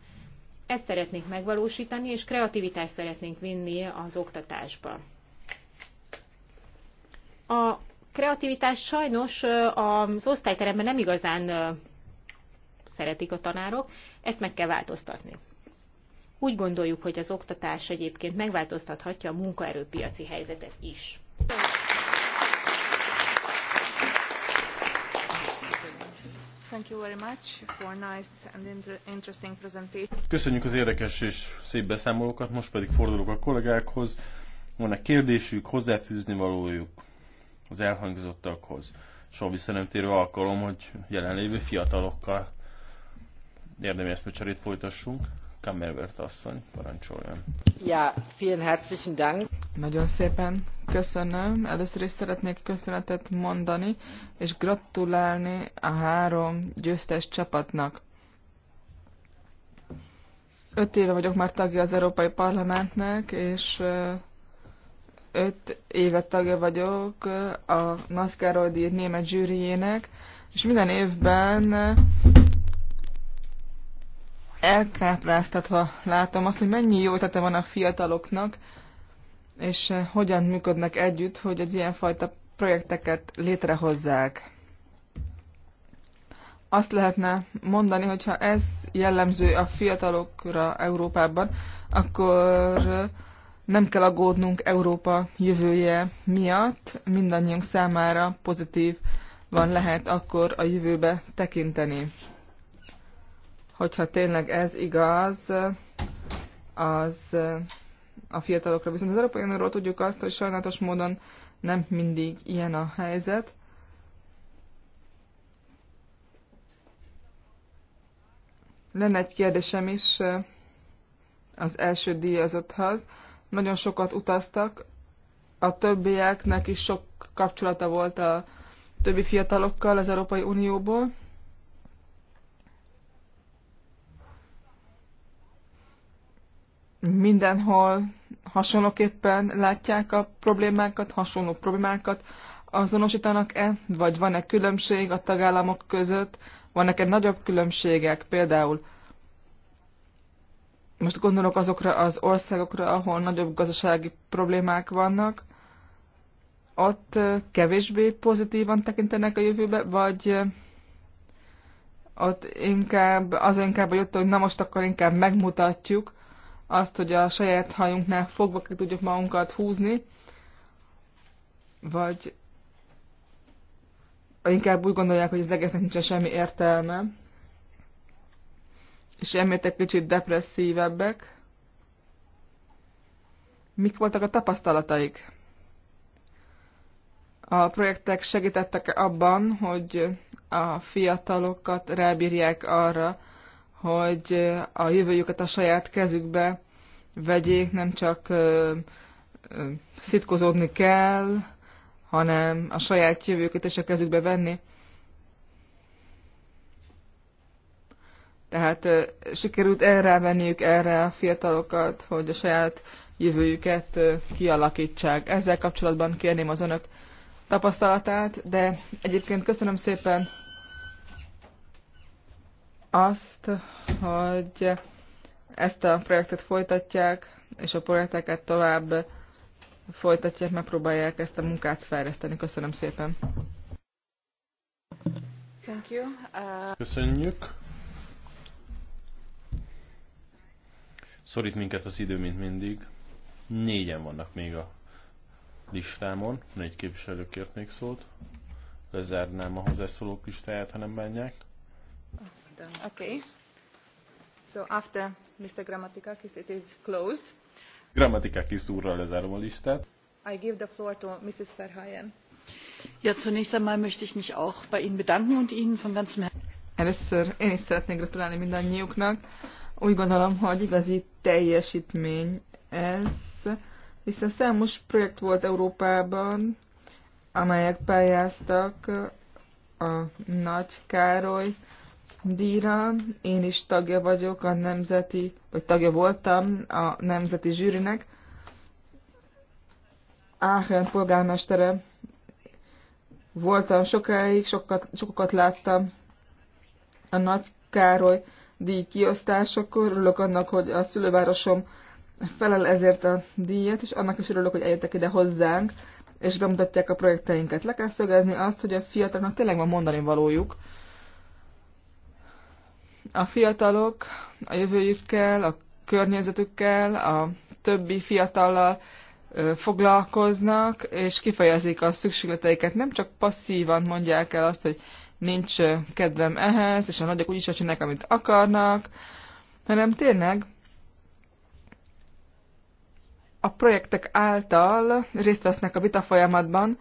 Ezt szeretnénk megvalósítani, és kreativitást szeretnénk vinni az oktatásba. A kreativitás sajnos az osztályteremben nem igazán szeretik a tanárok, ezt meg kell változtatni. Úgy gondoljuk, hogy az oktatás egyébként megváltoztathatja a munkaerőpiaci helyzetet is. Köszönjük az érdekes és szép beszámolókat, most pedig fordulok a kollégákhoz. Van-e kérdésük, hozzáfűzni valójuk az elhangzottakhoz? Soha visszanemtérő alkalom, hogy jelenlévő fiatalokkal érdemi eszmecserét folytassunk. Kammerwert asszony, parancsoljon. Ja, vielen herzlichen Dank. Nagyon szépen köszönöm. Először is szeretnék köszönetet mondani, és gratulálni a három győztes csapatnak. Öt éve vagyok már tagja az Európai Parlamentnek, és öt éve tagja vagyok a Nagykároly német zsűriének, és minden évben elkápráztatva látom azt, hogy mennyi jó tete van a fiataloknak, és eh, hogyan működnek együtt, hogy az ilyenfajta projekteket létrehozzák. Azt lehetne mondani, hogyha ez jellemző a fiatalokra Európában, akkor eh, nem kell aggódnunk Európa jövője miatt, mindannyiunk számára pozitív van lehet akkor a jövőbe tekinteni hogyha tényleg ez igaz, az a fiatalokra. Viszont az Európai Unióról tudjuk azt, hogy sajnálatos módon nem mindig ilyen a helyzet. Lenne egy kérdésem is az első díjazotthoz. Nagyon sokat utaztak, a többieknek is sok kapcsolata volt a többi fiatalokkal az Európai Unióból. mindenhol hasonlóképpen látják a problémákat, hasonló problémákat azonosítanak-e, vagy van-e különbség a tagállamok között, vannak-e nagyobb különbségek, például most gondolok azokra az országokra, ahol nagyobb gazdasági problémák vannak, ott kevésbé pozitívan tekintenek a jövőbe, vagy ott inkább, az inkább, hogy ott, hogy na most akkor inkább megmutatjuk, azt, hogy a saját hajunknál fogva ki tudjuk magunkat húzni, vagy inkább úgy gondolják, hogy az egésznek nincsen semmi értelme, és emiatt egy kicsit depresszívebbek. Mik voltak a tapasztalataik? A projektek segítettek abban, hogy a fiatalokat rábírják arra, hogy a jövőjüket a saját kezükbe vegyék, nem csak szitkozódni kell, hanem a saját jövőket is a kezükbe venni. Tehát sikerült erre venniük erre a fiatalokat, hogy a saját jövőjüket kialakítsák. Ezzel kapcsolatban kérném az önök tapasztalatát, de egyébként köszönöm szépen azt, hogy ezt a projektet folytatják, és a projekteket tovább folytatják, megpróbálják ezt a munkát fejleszteni. Köszönöm szépen. Thank you. Uh... Köszönjük. Szorít minket az idő, mint mindig. Négyen vannak még a listámon, négy képviselő kért még szót. Lezárnám a hozzászólók listáját, ha nem bánják done. Okay. So after Mr. Grammatikakis, it is closed. Grammatikakis úrral lezárom a listát. I give the floor to Mrs. Verheyen. Ja, zunächst einmal möchte ich mich auch bei Ihnen bedanken und Ihnen von ganzem Herzen. Először én is szeretnék gratulálni mindannyiuknak. Úgy gondolom, hogy igazi teljesítmény ez, hiszen számos projekt volt Európában, amelyek pályáztak a Nagy Károly díjra. Én is tagja vagyok a nemzeti, vagy tagja voltam a nemzeti zsűrinek. Aachen polgármestere voltam sokáig, sokat, sokat láttam a Nagy Károly díj kiosztásakor. Örülök annak, hogy a szülővárosom felel ezért a díjat, és annak is örülök, hogy eljöttek ide hozzánk, és bemutatják a projekteinket. Le kell szögezni azt, hogy a fiataloknak tényleg van mondani valójuk, a fiatalok a jövőjükkel, a környezetükkel, a többi fiatallal foglalkoznak, és kifejezik a szükségleteiket. Nem csak passzívan mondják el azt, hogy nincs kedvem ehhez, és a nagyok úgyis csinálják, amit akarnak, hanem tényleg a projektek által részt vesznek a vita folyamatban,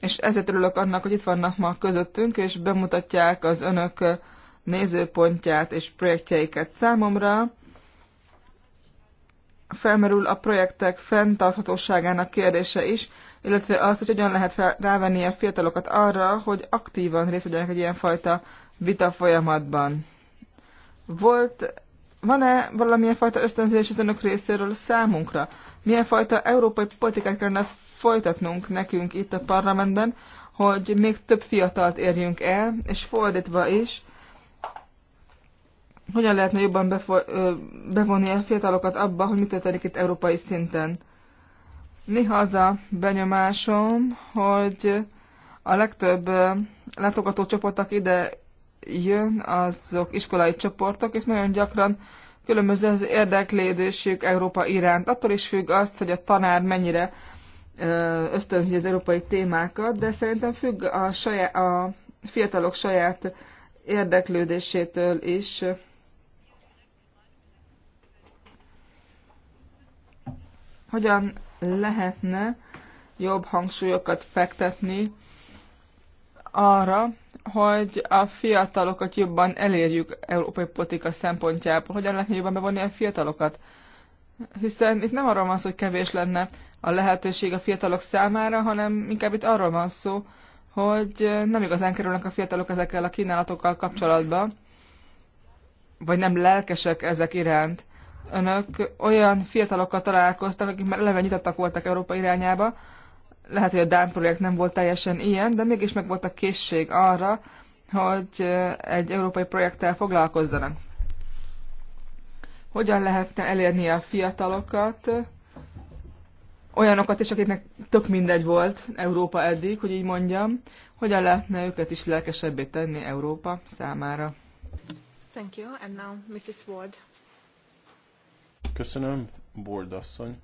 és ezért örülök annak, hogy itt vannak ma közöttünk, és bemutatják az önök nézőpontját és projektjeiket számomra. Felmerül a projektek fenntarthatóságának kérdése is, illetve azt, hogy hogyan lehet fel, rávenni a fiatalokat arra, hogy aktívan részt vegyenek egy ilyenfajta vita folyamatban. Volt van-e valamilyen fajta ösztönzés az önök részéről számunkra? Milyen fajta európai politikát kellene folytatnunk nekünk itt a parlamentben, hogy még több fiatalt érjünk el, és fordítva is, hogyan lehetne jobban bevonni a fiatalokat abba, hogy mit történik itt európai szinten. Néha az a benyomásom, hogy a legtöbb látogatócsoport, aki ide jön, azok iskolai csoportok, és nagyon gyakran különböző az érdeklődésük Európa iránt. Attól is függ azt, hogy a tanár mennyire ösztönzi az európai témákat, de szerintem függ a, saját, a fiatalok saját érdeklődésétől is Hogyan lehetne jobb hangsúlyokat fektetni arra, hogy a fiatalokat jobban elérjük európai politika szempontjából? Hogyan lehetne jobban bevonni a fiatalokat? Hiszen itt nem arról van szó, hogy kevés lenne a lehetőség a fiatalok számára, hanem inkább itt arról van szó, hogy nem igazán kerülnek a fiatalok ezekkel a kínálatokkal kapcsolatba, vagy nem lelkesek ezek iránt önök olyan fiatalokkal találkoztak, akik már eleve nyitottak voltak Európa irányába. Lehet, hogy a Dán projekt nem volt teljesen ilyen, de mégis meg volt a készség arra, hogy egy európai projekttel foglalkozzanak. Hogyan lehetne elérni a fiatalokat, olyanokat is, akiknek tök mindegy volt Európa eddig, hogy így mondjam, hogyan lehetne őket is lelkesebbé tenni Európa számára. Thank you, and now Mrs. Ward. Köszönöm, Bord asszony.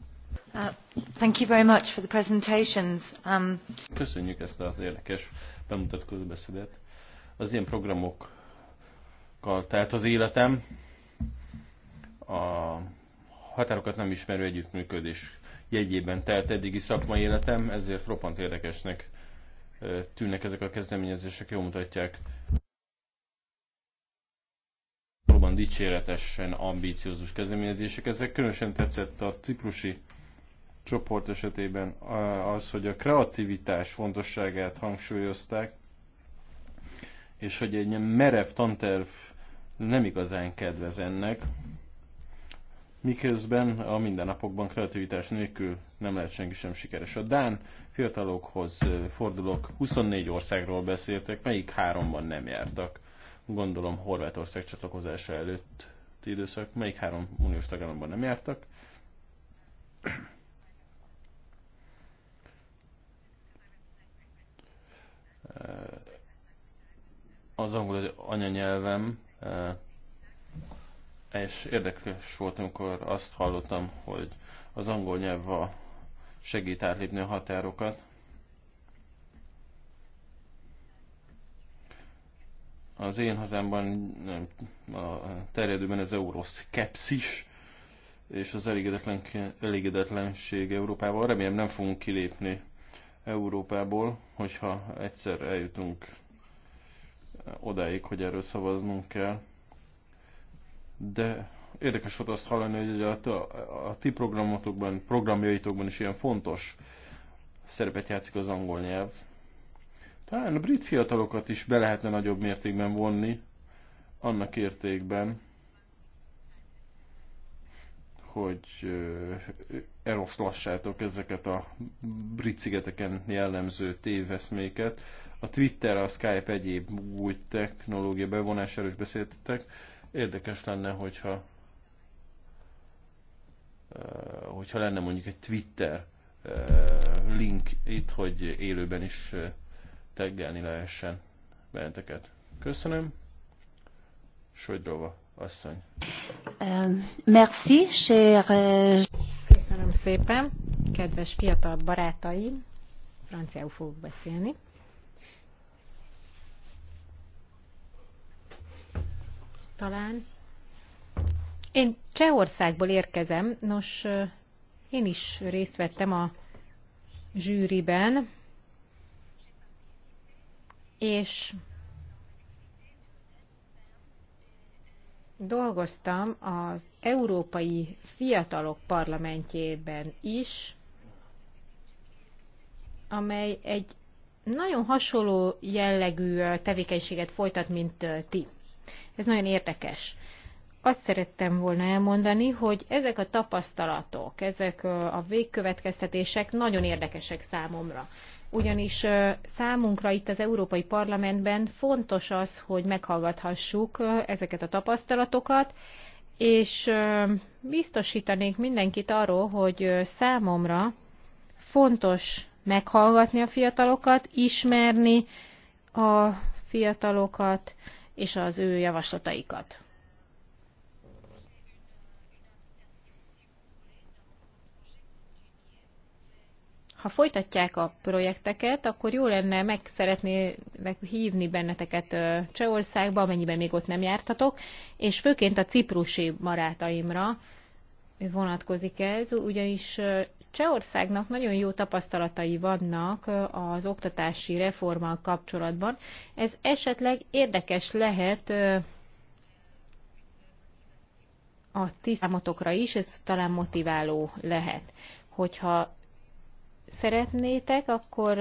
Uh, thank you very much for the presentations. Um... Köszönjük ezt az érdekes bemutatkozó beszédet. Az ilyen programokkal telt az életem. A határokat nem ismerő együttműködés jegyében telt eddigi szakmai életem, ezért roppant érdekesnek tűnnek ezek a kezdeményezések, jól mutatják valóban dicséretesen ambíciózus kezdeményezések. Ezek különösen tetszett a ciprusi csoport esetében az, hogy a kreativitás fontosságát hangsúlyozták, és hogy egy ilyen merev tanterv nem igazán kedvez ennek, miközben a mindennapokban kreativitás nélkül nem lehet senki sem sikeres. A Dán fiatalokhoz fordulok, 24 országról beszéltek, melyik háromban nem jártak gondolom Horvátország csatlakozása előtt időszak, melyik három uniós tagállamban nem jártak. Az angol az anyanyelvem eh, és érdekes volt, amikor azt hallottam, hogy az angol nyelv segít átlépni a határokat, Az én hazámban nem, a terjedőben ez euroszkepszis, és az elégedetlen, elégedetlenség Európával. Remélem nem fogunk kilépni Európából, hogyha egyszer eljutunk odáig, hogy erről szavaznunk kell. De érdekes volt azt hallani, hogy a, a, a ti programotokban, programjaitokban is ilyen fontos szerepet játszik az angol nyelv. Talán a brit fiatalokat is be lehetne nagyobb mértékben vonni, annak értékben, hogy eloszlassátok ezeket a brit szigeteken jellemző téveszméket. A Twitter, a Skype egyéb új technológia bevonására is beszéltetek. Érdekes lenne, hogyha hogyha lenne mondjuk egy Twitter link itt, hogy élőben is teggelni lehessen benneteket. Köszönöm. Sojdrova asszony. Merci, cher... Eh, Köszönöm szépen, kedves fiatal barátaim. Franciául fogok beszélni. Talán. Én Csehországból érkezem, nos, eh, én is részt vettem a zsűriben, és dolgoztam az Európai Fiatalok Parlamentjében is, amely egy nagyon hasonló jellegű tevékenységet folytat, mint ti. Ez nagyon érdekes. Azt szerettem volna elmondani, hogy ezek a tapasztalatok, ezek a végkövetkeztetések nagyon érdekesek számomra ugyanis számunkra itt az Európai Parlamentben fontos az, hogy meghallgathassuk ezeket a tapasztalatokat, és biztosítanék mindenkit arról, hogy számomra fontos meghallgatni a fiatalokat, ismerni a fiatalokat és az ő javaslataikat. ha folytatják a projekteket, akkor jó lenne, meg szeretnének hívni benneteket Csehországba, amennyiben még ott nem jártatok, és főként a ciprusi barátaimra vonatkozik ez, ugyanis Csehországnak nagyon jó tapasztalatai vannak az oktatási reformmal kapcsolatban. Ez esetleg érdekes lehet a ti számotokra is, ez talán motiváló lehet hogyha szeretnétek, akkor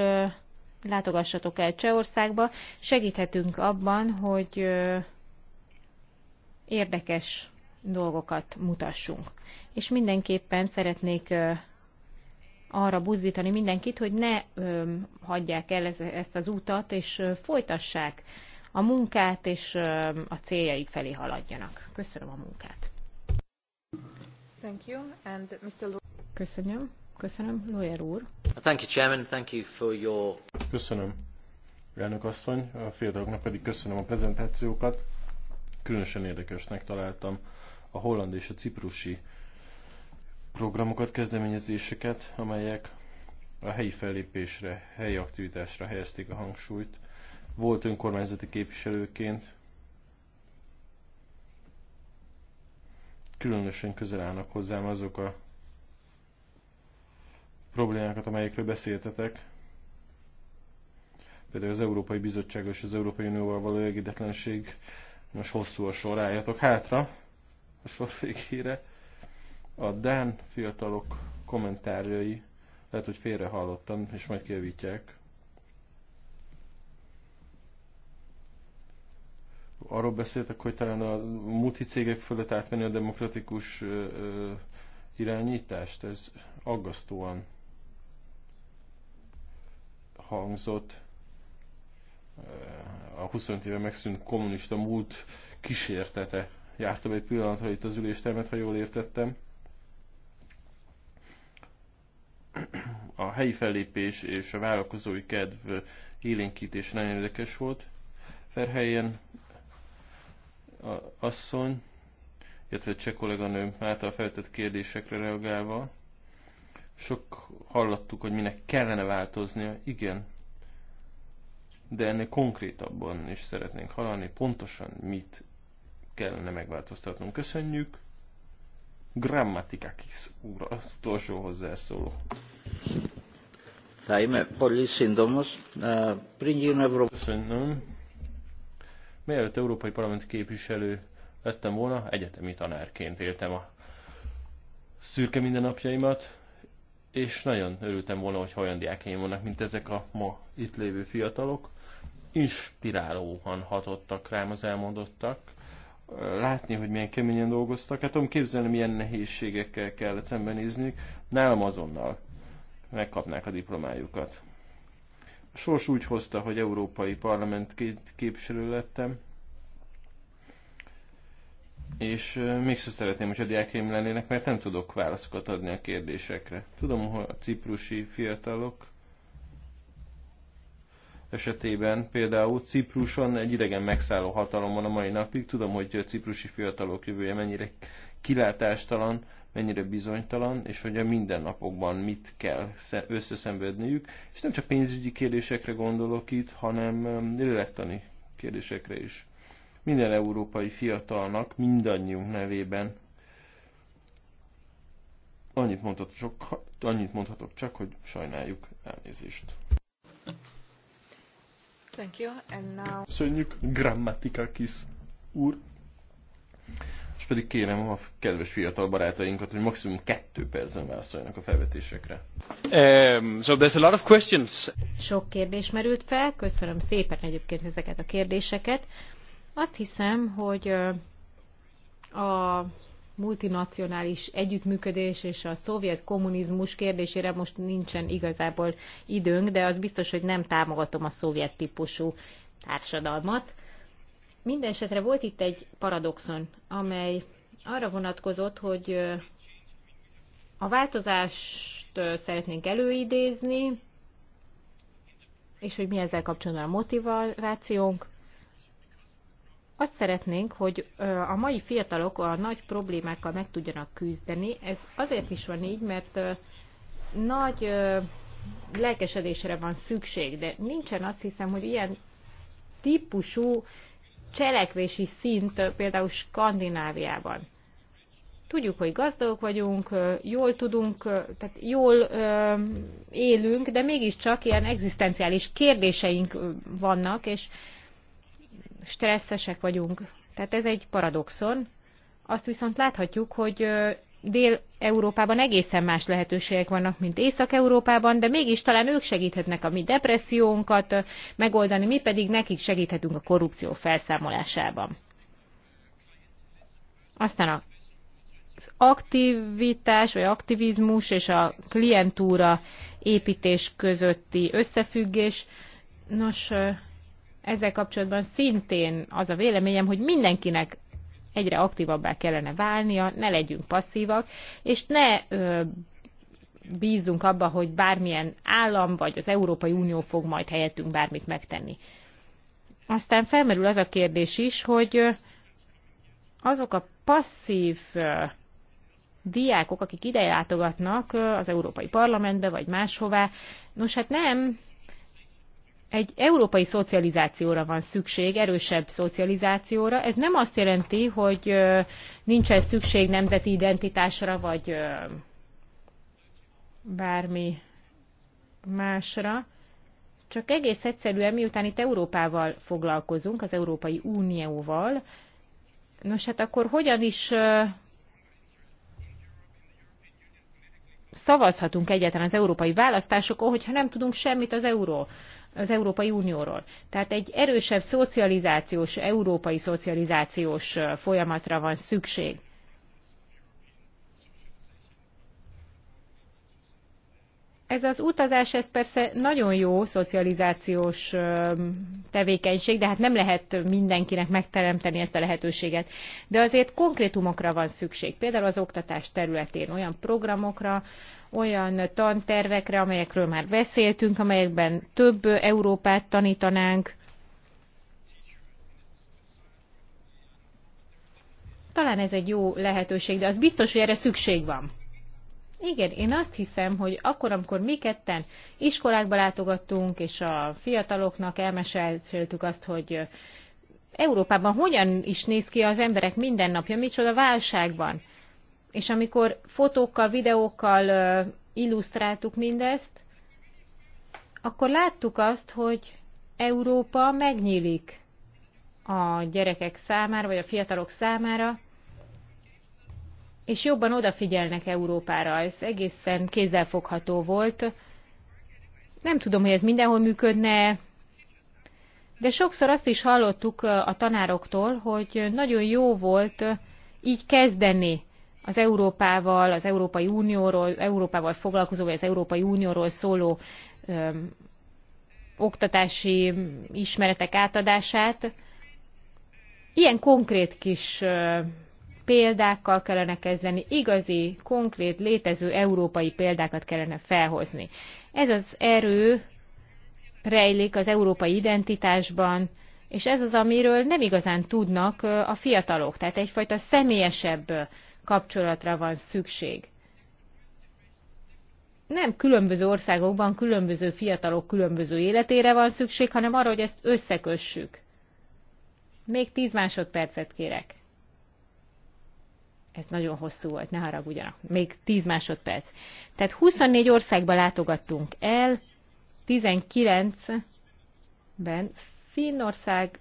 látogassatok el Csehországba. Segíthetünk abban, hogy érdekes dolgokat mutassunk. És mindenképpen szeretnék arra buzdítani mindenkit, hogy ne hagyják el ezt az utat, és folytassák a munkát, és a céljaik felé haladjanak. Köszönöm a munkát. Thank you, and Mr. Köszönöm. Köszönöm, Lóer úr. Thank you, Chairman. Thank you for your... Köszönöm, elnök asszony. A fiataloknak pedig köszönöm a prezentációkat. Különösen érdekesnek találtam a holland és a ciprusi programokat, kezdeményezéseket, amelyek a helyi fellépésre, helyi aktivitásra helyezték a hangsúlyt. Volt önkormányzati képviselőként, különösen közel állnak hozzám azok a problémákat, amelyekről beszéltetek. Például az Európai Bizottság és az Európai Unióval való egyetlenség. Most hosszú a sor, álljatok hátra a sor végére. A Dán fiatalok kommentárjai, lehet, hogy félre hallottam, és majd kijavítják. Arról beszéltek, hogy talán a multi cégek fölött átvenni a demokratikus ö, ö, irányítást, ez aggasztóan hangzott a 25 éve megszűnt kommunista múlt kísértete. Jártam egy pillanatra itt az üléstermet, ha jól értettem. A helyi fellépés és a vállalkozói kedv élénkítés nagyon érdekes volt. Ferhelyen asszony, illetve cseh kolléganőm által feltett kérdésekre reagálva, sok hallottuk, hogy minek kellene változnia. Igen. De ennél konkrétabban is szeretnénk hallani, pontosan mit kellene megváltoztatnunk. Köszönjük. Grammatikakis úr, az utolsó hozzászóló. Θα poli szindomos, σύντομος. Πριν Köszönöm. Mielőtt Európai Parlament képviselő lettem volna, egyetemi tanárként éltem a szürke mindennapjaimat és nagyon örültem volna, hogy olyan diákeim vannak, mint ezek a ma itt lévő fiatalok. Inspirálóan hatottak rám az elmondottak. Látni, hogy milyen keményen dolgoztak. Hát tudom képzelni, milyen nehézségekkel kellett szembenézni. Nálam azonnal megkapnák a diplomájukat. A sors úgy hozta, hogy európai parlament képviselő lettem, és mégsem szeretném, hogy a diákjaim lennének, mert nem tudok válaszokat adni a kérdésekre. Tudom, hogy a ciprusi fiatalok esetében például Cipruson egy idegen megszálló hatalom van a mai napig. Tudom, hogy a ciprusi fiatalok jövője mennyire kilátástalan, mennyire bizonytalan, és hogy a mindennapokban mit kell összeszenvedniük. És nem csak pénzügyi kérdésekre gondolok itt, hanem lélektani kérdésekre is minden európai fiatalnak, mindannyiunk nevében annyit mondhatok, csak, annyit mondhatok csak, hogy sajnáljuk elnézést. Thank you, and now... Köszönjük, Grammatikakis úr. És pedig kérem a kedves fiatal barátainkat, hogy maximum kettő percen válaszoljanak a felvetésekre. Um, so there's a lot of questions. Sok kérdés merült fel, köszönöm szépen egyébként ezeket a kérdéseket. Azt hiszem, hogy a multinacionális együttműködés és a szovjet kommunizmus kérdésére most nincsen igazából időnk, de az biztos, hogy nem támogatom a szovjet típusú társadalmat. Mindenesetre volt itt egy paradoxon, amely arra vonatkozott, hogy a változást szeretnénk előidézni, és hogy mi ezzel kapcsolatban a motivációnk. Azt szeretnénk, hogy a mai fiatalok a nagy problémákkal meg tudjanak küzdeni. Ez azért is van így, mert nagy lelkesedésre van szükség, de nincsen azt hiszem, hogy ilyen típusú cselekvési szint például Skandináviában. Tudjuk, hogy gazdagok vagyunk, jól tudunk, tehát jól élünk, de mégiscsak ilyen egzisztenciális kérdéseink vannak, és stresszesek vagyunk. Tehát ez egy paradoxon. Azt viszont láthatjuk, hogy Dél-Európában egészen más lehetőségek vannak, mint Észak-Európában, de mégis talán ők segíthetnek a mi depressziónkat megoldani, mi pedig nekik segíthetünk a korrupció felszámolásában. Aztán a az aktivitás vagy aktivizmus és a klientúra építés közötti összefüggés. Nos, ezzel kapcsolatban szintén az a véleményem, hogy mindenkinek egyre aktívabbá kellene válnia, ne legyünk passzívak, és ne ö, bízzunk abba, hogy bármilyen állam vagy az Európai Unió fog majd helyettünk bármit megtenni. Aztán felmerül az a kérdés is, hogy azok a passzív diákok, akik ide látogatnak az Európai Parlamentbe vagy máshová, nos hát nem egy európai szocializációra van szükség, erősebb szocializációra. Ez nem azt jelenti, hogy nincsen szükség nemzeti identitásra, vagy bármi másra. Csak egész egyszerűen, miután itt Európával foglalkozunk, az Európai Unióval, nos hát akkor hogyan is szavazhatunk egyetlen az európai választásokon, hogyha nem tudunk semmit az euró az Európai Unióról. Tehát egy erősebb szocializációs, európai szocializációs folyamatra van szükség. Ez az utazás, ez persze nagyon jó szocializációs tevékenység, de hát nem lehet mindenkinek megteremteni ezt a lehetőséget. De azért konkrétumokra van szükség, például az oktatás területén olyan programokra, olyan tantervekre, amelyekről már beszéltünk, amelyekben több Európát tanítanánk, talán ez egy jó lehetőség, de az biztos, hogy erre szükség van. Igen, én azt hiszem, hogy akkor, amikor mi ketten iskolákba látogattunk, és a fiataloknak elmeséltük azt, hogy Európában hogyan is néz ki az emberek mindennapja, micsoda válságban. És amikor fotókkal, videókkal illusztráltuk mindezt, akkor láttuk azt, hogy Európa megnyílik a gyerekek számára, vagy a fiatalok számára, és jobban odafigyelnek Európára. Ez egészen kézzelfogható volt. Nem tudom, hogy ez mindenhol működne, de sokszor azt is hallottuk a tanároktól, hogy nagyon jó volt így kezdeni az Európával, az Európai Unióról, Európával foglalkozó, vagy az Európai Unióról szóló öm, oktatási ismeretek átadását. Ilyen konkrét kis öm, példákkal kellene kezdeni, igazi, konkrét, létező európai példákat kellene felhozni. Ez az erő rejlik az európai identitásban, és ez az, amiről nem igazán tudnak a fiatalok, tehát egyfajta személyesebb kapcsolatra van szükség. Nem különböző országokban különböző fiatalok különböző életére van szükség, hanem arra, hogy ezt összekössük. Még tíz másodpercet kérek. Ez nagyon hosszú volt, ne haragudjanak. Még 10 másodperc. Tehát 24 országba látogattunk el, 19-ben Finnország,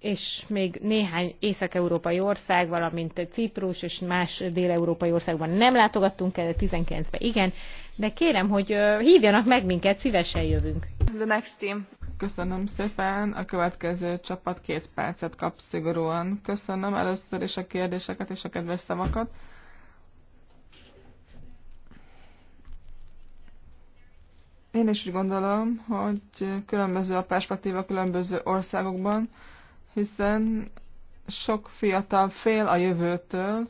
és még néhány észak-európai ország, valamint Ciprus és más dél-európai országban nem látogattunk el, 19-ben igen, de kérem, hogy hívjanak meg minket, szívesen jövünk. The next team. Köszönöm szépen. A következő csapat két percet kap szigorúan. Köszönöm először is a kérdéseket és a kedves szavakat. Én is úgy gondolom, hogy különböző a perspektíva különböző országokban, hiszen sok fiatal fél a jövőtől.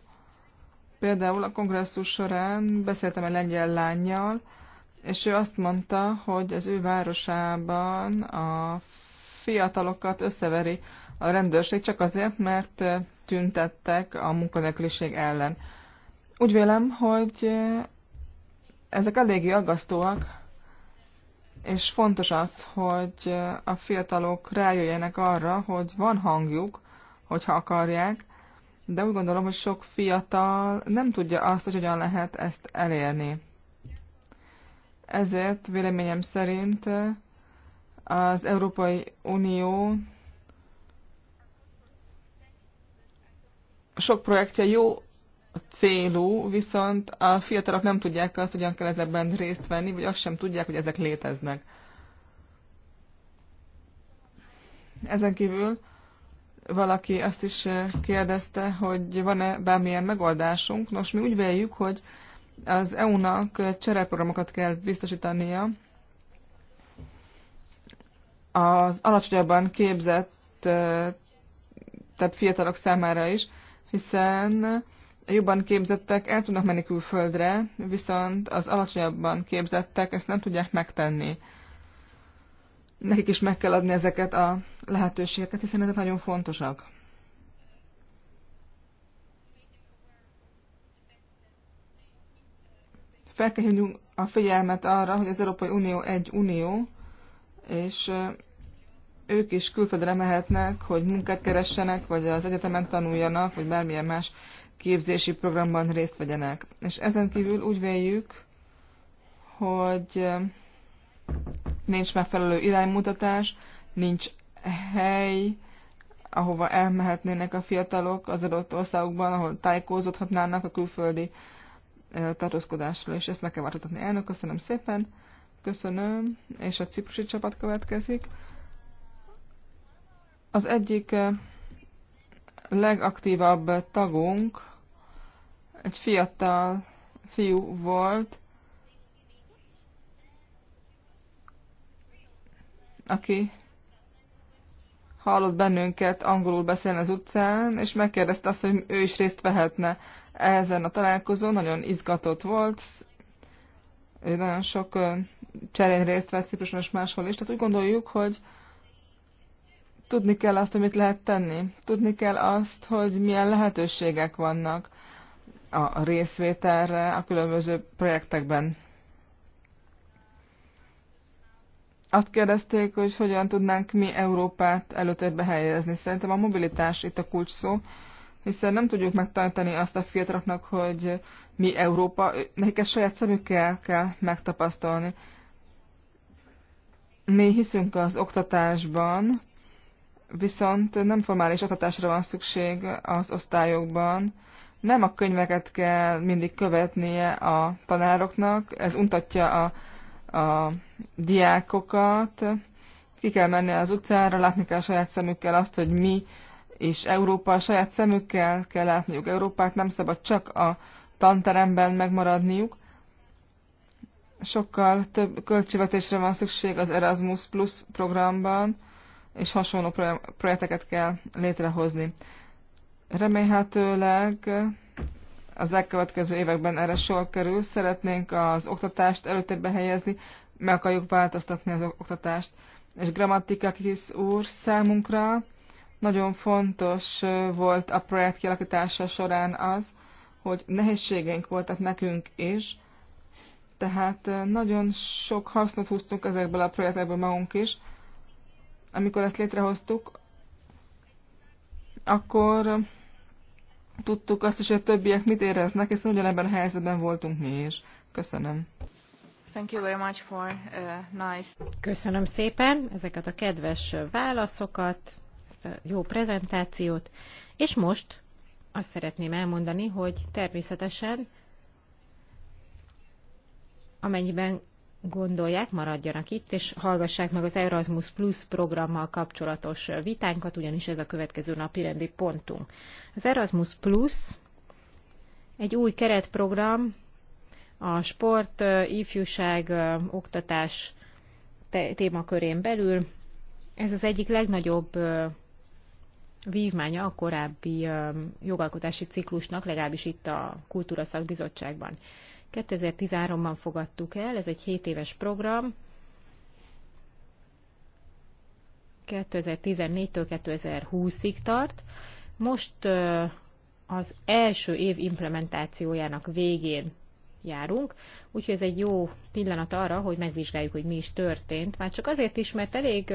Például a kongresszus során beszéltem egy lengyel lányjal, és ő azt mondta, hogy az ő városában a fiatalokat összeveri a rendőrség csak azért, mert tüntettek a munkanélküliség ellen. Úgy vélem, hogy ezek eléggé aggasztóak, és fontos az, hogy a fiatalok rájöjjenek arra, hogy van hangjuk, hogyha akarják, de úgy gondolom, hogy sok fiatal nem tudja azt, hogy hogyan lehet ezt elérni. Ezért véleményem szerint az Európai Unió sok projektje jó célú, viszont a fiatalok nem tudják azt, hogyan kell ezekben részt venni, vagy azt sem tudják, hogy ezek léteznek. Ezen kívül valaki azt is kérdezte, hogy van-e bármilyen megoldásunk. Nos, mi úgy véljük, hogy az EU-nak csereprogramokat kell biztosítania az alacsonyabban képzett tehát fiatalok számára is, hiszen jobban képzettek el tudnak menni külföldre, viszont az alacsonyabban képzettek ezt nem tudják megtenni. Nekik is meg kell adni ezeket a lehetőségeket, hiszen ezek nagyon fontosak. Fel kell hívnunk a figyelmet arra, hogy az Európai Unió egy unió, és ők is külföldre mehetnek, hogy munkát keressenek, vagy az egyetemen tanuljanak, vagy bármilyen más képzési programban részt vegyenek. És ezen kívül úgy véljük, hogy nincs megfelelő iránymutatás, nincs hely, ahova elmehetnének a fiatalok az adott országokban, ahol tájékozódhatnának a külföldi tartózkodásról, és ezt meg kell változtatni. Elnök, köszönöm szépen, köszönöm, és a ciprusi csapat következik. Az egyik eh, legaktívabb tagunk egy fiatal fiú volt, aki hallott bennünket angolul beszélni az utcán, és megkérdezte azt, hogy ő is részt vehetne ezen a találkozón, nagyon izgatott volt, nagyon sok cserén részt vett Cipruson és máshol is, tehát úgy gondoljuk, hogy tudni kell azt, amit lehet tenni. Tudni kell azt, hogy milyen lehetőségek vannak a részvételre a különböző projektekben. Azt kérdezték, hogy hogyan tudnánk mi Európát előtérbe helyezni. Szerintem a mobilitás itt a kulcs szó hiszen nem tudjuk megtanítani azt a fiataloknak, hogy mi Európa, nekik ezt saját szemükkel kell megtapasztalni. Mi hiszünk az oktatásban, viszont nem formális oktatásra van szükség az osztályokban. Nem a könyveket kell mindig követnie a tanároknak, ez untatja a, a diákokat. Ki kell menni az utcára, látni kell saját szemükkel azt, hogy mi és Európa a saját szemükkel kell látniuk. Európát nem szabad csak a tanteremben megmaradniuk. Sokkal több költségvetésre van szükség az Erasmus Plus programban, és hasonló projekteket kell létrehozni. Remélhetőleg az elkövetkező években erre sor kerül. Szeretnénk az oktatást előtérbe helyezni, meg akarjuk változtatni az oktatást. És grammatikakis úr számunkra nagyon fontos volt a projekt kialakítása során az, hogy nehézségeink voltak nekünk is, tehát nagyon sok hasznot húztunk ezekből a projektekből magunk is. Amikor ezt létrehoztuk, akkor tudtuk azt is, hogy a többiek mit éreznek, hiszen ugyanebben a helyzetben voltunk mi is. Köszönöm. Thank you very much for, uh, nice. Köszönöm szépen ezeket a kedves válaszokat ezt a jó prezentációt, és most azt szeretném elmondani, hogy természetesen amennyiben gondolják, maradjanak itt, és hallgassák meg az Erasmus Plus programmal kapcsolatos vitánkat, ugyanis ez a következő napi rendi pontunk. Az Erasmus Plus egy új keretprogram a sport, ifjúság, oktatás témakörén belül. Ez az egyik legnagyobb vívmánya a korábbi jogalkotási ciklusnak, legalábbis itt a Kultúra Szakbizottságban. 2013-ban fogadtuk el, ez egy 7 éves program, 2014-től 2020-ig tart. Most az első év implementációjának végén járunk, úgyhogy ez egy jó pillanat arra, hogy megvizsgáljuk, hogy mi is történt. Már csak azért is, mert elég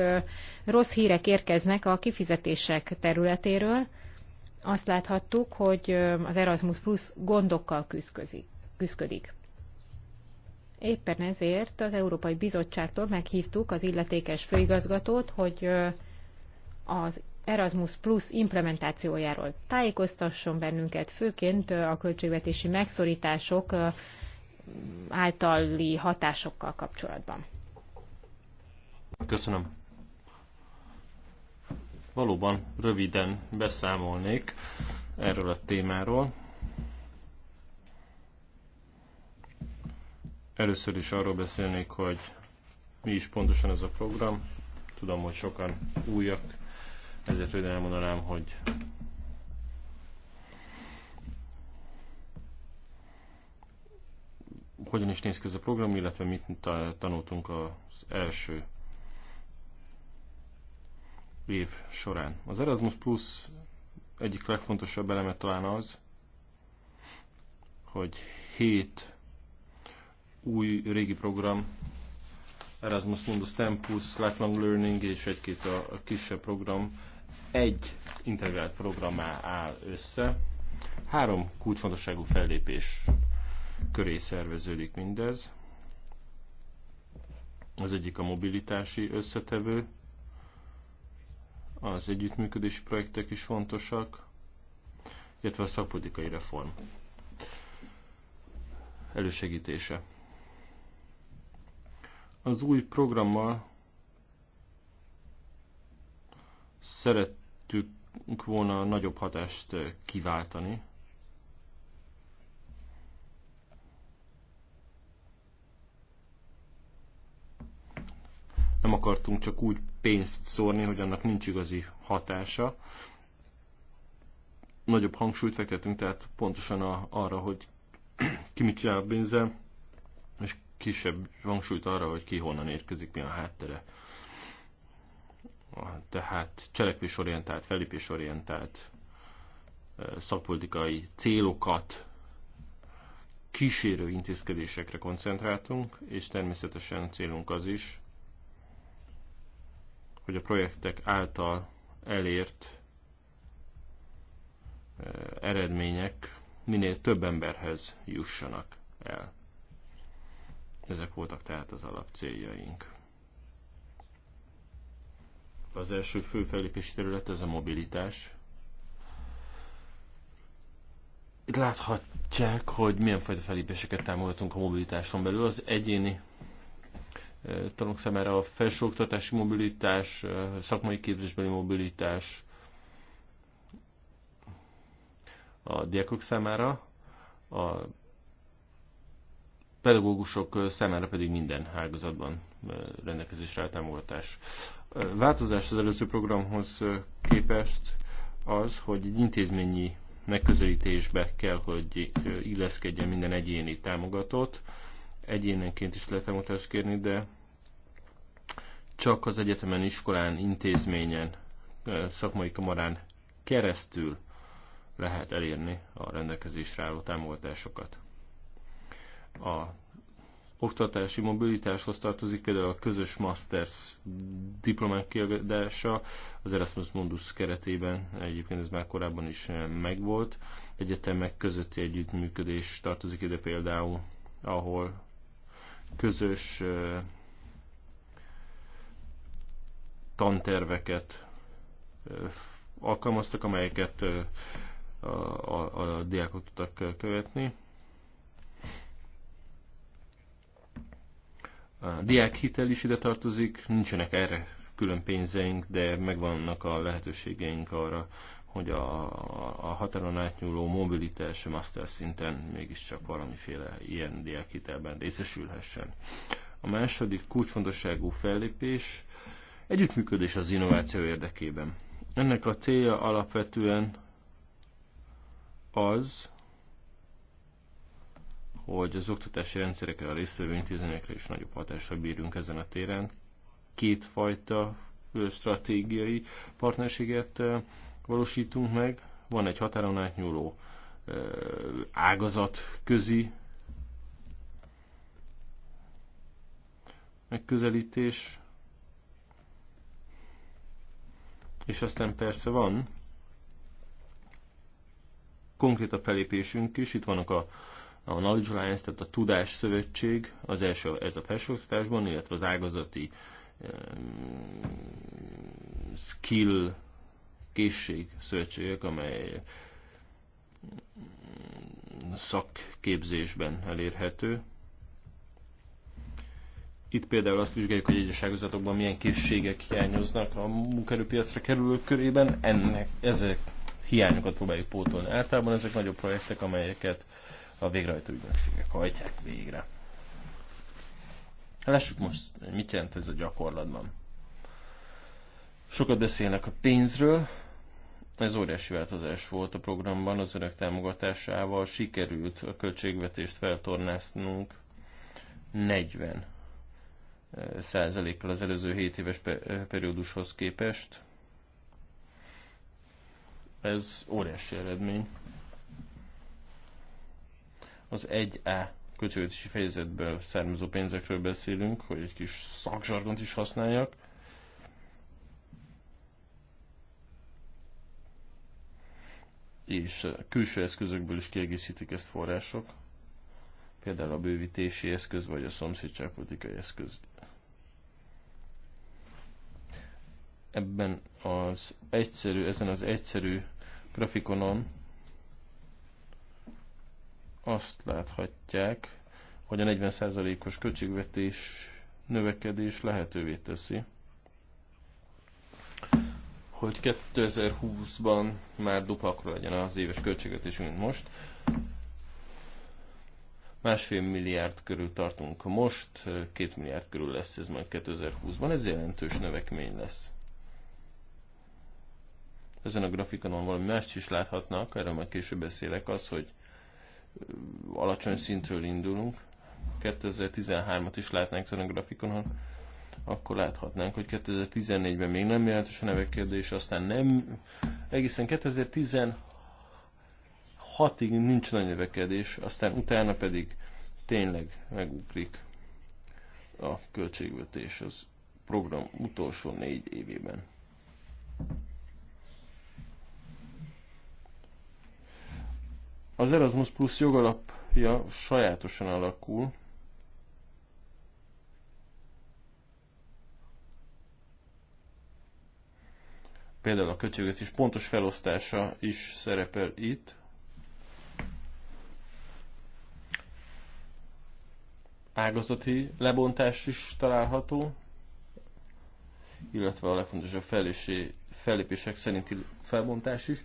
rossz hírek érkeznek a kifizetések területéről. Azt láthattuk, hogy az Erasmus Plus gondokkal küzdik. Éppen ezért az Európai Bizottságtól meghívtuk az illetékes főigazgatót, hogy az Erasmus Plus implementációjáról tájékoztasson bennünket, főként a költségvetési megszorítások általi hatásokkal kapcsolatban. Köszönöm. Valóban röviden beszámolnék erről a témáról. Először is arról beszélnék, hogy mi is pontosan ez a program. Tudom, hogy sokan újak ezért röviden elmondanám, hogy hogyan is néz ki ez a program, illetve mit tanultunk az első év során. Az Erasmus Plus egyik legfontosabb eleme talán az, hogy hét új régi program, Erasmus Mundus Tempus, Lifelong Learning és egy-két a, a kisebb program egy integrált programmá áll össze. Három kulcsfontosságú fellépés köré szerveződik mindez. Az egyik a mobilitási összetevő, az együttműködési projektek is fontosak, illetve a szakpolitikai reform elősegítése. Az új programmal szerettük volna nagyobb hatást kiváltani. Nem akartunk csak úgy pénzt szórni, hogy annak nincs igazi hatása. Nagyobb hangsúlyt fektetünk tehát pontosan a, arra, hogy ki mit csinál a pénzzel, és kisebb hangsúlyt arra, hogy ki honnan érkezik, mi a háttere tehát cselekvésorientált, felépésorientált szakpolitikai célokat kísérő intézkedésekre koncentráltunk, és természetesen célunk az is, hogy a projektek által elért eredmények minél több emberhez jussanak el. Ezek voltak tehát az alapcéljaink. Az első fő fellépési terület az a mobilitás. Itt láthatják, hogy milyen fajta felépéseket támogatunk a mobilitáson belül. Az egyéni eh, tanulók számára a felsőoktatási mobilitás, eh, szakmai képzésbeli mobilitás a diákok számára, a pedagógusok eh, számára pedig minden ágazatban rendelkezésre áll támogatás változás az előző programhoz képest az, hogy egy intézményi megközelítésbe kell, hogy illeszkedjen minden egyéni támogatót. Egyénenként is lehet támogatást kérni, de csak az egyetemen, iskolán, intézményen, szakmai kamarán keresztül lehet elérni a rendelkezésre álló támogatásokat. A oktatási mobilitáshoz tartozik például a közös masters diplomák kiadása, az Erasmus Mundus keretében egyébként ez már korábban is eh, megvolt. Egyetemek közötti együttműködés tartozik ide például, ahol közös eh, tanterveket eh, alkalmaztak, amelyeket a, a, a diákok tudtak követni. A diákhitel is ide tartozik, nincsenek erre külön pénzeink, de megvannak a lehetőségeink arra, hogy a, a határon átnyúló mobilitás master szinten mégiscsak valamiféle ilyen diákhitelben részesülhessen. A második kulcsfontosságú fellépés együttműködés az innováció érdekében. Ennek a célja alapvetően az, hogy az oktatási rendszerekre, a résztvevő intézményekre is nagyobb hatással bírunk ezen a téren. Kétfajta stratégiai partnerséget valósítunk meg. Van egy határon átnyúló ágazat közi megközelítés, és aztán persze van konkrét a felépésünk is, itt vannak a a Knowledge Alliance, tehát a Tudás Szövetség, az első ez a felsőoktatásban, illetve az ágazati skill készség szövetségek, amely szakképzésben elérhető. Itt például azt vizsgáljuk, hogy egyes ágazatokban milyen készségek hiányoznak a munkerőpiacra kerülők körében. Ennek, ezek hiányokat próbáljuk pótolni. Általában ezek nagyobb projektek, amelyeket a végrehajtó ügynökségek hajtják végre. Lássuk most, mit jelent ez a gyakorlatban. Sokat beszélnek a pénzről, ez óriási változás volt a programban, az önök támogatásával sikerült a költségvetést feltornáztunk 40 eh, százalékkal az előző 7 éves eh, periódushoz képest. Ez óriási eredmény. Az 1A e költségvetési fejezetből származó pénzekről beszélünk, hogy egy kis szakzsargont is használjak. És külső eszközökből is kiegészítik ezt források, például a bővítési eszköz vagy a szomszédságpolitikai eszköz. Ebben az egyszerű, ezen az egyszerű grafikonon azt láthatják, hogy a 40%-os költségvetés növekedés lehetővé teszi, hogy 2020-ban már dupakra legyen az éves költségvetés, mint most. Másfél milliárd körül tartunk most, két milliárd körül lesz ez majd 2020-ban, ez jelentős növekmény lesz. Ezen a grafikonon valami mást is láthatnak, erről majd később beszélek, az, hogy alacsony szintről indulunk, 2013-at is látnánk ezen a grafikonon, akkor láthatnánk, hogy 2014-ben még nem jelentős a nevek kérdés, aztán nem, egészen 2016-ig nincs nagy növekedés, aztán utána pedig tényleg megugrik a költségvetés az program utolsó négy évében. Az Erasmus Plus jogalapja sajátosan alakul, például a is pontos felosztása is szerepel itt. Ágazati lebontás is található, illetve a legfontosabb felépések szerinti felbontás is.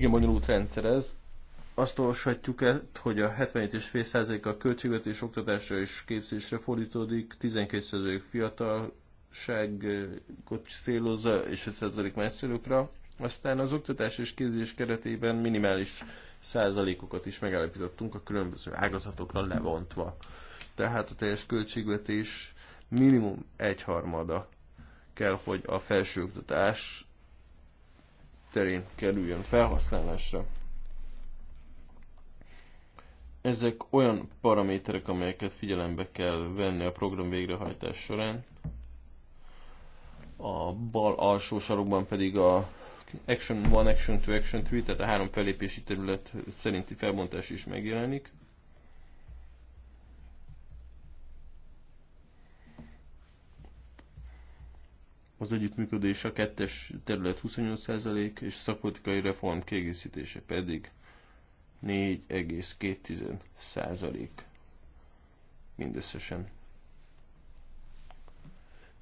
Igen, bonyolult rendszer ez. Azt olvashatjuk el, hogy a 77,5% a költségvetés oktatásra és képzésre fordítódik, 12% fiatalságot célozza, és 5% más célokra. Aztán az oktatás és képzés keretében minimális százalékokat is megállapítottunk a különböző ágazatokra levontva. Tehát a teljes költségvetés minimum egyharmada kell, hogy a felsőoktatás terén kerüljön felhasználásra. Ezek olyan paraméterek, amelyeket figyelembe kell venni a program végrehajtás során. A bal alsó sarokban pedig a Action 1, Action 2, Action 3, tehát a három felépési terület szerinti felbontás is megjelenik. az együttműködés a kettes terület 28% és szakpolitikai reform kiegészítése pedig 4,2% mindösszesen.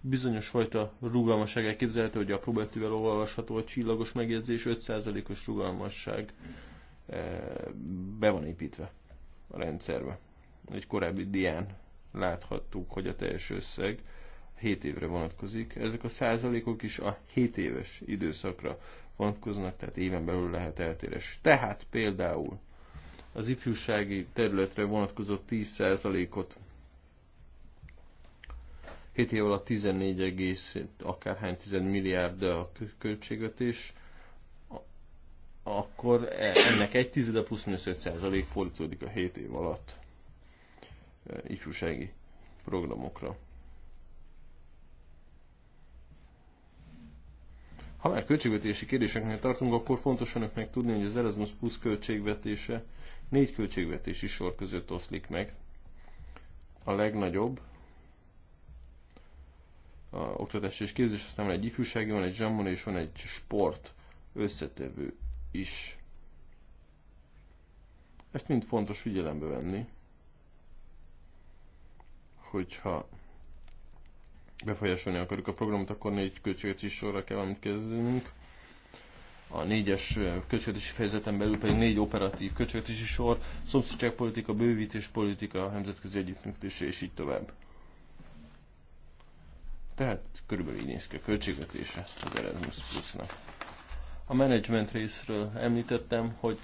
Bizonyos fajta rugalmasság elképzelhető, hogy a betűvel olvasható a csillagos megjegyzés, 5%-os rugalmasság eh, be van építve a rendszerbe. Egy korábbi dián láthattuk, hogy a teljes összeg 7 évre vonatkozik. Ezek a százalékok is a 7 éves időszakra vonatkoznak, tehát éven belül lehet eltérés. Tehát például az ifjúsági területre vonatkozó 10 százalékot 7 év alatt 14, egész, akárhány 10 milliárd a költségvetés, akkor e- ennek egy tizede plusz 25% fordítódik a 7 év alatt e, ifjúsági programokra. Ha már költségvetési kérdéseknél tartunk, akkor fontos önöknek tudni, hogy az Erasmus Plus költségvetése négy költségvetési sor között oszlik meg. A legnagyobb a oktatás és képzés, aztán van egy ifjúsági, van egy zsammon és van egy sport összetevő is. Ezt mind fontos figyelembe venni, hogyha befolyásolni akarjuk a programot, akkor négy is sorra kell valamit kezdenünk. A négyes költségvetési fejezeten belül pedig négy operatív költségvetési sor, szomszédságpolitika, bővítéspolitika, nemzetközi együttműködés és így tovább. Tehát körülbelül így néz ki a költségvetése az Erasmus Plus-nak. A menedzsment részről említettem, hogy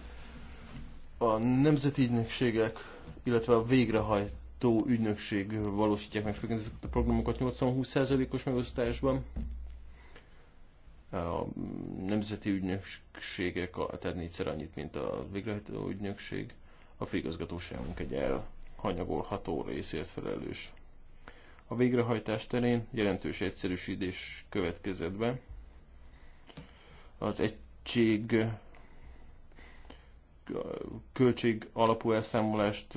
a nemzeti ügynökségek, illetve a végrehajt tó ügynökség valósítják meg főként ezeket a programokat 80-20%-os megosztásban. A nemzeti ügynökségek, tehát négyszer annyit, mint a végrehajtó ügynökség, a főigazgatóságunk egy elhanyagolható részért felelős. A végrehajtás terén jelentős egyszerűsítés következett be. Az egység költség alapú elszámolást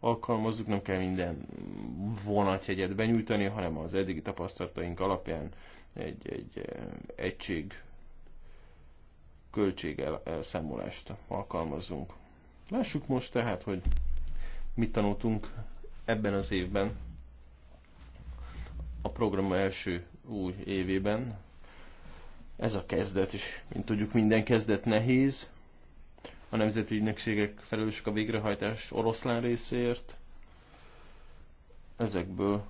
alkalmazzuk, nem kell minden vonatjegyet benyújtani, hanem az eddigi tapasztalataink alapján egy, egy eh, egység elszámolást eh, alkalmazzunk. Lássuk most tehát, hogy mit tanultunk ebben az évben, a program első új évében. Ez a kezdet, is, mint tudjuk, minden kezdet nehéz a nemzeti ügynökségek felelősek a végrehajtás oroszlán részéért. Ezekből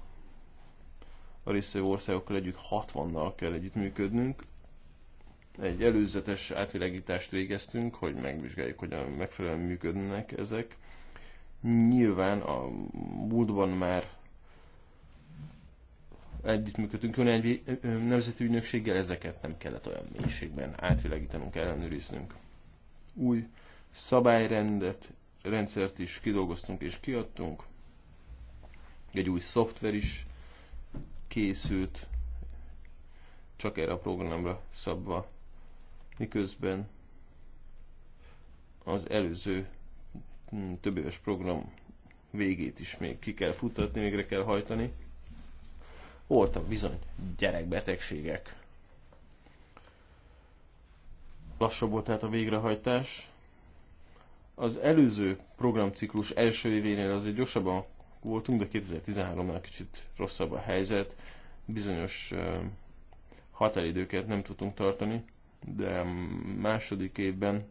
a részvevő országokkal együtt 60-nal kell együttműködnünk. Egy előzetes átvilágítást végeztünk, hogy megvizsgáljuk, hogyan megfelelően működnek ezek. Nyilván a múltban már együttműködtünk olyan nemzeti ügynökséggel, ezeket nem kellett olyan mélységben átvilágítanunk, ellenőriznünk. Új szabályrendet, rendszert is kidolgoztunk és kiadtunk. Egy új szoftver is készült, csak erre a programra szabva, miközben az előző hmm, több éves program végét is még ki kell futtatni, mégre kell hajtani. Voltak bizony gyerekbetegségek. Lassabb volt tehát a végrehajtás, az előző programciklus első événél azért gyorsabban voltunk, de 2013-nál kicsit rosszabb a helyzet. Bizonyos határidőket nem tudtunk tartani, de második évben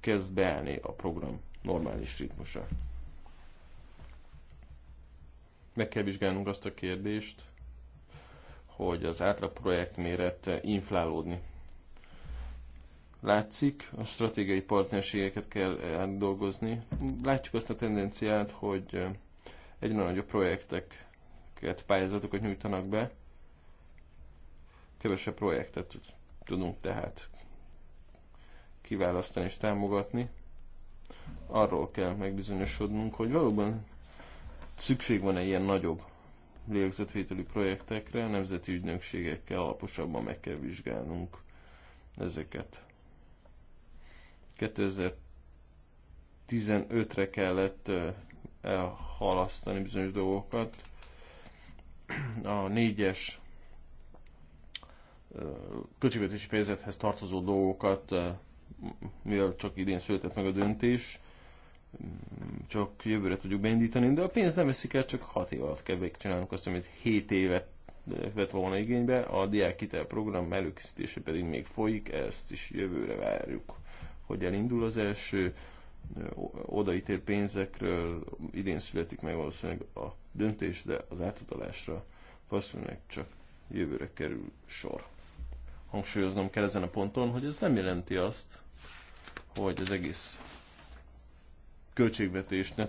kezd beállni a program normális ritmusa. Meg kell vizsgálnunk azt a kérdést, hogy az átlag projekt méret inflálódni látszik, a stratégiai partnerségeket kell eh, átdolgozni. Látjuk azt a tendenciát, hogy eh, egyre nagyobb projekteket, pályázatokat nyújtanak be, kevesebb projektet tudunk tehát kiválasztani és támogatni. Arról kell megbizonyosodnunk, hogy valóban szükség van-e ilyen nagyobb lélegzetvételi projektekre, nemzeti ügynökségekkel alaposabban meg kell vizsgálnunk ezeket. 2015-re kellett elhalasztani bizonyos dolgokat. A négyes költségvetési fejezethez tartozó dolgokat, mivel csak idén született meg a döntés, csak jövőre tudjuk beindítani, de a pénz nem veszik el, csak 6 év alatt kell végigcsinálnunk azt, amit 7 évet vett volna igénybe, a diák program előkészítése pedig még folyik, ezt is jövőre várjuk hogy elindul az első, odaítél pénzekről idén születik meg valószínűleg a döntés, de az átutalásra valószínűleg csak jövőre kerül sor. Hangsúlyoznom kell ezen a ponton, hogy ez nem jelenti azt, hogy az egész költségvetést ne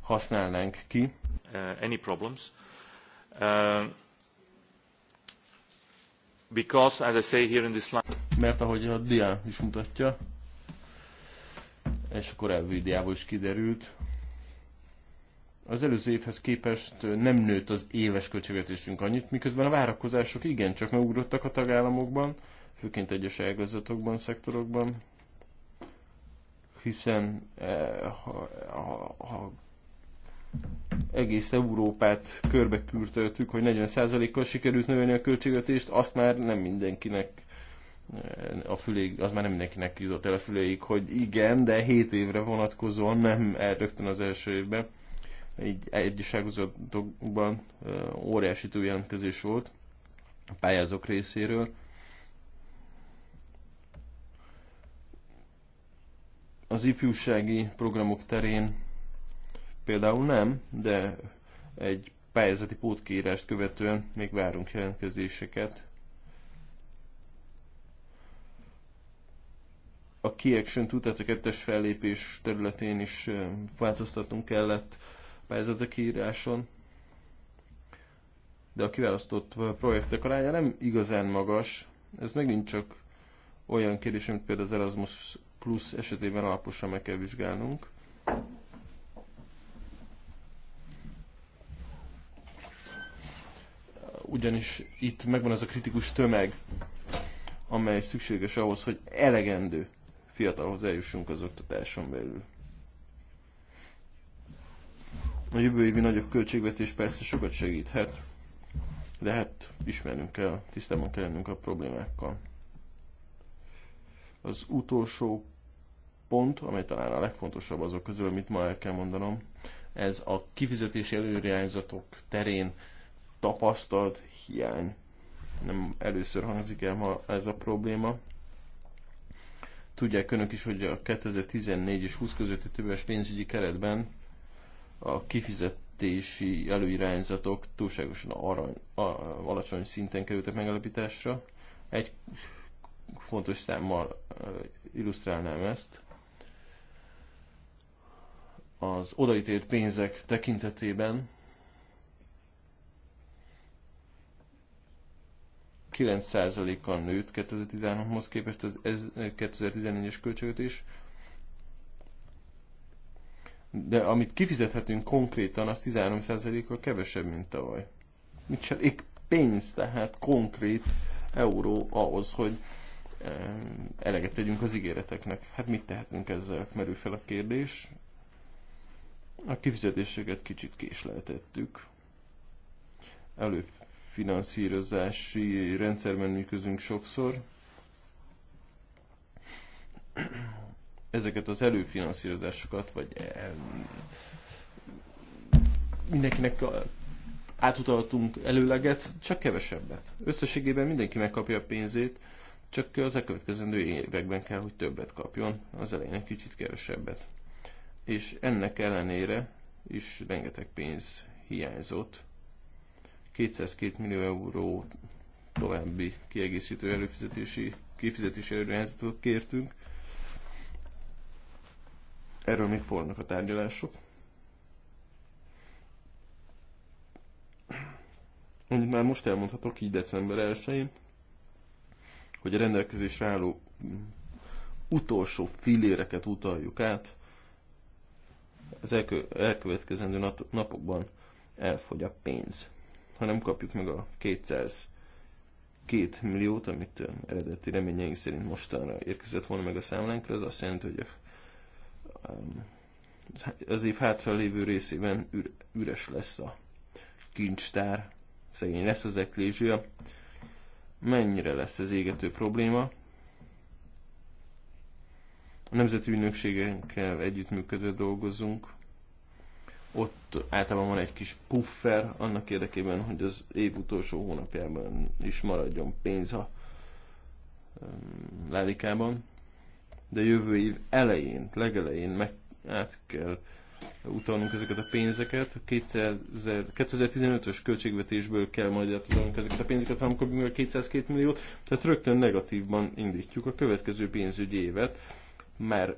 használnánk ki. Uh, any problems? Uh, because, as I say here in this slide... Mert ahogy a diá is mutatja, és a korábbi videából is kiderült, az előző évhez képest nem nőtt az éves költségvetésünk annyit, miközben a várakozások igencsak megugrottak a tagállamokban, főként egyes ágazatokban, szektorokban, hiszen eh, ha, ha, ha egész Európát körbe kürtöltük, hogy 40%-kal sikerült növelni a költségvetést, azt már nem mindenkinek a füléig, az már nem mindenkinek jutott el a füléig, hogy igen, de 7 évre vonatkozóan nem rögtön az első évben. Így egyiságozatokban óriási túljelentkezés volt a pályázók részéről. Az ifjúsági programok terén például nem, de egy pályázati pótkérást követően még várunk jelentkezéseket a Key Action a kettes fellépés területén is változtatnunk kellett pályázatok íráson, de a kiválasztott projektek aránya nem igazán magas. Ez megint csak olyan kérdés, amit például az Erasmus Plus esetében alaposan meg kell vizsgálnunk. Ugyanis itt megvan az a kritikus tömeg, amely szükséges ahhoz, hogy elegendő fiatalhoz eljussunk az oktatáson belül. A jövő évi nagyobb költségvetés persze sokat segíthet, de hát ismernünk kell, tisztában kell lennünk a problémákkal. Az utolsó pont, amely talán a legfontosabb azok közül, amit ma el kell mondanom, ez a kifizetési előirányzatok terén tapasztalt hiány. Nem először hangzik el ma ez a probléma. Tudják önök is, hogy a 2014 és 20 közötti többes pénzügyi keretben a kifizetési előirányzatok túlságosan arany, a, alacsony szinten kerültek megalapításra. Egy fontos számmal illusztrálnám ezt. Az odaítélt pénzek tekintetében 9%-kal nőtt 2013 hoz képest az 2014-es eh, költségvetés, de amit kifizethetünk konkrétan, az 13%-kal kevesebb, mint tavaly. Nincs elég pénz, tehát konkrét euró ahhoz, hogy eh, eleget tegyünk az ígéreteknek. Hát mit tehetünk ezzel? Merül fel a kérdés. A kifizetéseket kicsit késleltettük. Előbb finanszírozási rendszerben működünk sokszor. Ezeket az előfinanszírozásokat, vagy mindenkinek átutaltunk előleget, csak kevesebbet. Összességében mindenki megkapja a pénzét, csak az elkövetkezendő években kell, hogy többet kapjon, az elején egy kicsit kevesebbet. És ennek ellenére is rengeteg pénz hiányzott 202 millió euró további kiegészítő előfizetési kifizetési előrejelzetet kértünk. Erről még folynak a tárgyalások. Amit már most elmondhatok így december 1-én, hogy a rendelkezésre álló utolsó filéreket utaljuk át, az elkö elkövetkezendő napokban elfogy a pénz ha nem kapjuk meg a 200 két milliót, amit eredeti reményeink szerint mostanra érkezett volna meg a számlánkra, az azt jelenti, hogy az év hátra lévő részében üres lesz a kincstár, szegény lesz az eklézsia. Mennyire lesz ez égető probléma? A nemzeti ügynökségekkel együttműködve dolgozunk, ott általában van egy kis puffer annak érdekében, hogy az év utolsó hónapjában is maradjon pénz a lelikában. De jövő év elején, legelején meg át kell utalnunk ezeket a pénzeket. 2015-ös költségvetésből kell majd átutalnunk ezeket a pénzeket, amikor még a 202 milliót, tehát rögtön negatívban indítjuk a következő pénzügyi évet, mert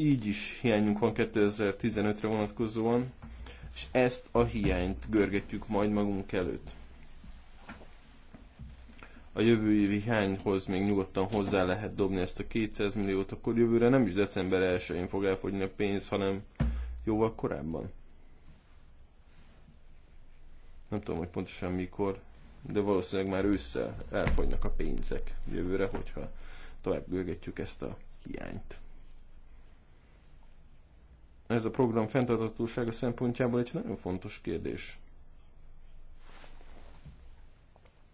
így is hiányunk van 2015-re vonatkozóan, és ezt a hiányt görgetjük majd magunk előtt. A jövő évi hiányhoz még nyugodtan hozzá lehet dobni ezt a 200 milliót, akkor jövőre nem is december 1-én fog elfogyni a pénz, hanem jóval korábban. Nem tudom, hogy pontosan mikor, de valószínűleg már ősszel elfogynak a pénzek jövőre, hogyha tovább görgetjük ezt a hiányt ez a program fenntarthatósága szempontjából egy nagyon fontos kérdés.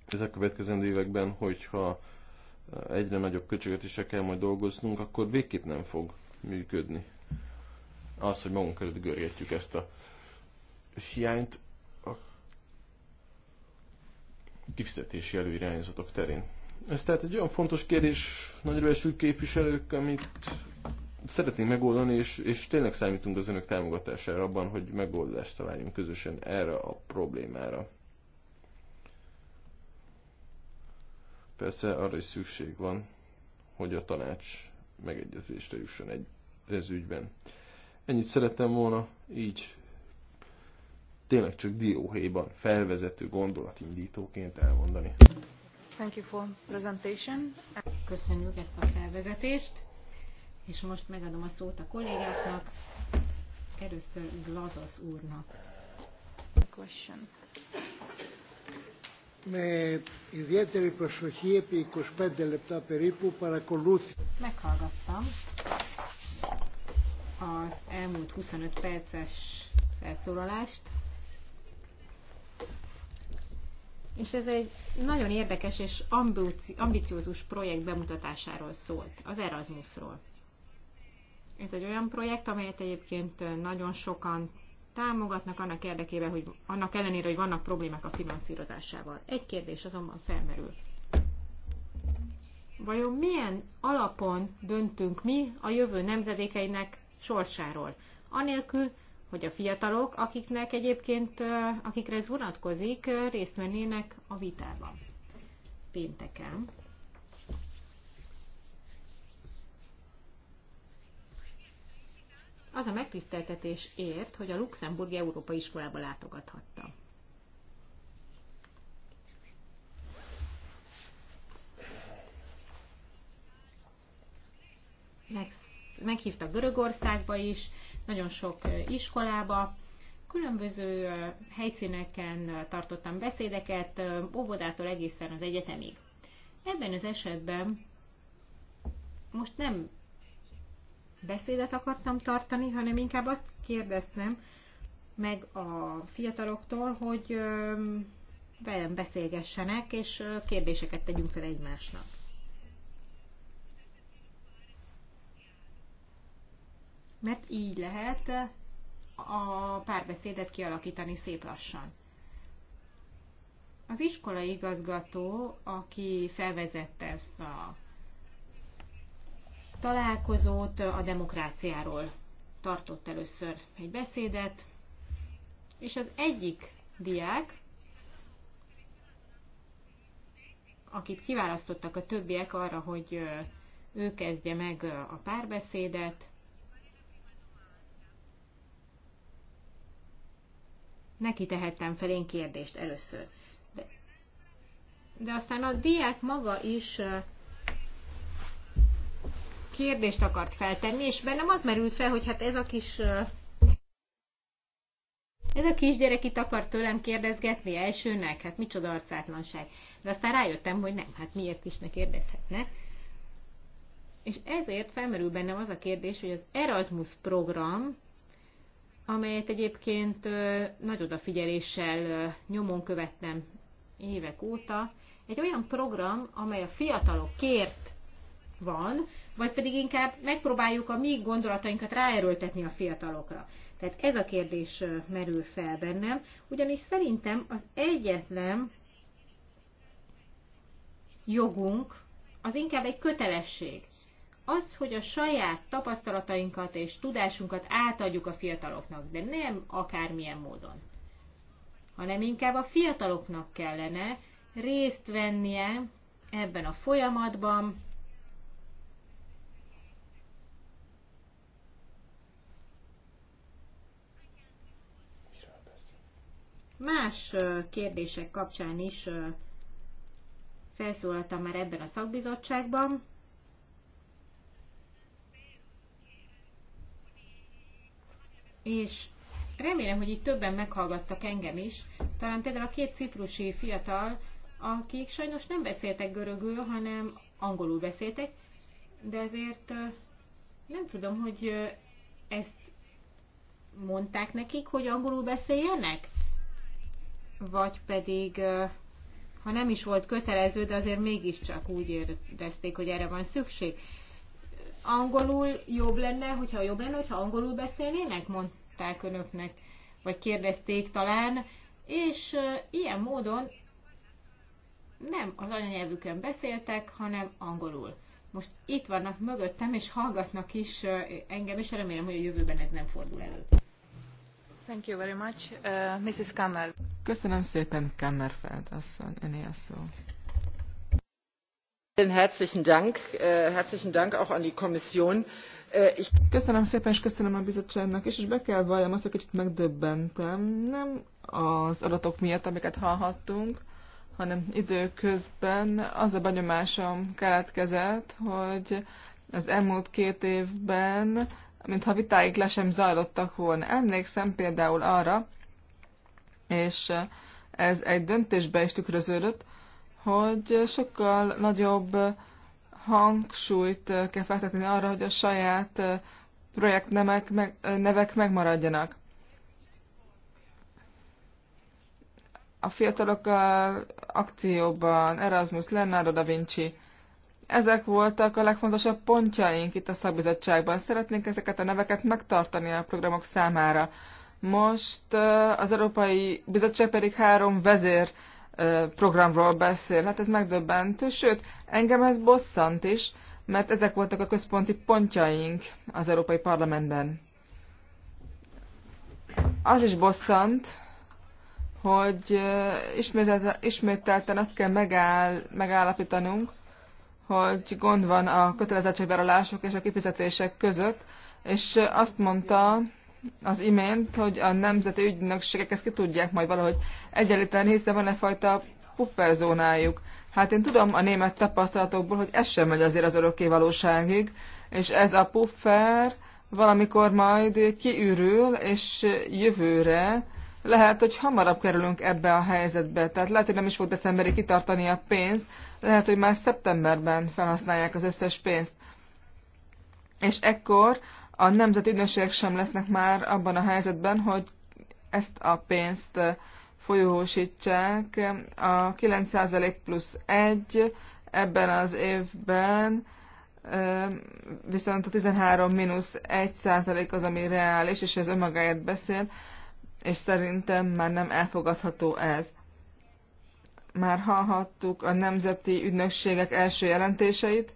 Ez a következő években, hogyha egyre nagyobb is kell majd dolgoznunk, akkor végképp nem fog működni. Az, hogy magunk előtt görgetjük ezt a hiányt a kifizetési előirányzatok terén. Ez tehát egy olyan fontos kérdés nagyra képviselők, amit szeretnénk megoldani, és, és tényleg számítunk az önök támogatására abban, hogy megoldást találjunk közösen erre a problémára. Persze arra is szükség van, hogy a tanács megegyezésre jusson egy ez ügyben. Ennyit szerettem volna így tényleg csak dióhéjban felvezető gondolatindítóként elmondani. Thank you for presentation. Köszönjük ezt a felvezetést és most megadom a szót a kollégáknak. Először Glazos úrnak. Question. Με ιδιαίτερη προσοχή επί 25 λεπτά para παρακολούθησα. Meghallgattam az elmúlt 25 perces felszólalást, és ez egy nagyon érdekes és ambiciózus projekt bemutatásáról szólt, az Erasmusról. Ez egy olyan projekt, amelyet egyébként nagyon sokan támogatnak annak érdekében, hogy annak ellenére, hogy vannak problémák a finanszírozásával. Egy kérdés azonban felmerül. Vajon milyen alapon döntünk mi a jövő nemzedékeinek sorsáról? Anélkül, hogy a fiatalok, akiknek egyébként, akikre ez vonatkozik, részt vennének a vitában. Pénteken az a megtiszteltetés ért, hogy a Luxemburgi Európa Iskolába látogathatta. Meg, meghívtak Görögországba is, nagyon sok iskolába, különböző helyszíneken tartottam beszédeket, óvodától egészen az egyetemig. Ebben az esetben most nem beszédet akartam tartani, hanem inkább azt kérdeztem meg a fiataloktól, hogy velem beszélgessenek, és kérdéseket tegyünk fel egymásnak. Mert így lehet a párbeszédet kialakítani szép lassan. Az iskola igazgató, aki felvezette ezt a találkozót, a demokráciáról tartott először egy beszédet, és az egyik diák, akit kiválasztottak a többiek arra, hogy ő kezdje meg a párbeszédet, neki tehettem fel én kérdést először. De, de aztán a diák maga is kérdést akart feltenni, és bennem az merült fel, hogy hát ez a kis ez a kisgyerek itt akar tőlem kérdezgetni elsőnek, hát micsoda arcátlanság. De aztán rájöttem, hogy nem, hát miért is ne kérdezhetne. És ezért felmerül bennem az a kérdés, hogy az Erasmus program, amelyet egyébként nagy odafigyeléssel nyomon követtem évek óta, egy olyan program, amely a fiatalokért van, vagy pedig inkább megpróbáljuk a mi gondolatainkat ráerőltetni a fiatalokra. Tehát ez a kérdés merül fel bennem, ugyanis szerintem az egyetlen jogunk az inkább egy kötelesség. Az, hogy a saját tapasztalatainkat és tudásunkat átadjuk a fiataloknak, de nem akármilyen módon, hanem inkább a fiataloknak kellene részt vennie ebben a folyamatban, más kérdések kapcsán is felszólaltam már ebben a szakbizottságban. És remélem, hogy itt többen meghallgattak engem is. Talán például a két ciprusi fiatal, akik sajnos nem beszéltek görögül, hanem angolul beszéltek, de ezért nem tudom, hogy ezt mondták nekik, hogy angolul beszéljenek? vagy pedig, ha nem is volt kötelező, de azért mégiscsak úgy érezték, hogy erre van szükség. Angolul jobb lenne, hogyha jobb lenne, hogyha angolul beszélnének, mondták önöknek, vagy kérdezték talán, és ilyen módon nem az anyanyelvükön beszéltek, hanem angolul. Most itt vannak mögöttem, és hallgatnak is engem, és remélem, hogy a jövőben ez nem fordul elő. Thank you very much. Uh, Mrs. Kammer. Köszönöm szépen, Kammerfeld asszony, öné a szó. Herzlichen Dank, äh, herzlichen Dank auch an die Kommission. Äh, köszönöm szépen, és köszönöm a bizottságnak is, és be kell valljam azt, hogy kicsit megdöbbentem. Nem az adatok miatt, amiket hallhattunk, hanem időközben az a benyomásom keletkezett, hogy az elmúlt két évben mintha vitáik le sem zajlottak volna. Emlékszem például arra, és ez egy döntésbe is tükröződött, hogy sokkal nagyobb hangsúlyt kell feltetni arra, hogy a saját projektnevek meg, nevek megmaradjanak. A fiatalok a akcióban Erasmus, Leonardo da Vinci ezek voltak a legfontosabb pontjaink itt a szakbizottságban. Szeretnénk ezeket a neveket megtartani a programok számára. Most az Európai Bizottság pedig három vezér programról beszél. Hát ez megdöbbentő, sőt, engem ez bosszant is, mert ezek voltak a központi pontjaink az Európai Parlamentben. Az is bosszant, hogy ismételten, azt kell megáll, megállapítanunk, hogy gond van a kötelezettségvállalások és a kifizetések között, és azt mondta az imént, hogy a nemzeti ügynökségek ezt ki tudják majd valahogy egyenlíteni, hiszen van egyfajta pufferzónájuk. Hát én tudom a német tapasztalatokból, hogy ez sem megy azért az örökké valóságig, és ez a puffer valamikor majd kiürül, és jövőre lehet, hogy hamarabb kerülünk ebbe a helyzetbe. Tehát lehet, hogy nem is fog decemberig kitartani a pénz, lehet, hogy már szeptemberben felhasználják az összes pénzt. És ekkor a nemzeti ügynökségek sem lesznek már abban a helyzetben, hogy ezt a pénzt eh, folyóhósítsák A 9% plusz 1 ebben az évben eh, viszont a 13 mínusz 1 százalék az, ami reális, és ez önmagáért beszél és szerintem már nem elfogadható ez. Már hallhattuk a nemzeti ügynökségek első jelentéseit.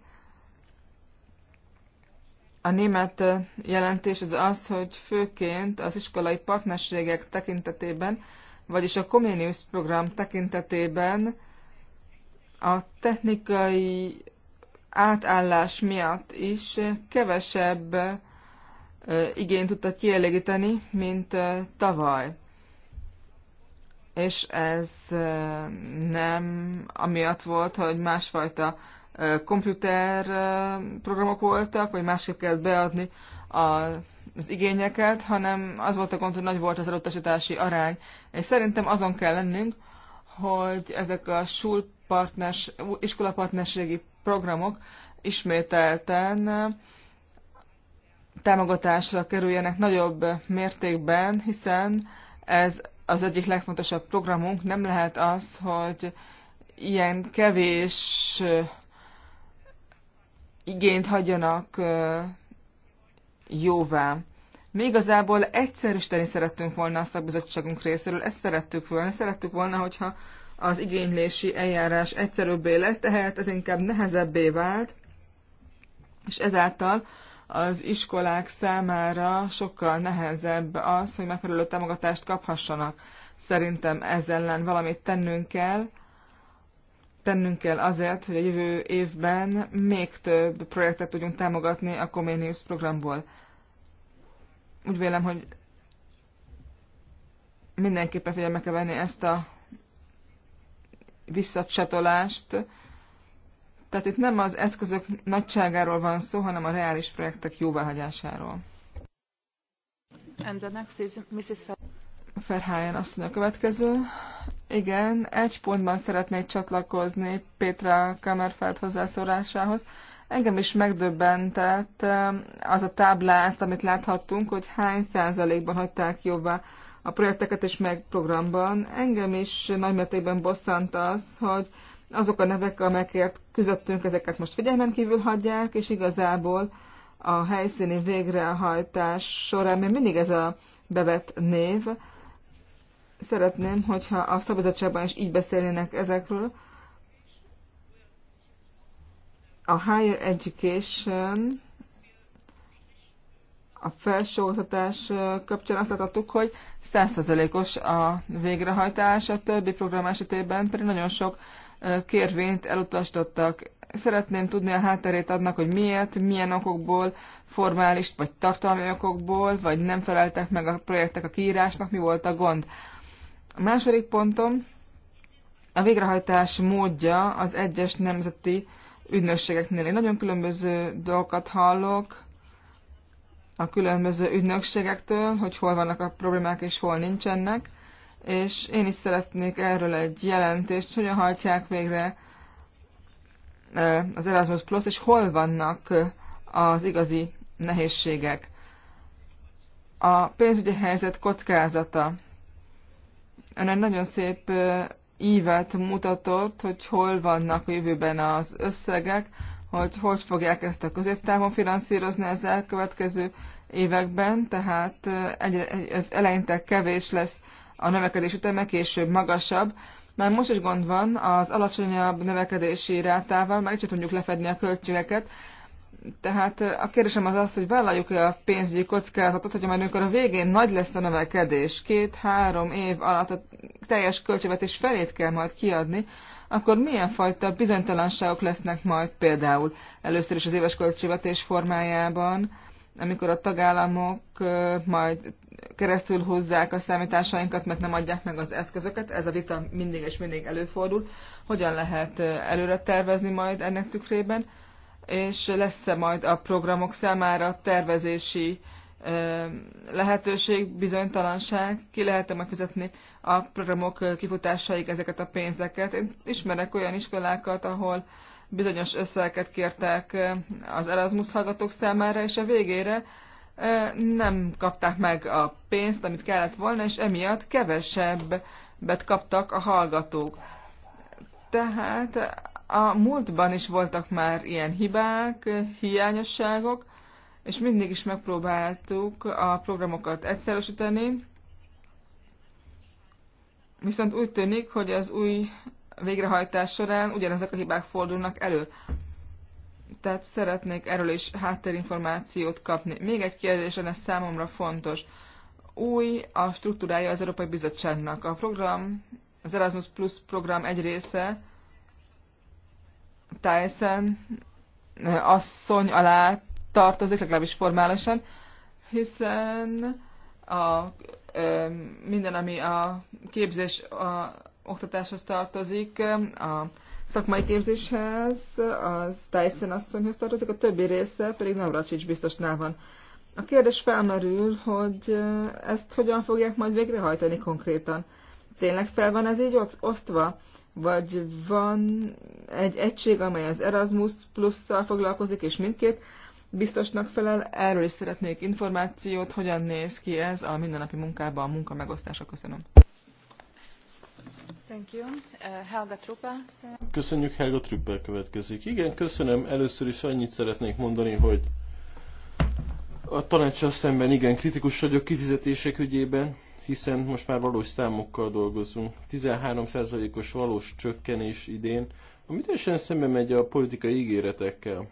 A német jelentés az az, hogy főként az iskolai partnerségek tekintetében, vagyis a Comenius program tekintetében a technikai átállás miatt is kevesebb igényt tudta kielégíteni, mint tavaly. És ez nem amiatt volt, hogy másfajta komputer programok voltak, vagy másképp kellett beadni az igényeket, hanem az volt a gond, hogy nagy volt az elutasítási arány. És szerintem azon kell lennünk, hogy ezek a partners, iskolapartnerségi programok ismételten támogatásra kerüljenek nagyobb mértékben, hiszen ez az egyik legfontosabb programunk. Nem lehet az, hogy ilyen kevés igényt hagyjanak jóvá. Mi igazából egyszerűsíteni szerettünk volna a szakbizottságunk részéről, ezt szerettük volna. Szerettük volna, hogyha az igénylési eljárás egyszerűbbé lesz, tehát ez inkább nehezebbé vált, és ezáltal az iskolák számára sokkal nehezebb az, hogy megfelelő támogatást kaphassanak. Szerintem ez ellen valamit tennünk kell, tennünk kell azért, hogy a jövő évben még több projektet tudjunk támogatni a Comenius programból. Úgy vélem, hogy mindenképpen figyelme kell venni ezt a visszacsatolást, tehát itt nem az eszközök nagyságáról van szó, hanem a reális projektek jóváhagyásáról. And the next is Mrs. Fer azt mondja a következő. Igen, egy pontban szeretnék csatlakozni Pétra Kamerfeld hozzászólásához. Engem is megdöbbentett um, az a táblázat, amit láthattunk, hogy hány százalékban hagyták jobbá a projekteket és meg programban. Engem is nagymértékben bosszant az, hogy azok a nevek, amelyekért küzdöttünk, ezeket most figyelmen kívül hagyják, és igazából a helyszíni végrehajtás során még mindig ez a bevett név. Szeretném, hogyha a szabadságban is így beszélnének ezekről. A higher education, a felsőoktatás kapcsán azt láthattuk, hogy 100%-os a végrehajtás, a többi program esetében pedig nagyon sok kérvényt elutasítottak. Szeretném tudni a hátterét adnak, hogy miért, milyen okokból, formális vagy tartalmi okokból, vagy nem feleltek meg a projektek a kiírásnak, mi volt a gond. A második pontom, a végrehajtás módja az egyes nemzeti ügynökségeknél. Én nagyon különböző dolgokat hallok a különböző ügynökségektől, hogy hol vannak a problémák és hol nincsenek és én is szeretnék erről egy jelentést, hogyan hajtják végre az Erasmus Plus, és hol vannak az igazi nehézségek. A pénzügyi helyzet kockázata. Ön egy nagyon szép ívet mutatott, hogy hol vannak a jövőben az összegek, hogy hogy fogják ezt a középtávon finanszírozni az elkövetkező években, tehát eleinte kevés lesz a növekedés üteme, később magasabb. Már most is gond van az alacsonyabb növekedési rátával, már így sem tudjuk lefedni a költségeket. Tehát a kérdésem az az, hogy vállaljuk-e a pénzügyi kockázatot, hogy majd amikor a végén nagy lesz a növekedés, két-három év alatt a teljes költségvetés felét kell majd kiadni, akkor milyen fajta bizonytalanságok lesznek majd például először is az éves költségvetés formájában, amikor a tagállamok majd keresztül hozzák a számításainkat, mert nem adják meg az eszközöket, ez a vita mindig és mindig előfordul, hogyan lehet előre tervezni majd ennek tükrében, és lesz-e majd a programok számára tervezési lehetőség, bizonytalanság, ki lehet-e majd fizetni a programok kifutásaig ezeket a pénzeket. Én ismerek olyan iskolákat, ahol bizonyos összegeket kértek az Erasmus hallgatók számára, és a végére nem kapták meg a pénzt, amit kellett volna, és emiatt kevesebbet kaptak a hallgatók. Tehát a múltban is voltak már ilyen hibák, hiányosságok, és mindig is megpróbáltuk a programokat egyszerűsíteni, viszont úgy tűnik, hogy az új végrehajtás során ugyanezek a hibák fordulnak elő. Tehát szeretnék erről is háttérinformációt kapni. Még egy kérdés ez számomra fontos. Új a struktúrája az Európai Bizottságnak. A program, az Erasmus Plus program egy része Tyson eh, asszony alá tartozik, legalábbis formálisan, hiszen a, ö, eh, minden, ami a képzés a, oktatáshoz tartozik, a szakmai képzéshez, az Tyson asszonyhoz tartozik, a többi része pedig Navracsics biztosnál van. A kérdés felmerül, hogy ezt hogyan fogják majd végrehajtani konkrétan. Tényleg fel van ez így osztva? Vagy van egy egység, amely az Erasmus plusszal foglalkozik, és mindkét biztosnak felel? Erről is szeretnék információt, hogyan néz ki ez a mindennapi munkában, a munka megosztása. Köszönöm. Thank you. Uh, Helga Köszönjük, Helga Trupa következik. Igen, köszönöm. Először is annyit szeretnék mondani, hogy a tanácssal szemben igen kritikus vagyok kifizetések ügyében, hiszen most már valós számokkal dolgozunk. 13%-os valós csökkenés idén, ami teljesen szembe megy a politikai ígéretekkel.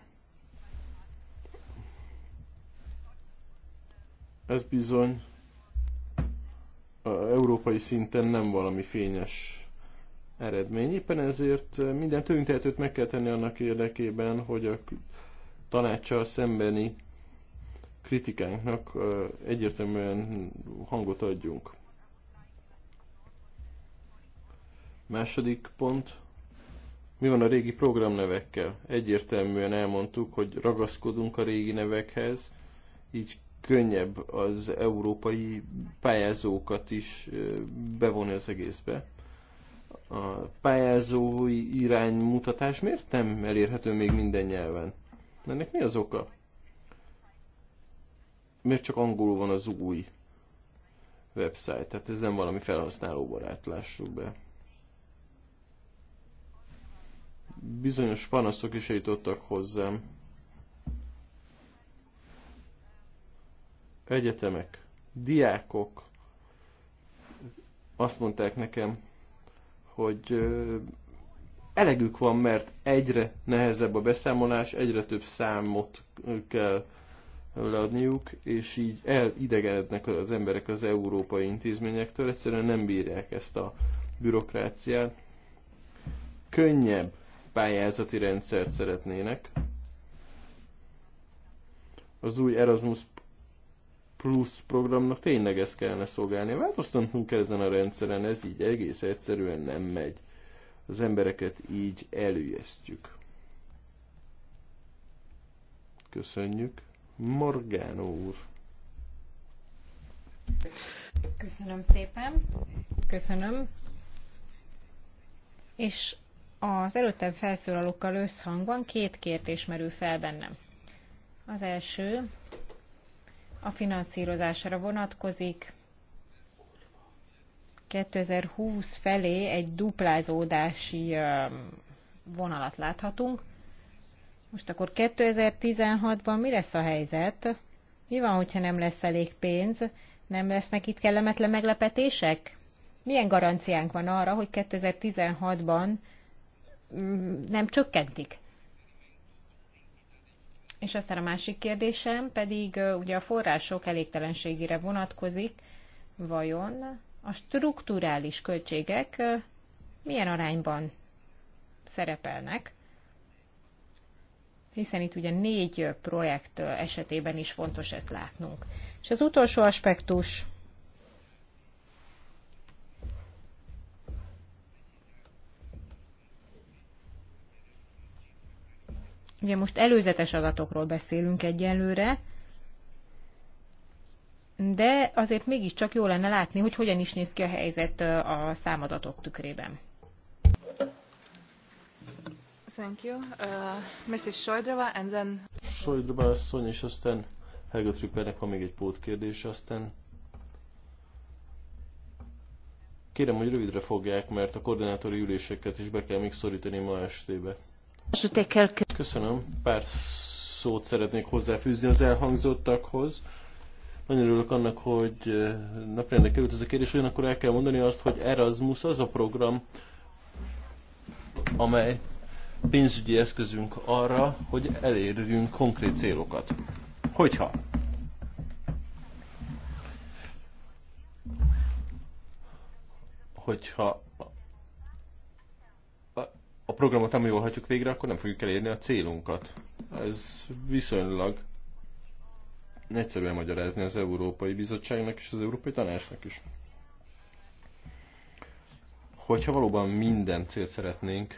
Ez bizony a európai szinten nem valami fényes eredmény. Éppen ezért minden tőlünk meg kell tenni annak érdekében, hogy a tanácssal szembeni kritikánknak egyértelműen hangot adjunk. Második pont. Mi van a régi programnevekkel? Egyértelműen elmondtuk, hogy ragaszkodunk a régi nevekhez, így könnyebb az európai pályázókat is bevonni az egészbe a pályázói iránymutatás miért nem elérhető még minden nyelven? Ennek mi az oka? Miért csak angolul van az új website? Tehát ez nem valami felhasználóbarát, lássuk be. Bizonyos panaszok is eljutottak hozzám. Egyetemek, diákok azt mondták nekem, hogy elegük van, mert egyre nehezebb a beszámolás, egyre több számot kell leadniuk, és így elidegenednek az emberek az európai intézményektől, egyszerűen nem bírják ezt a bürokráciát. Könnyebb pályázati rendszert szeretnének. Az új Erasmus plusz programnak tényleg ezt kellene szolgálni. Változtatnunk kell ezen a rendszeren, ez így egész egyszerűen nem megy. Az embereket így előjesztjük. Köszönjük. Morgánó úr. Köszönöm szépen. Köszönöm. És az előttem felszólalókkal összhangban két kérdés merül fel bennem. Az első, a finanszírozásra vonatkozik. 2020 felé egy duplázódási vonalat láthatunk. Most akkor 2016-ban mi lesz a helyzet? Mi van, hogyha nem lesz elég pénz? Nem lesznek itt kellemetlen meglepetések? Milyen garanciánk van arra, hogy 2016-ban mm, nem csökkentik és aztán a másik kérdésem pedig ugye a források elégtelenségére vonatkozik, vajon a strukturális költségek milyen arányban szerepelnek, hiszen itt ugye négy projekt esetében is fontos ezt látnunk. És az utolsó aspektus, Ugye most előzetes adatokról beszélünk egyelőre, de azért mégiscsak jó lenne látni, hogy hogyan is néz ki a helyzet a számadatok tükrében. Thank you. Uh, Mrs. Sojdrova, and then... Sojdrova asszony, és aztán Helga Trüppernek van még egy pótkérdés, aztán Kérem, hogy rövidre fogják, mert a koordinátori üléseket is be kell még szorítani ma estébe. Köszönöm. Pár szót szeretnék hozzáfűzni az elhangzottakhoz. Nagyon örülök annak, hogy eh, napjának került ez a kérdés, ugyanakkor el kell mondani azt, hogy Erasmus az a program, amely pénzügyi eszközünk arra, hogy elérjünk konkrét célokat. Hogyha hogyha a programot nem jól hagyjuk végre, akkor nem fogjuk elérni a célunkat. Ez viszonylag egyszerűen magyarázni az Európai Bizottságnak és az Európai Tanácsnak is. Hogyha valóban minden célt szeretnénk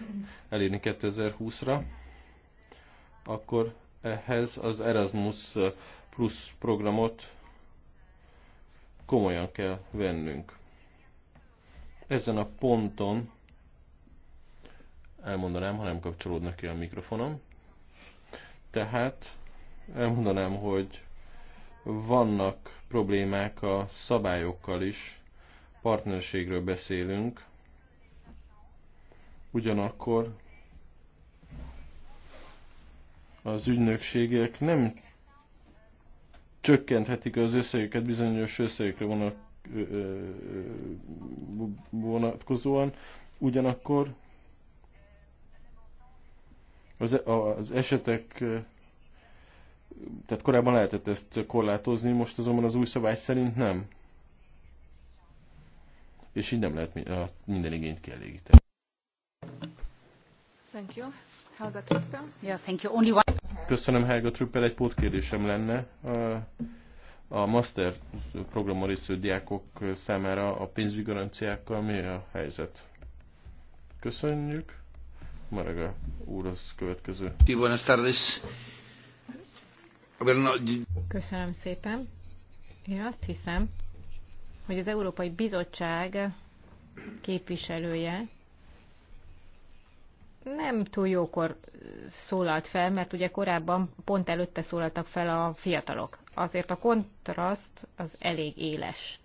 elérni 2020-ra, akkor ehhez az Erasmus Plus programot komolyan kell vennünk. Ezen a ponton elmondanám, ha nem kapcsolódnak ki a mikrofonom. Tehát elmondanám, hogy vannak problémák a szabályokkal is, partnerségről beszélünk, ugyanakkor az ügynökségek nem csökkenthetik az összegeket bizonyos összegekre vonatkozóan, ugyanakkor az, e- az esetek, e, tehát korábban lehetett ezt korlátozni, most azonban az új szabály szerint nem. És így nem lehet minden igényt kielégíteni. Thank you. Helga Trüppel. Yeah, thank you. Only one... Köszönöm Helga Trüppel, egy pótkérdésem lenne. A master programon résztvevő diákok számára a pénzügyi garanciákkal mi a helyzet? Köszönjük. Marega úr az következő. Buenas tardes. Köszönöm szépen. Én azt hiszem, hogy az Európai Bizottság képviselője nem túl jókor szólalt fel, mert ugye korábban pont előtte szólaltak fel a fiatalok. Azért a kontraszt az elég éles.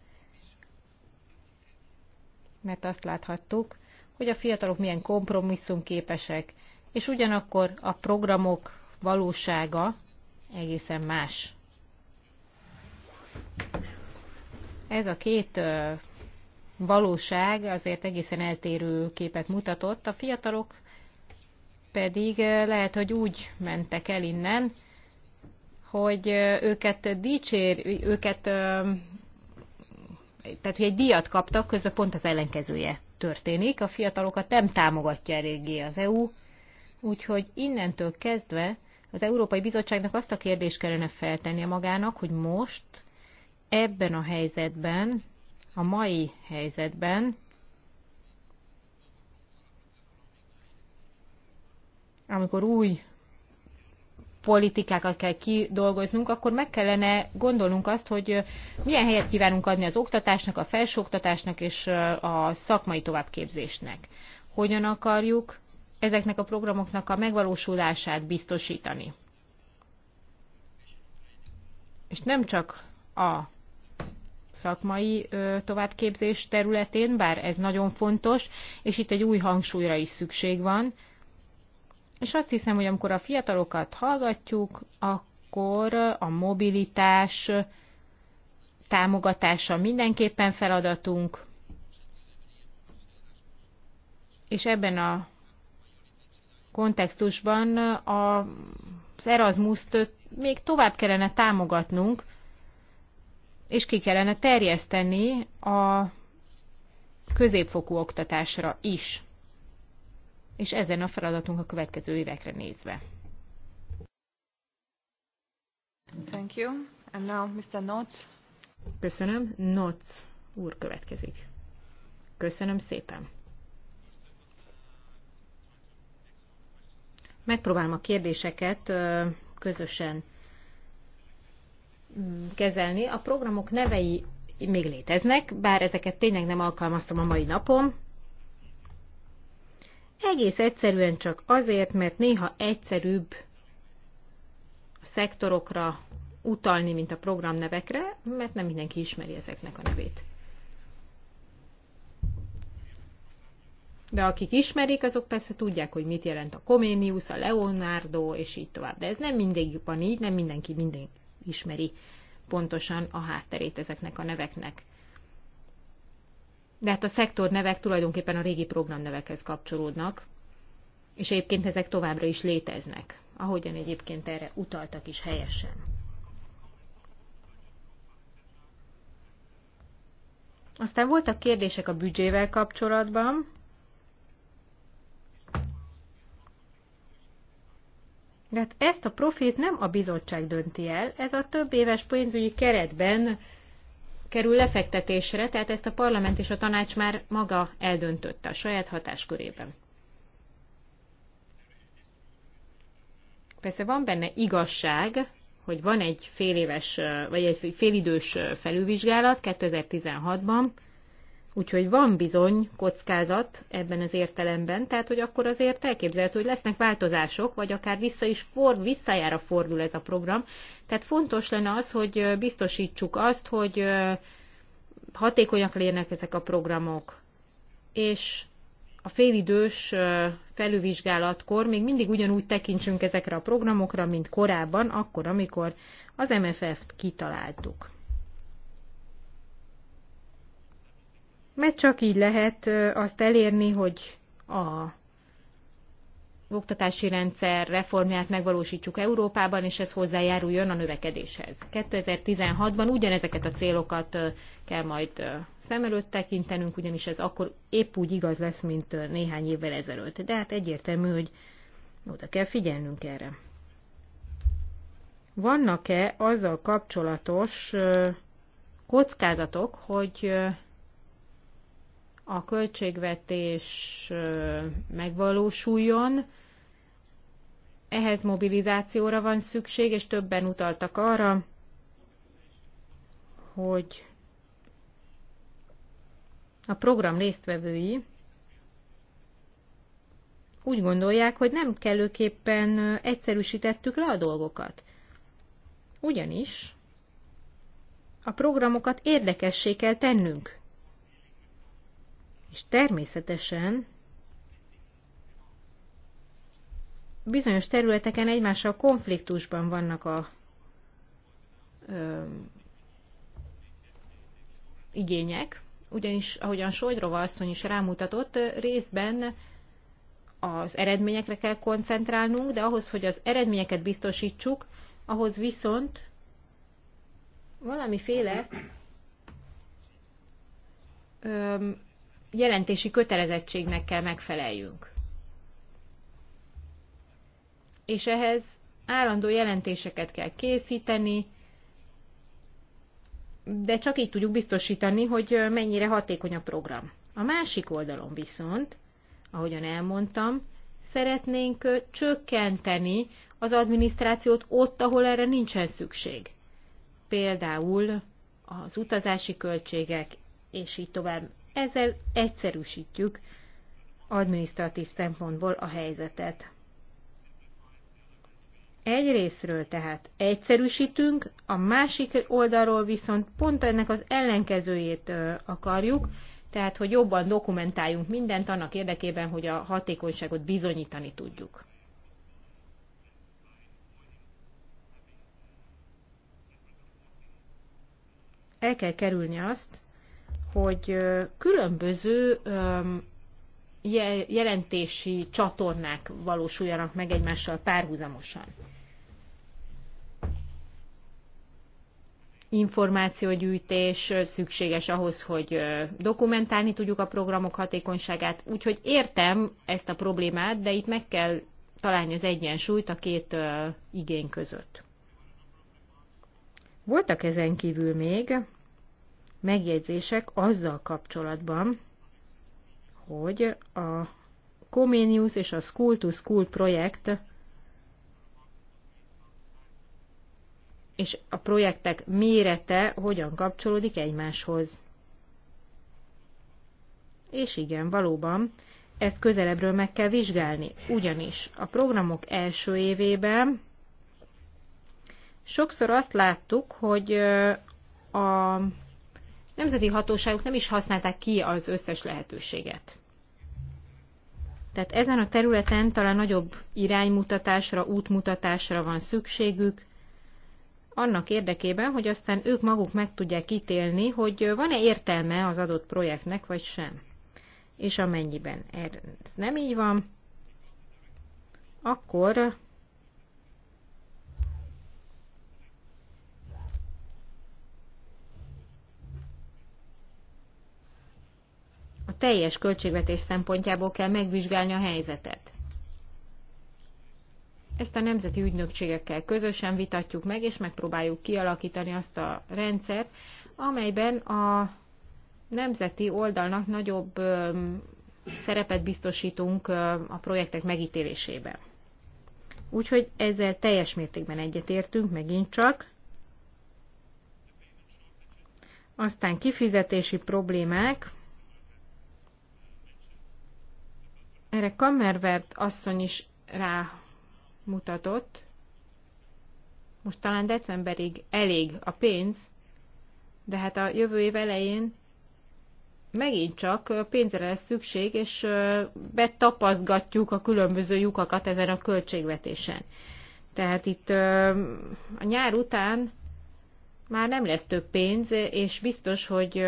Mert azt láthattuk, hogy a fiatalok milyen kompromisszumképesek, és ugyanakkor a programok valósága egészen más. Ez a két valóság azért egészen eltérő képet mutatott, a fiatalok pedig lehet, hogy úgy mentek el innen, hogy őket dicsér, őket, tehát hogy egy díjat kaptak, közben pont az ellenkezője történik, a fiatalokat nem támogatja eléggé az EU, úgyhogy innentől kezdve az Európai Bizottságnak azt a kérdést kellene feltennie magának, hogy most ebben a helyzetben, a mai helyzetben, amikor új politikákat kell kidolgoznunk, akkor meg kellene gondolnunk azt, hogy milyen helyet kívánunk adni az oktatásnak, a felsőoktatásnak és a szakmai továbbképzésnek. Hogyan akarjuk ezeknek a programoknak a megvalósulását biztosítani. És nem csak a szakmai továbbképzés területén, bár ez nagyon fontos, és itt egy új hangsúlyra is szükség van, és azt hiszem, hogy amikor a fiatalokat hallgatjuk, akkor a mobilitás támogatása mindenképpen feladatunk, és ebben a kontextusban az Erasmus-t még tovább kellene támogatnunk, és ki kellene terjeszteni a középfokú oktatásra is és ezen a feladatunk a következő évekre nézve. Thank you. And now Mr. Notz. Köszönöm. Notz úr következik. Köszönöm szépen. Megpróbálom a kérdéseket közösen mm, kezelni. A programok nevei még léteznek, bár ezeket tényleg nem alkalmaztam a mai napon, egész egyszerűen csak azért, mert néha egyszerűbb a szektorokra utalni, mint a programnevekre, mert nem mindenki ismeri ezeknek a nevét. De akik ismerik, azok persze tudják, hogy mit jelent a Comenius, a Leonardo, és így tovább. De ez nem mindig van így, nem mindenki mindig ismeri pontosan a hátterét ezeknek a neveknek de hát a szektor nevek tulajdonképpen a régi programnevekhez kapcsolódnak, és egyébként ezek továbbra is léteznek, ahogyan egyébként erre utaltak is helyesen. Aztán voltak kérdések a büdzsével kapcsolatban. De hát ezt a profit nem a bizottság dönti el, ez a több éves pénzügyi keretben kerül lefektetésre, tehát ezt a parlament és a tanács már maga eldöntötte a saját hatáskörében. Persze van benne igazság, hogy van egy féléves, vagy egy félidős felülvizsgálat 2016-ban, Úgyhogy van bizony kockázat ebben az értelemben, tehát hogy akkor azért elképzelhető, hogy lesznek változások, vagy akár vissza is ford, visszajára fordul ez a program. Tehát fontos lenne az, hogy biztosítsuk azt, hogy hatékonyak lérnek ezek a programok. És a félidős felülvizsgálatkor még mindig ugyanúgy tekintsünk ezekre a programokra, mint korábban, akkor, amikor az MFF-t kitaláltuk. Mert csak így lehet azt elérni, hogy a oktatási rendszer reformját megvalósítsuk Európában, és ez hozzájáruljon a növekedéshez. 2016-ban ugyanezeket a célokat kell majd szem előtt tekintenünk, ugyanis ez akkor épp úgy igaz lesz, mint néhány évvel ezelőtt. De hát egyértelmű, hogy oda kell figyelnünk erre. Vannak-e azzal kapcsolatos kockázatok, hogy a költségvetés megvalósuljon, ehhez mobilizációra van szükség, és többen utaltak arra, hogy a program résztvevői úgy gondolják, hogy nem kellőképpen egyszerűsítettük le a dolgokat. Ugyanis a programokat érdekessé kell tennünk. És természetesen bizonyos területeken egymással konfliktusban vannak a ö, igények, ugyanis, ahogyan Sojdrova asszony is rámutatott, részben az eredményekre kell koncentrálnunk, de ahhoz, hogy az eredményeket biztosítsuk, ahhoz viszont valamiféle jelentési kötelezettségnek kell megfeleljünk. És ehhez állandó jelentéseket kell készíteni, de csak így tudjuk biztosítani, hogy mennyire hatékony a program. A másik oldalon viszont, ahogyan elmondtam, szeretnénk csökkenteni az adminisztrációt ott, ahol erre nincsen szükség. Például az utazási költségek, és így tovább ezzel egyszerűsítjük administratív szempontból a helyzetet. Egy részről tehát egyszerűsítünk, a másik oldalról viszont pont ennek az ellenkezőjét akarjuk, tehát hogy jobban dokumentáljunk mindent annak érdekében, hogy a hatékonyságot bizonyítani tudjuk. El kell kerülni azt, hogy különböző jelentési csatornák valósuljanak meg egymással párhuzamosan. információgyűjtés szükséges ahhoz, hogy dokumentálni tudjuk a programok hatékonyságát. Úgyhogy értem ezt a problémát, de itt meg kell találni az egyensúlyt a két igény között. Voltak ezen kívül még megjegyzések azzal kapcsolatban, hogy a Comenius és a School to School projekt és a projektek mérete hogyan kapcsolódik egymáshoz. És igen, valóban, ezt közelebbről meg kell vizsgálni, ugyanis a programok első évében sokszor azt láttuk, hogy a nemzeti hatóságok nem is használták ki az összes lehetőséget. Tehát ezen a területen talán nagyobb iránymutatásra, útmutatásra van szükségük, annak érdekében, hogy aztán ők maguk meg tudják ítélni, hogy van-e értelme az adott projektnek, vagy sem. És amennyiben ez nem így van, akkor teljes költségvetés szempontjából kell megvizsgálni a helyzetet. Ezt a nemzeti ügynökségekkel közösen vitatjuk meg, és megpróbáljuk kialakítani azt a rendszert, amelyben a nemzeti oldalnak nagyobb szerepet biztosítunk a projektek megítélésében. Úgyhogy ezzel teljes mértékben egyetértünk, megint csak. Aztán kifizetési problémák. Erre Kammervert asszony is rámutatott. Most talán decemberig elég a pénz, de hát a jövő év elején megint csak pénzre lesz szükség, és betapaszgatjuk a különböző lyukakat ezen a költségvetésen. Tehát itt a nyár után már nem lesz több pénz, és biztos, hogy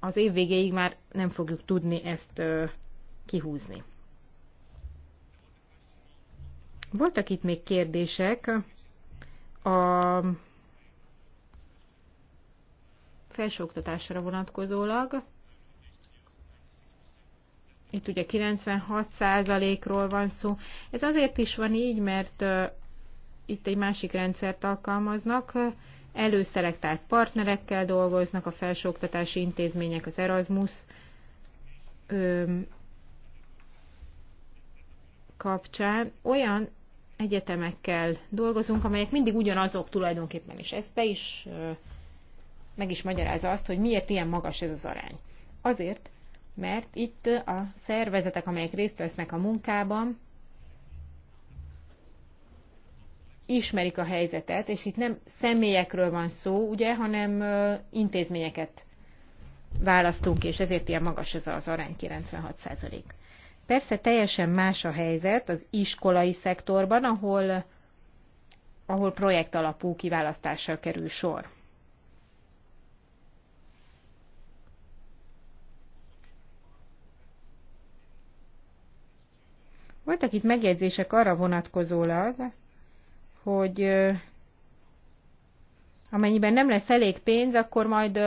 az év végéig már nem fogjuk tudni ezt kihúzni. Voltak itt még kérdések a felsőoktatásra vonatkozólag. Itt ugye 96%-ról van szó. Ez azért is van így, mert itt egy másik rendszert alkalmaznak, előszelektált partnerekkel dolgoznak a felsőoktatási intézmények, az Erasmus kapcsán olyan egyetemekkel dolgozunk, amelyek mindig ugyanazok tulajdonképpen, és ez be is meg is magyarázza azt, hogy miért ilyen magas ez az arány. Azért, mert itt a szervezetek, amelyek részt vesznek a munkában, ismerik a helyzetet, és itt nem személyekről van szó, ugye, hanem intézményeket választunk, és ezért ilyen magas ez az arány 96 százalék. Persze teljesen más a helyzet az iskolai szektorban, ahol, ahol projekt alapú kiválasztással kerül sor. Voltak itt megjegyzések arra vonatkozólag, hogy amennyiben nem lesz elég pénz, akkor majd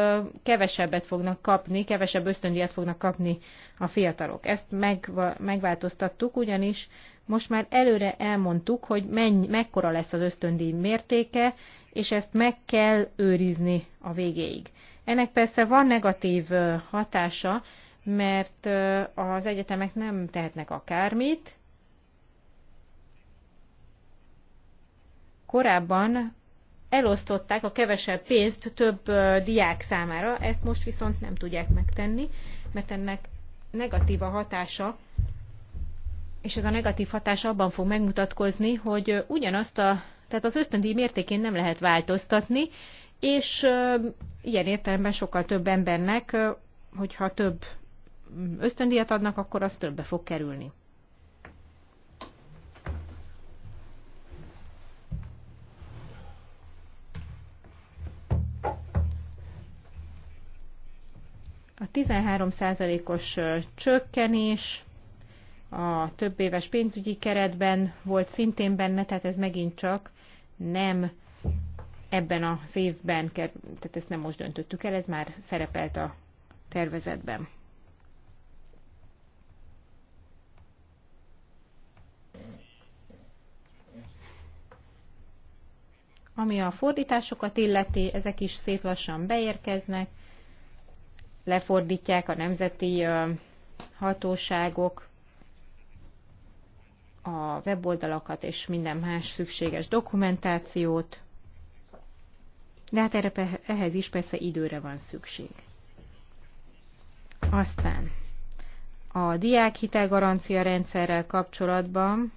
kevesebbet fognak kapni, kevesebb ösztöndíjat fognak kapni a fiatalok. Ezt meg, megváltoztattuk, ugyanis most már előre elmondtuk, hogy mennyi, mekkora lesz az ösztöndíj mértéke, és ezt meg kell őrizni a végéig. Ennek persze van negatív hatása, mert az egyetemek nem tehetnek akármit. Korábban elosztották a kevesebb pénzt több diák számára, ezt most viszont nem tudják megtenni, mert ennek negatív hatása, és ez a negatív hatás abban fog megmutatkozni, hogy ugyanazt a, tehát az ösztöndíj mértékén nem lehet változtatni, és ilyen értelemben sokkal több embernek, hogyha több mm, ösztöndíjat adnak, akkor az többbe fog kerülni. A 13%-os csökkenés a több éves pénzügyi keretben volt szintén benne, tehát ez megint csak nem ebben az évben, tehát ezt nem most döntöttük el, ez már szerepelt a tervezetben. Ami a fordításokat illeti, ezek is szép lassan beérkeznek lefordítják a nemzeti hatóságok a weboldalakat és minden más szükséges dokumentációt, de hát erre, ehhez is persze időre van szükség. Aztán a diák hitelgarancia rendszerrel kapcsolatban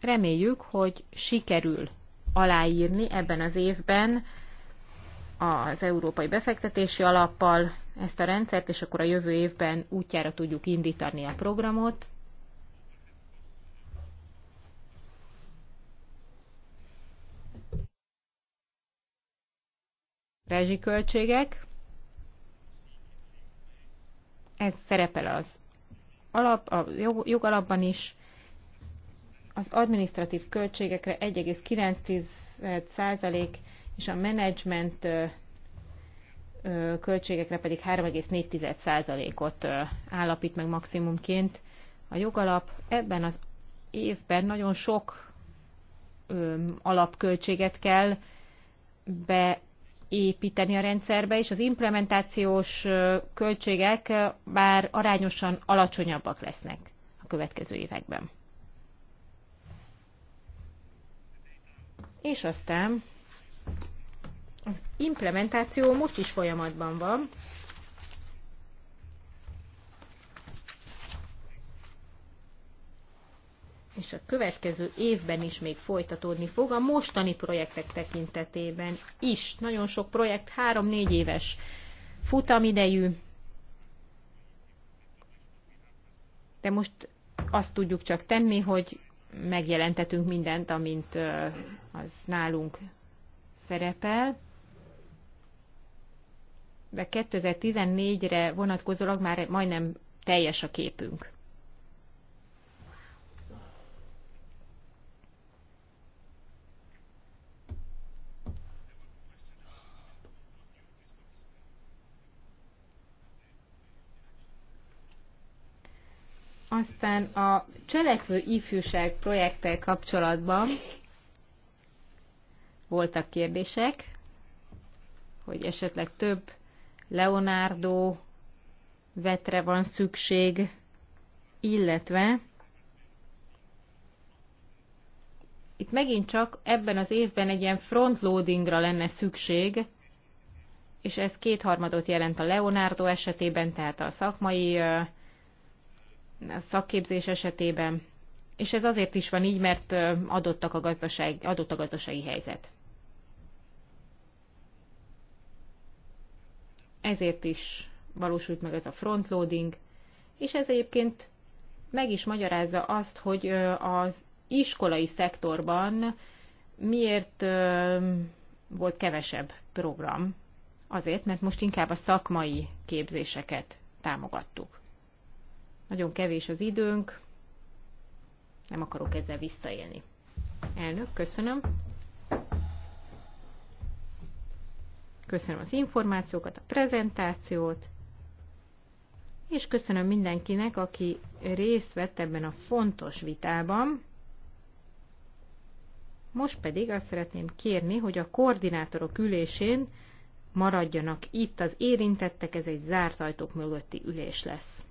reméljük, hogy sikerül aláírni ebben az évben az Európai Befektetési Alappal ezt a rendszert, és akkor a jövő évben útjára tudjuk indítani a programot. Rezsiköltségek. Ez szerepel az alap, a jogalapban is, az administratív költségekre 1,9% és a menedzsment költségekre pedig 3,4%-ot állapít meg maximumként a jogalap. Ebben az évben nagyon sok alapköltséget kell beépíteni a rendszerbe, és az implementációs költségek bár arányosan alacsonyabbak lesznek a következő években. és aztán az implementáció most is folyamatban van. És a következő évben is még folytatódni fog a mostani projektek tekintetében is. Nagyon sok projekt 3-4 éves futamidejű, de most azt tudjuk csak tenni, hogy megjelentetünk mindent, amint az nálunk szerepel. De 2014-re vonatkozólag már majdnem teljes a képünk. Aztán a cselekvő ifjúság projekttel kapcsolatban voltak kérdések, hogy esetleg több Leonardo vetre van szükség, illetve itt megint csak ebben az évben egy ilyen frontloadingra lenne szükség, és ez kétharmadot jelent a Leonardo esetében, tehát a szakmai szakképzés esetében, és ez azért is van így, mert adottak a gazdaság, adott a gazdasági helyzet. Ezért is valósult meg ez a frontloading, és ez egyébként meg is magyarázza azt, hogy az iskolai szektorban miért volt kevesebb program. Azért, mert most inkább a szakmai képzéseket támogattuk. Nagyon kevés az időnk, nem akarok ezzel visszaélni. Elnök, köszönöm. Köszönöm az információkat, a prezentációt, és köszönöm mindenkinek, aki részt vett ebben a fontos vitában. Most pedig azt szeretném kérni, hogy a koordinátorok ülésén maradjanak itt az érintettek, ez egy zárt ajtók mögötti ülés lesz.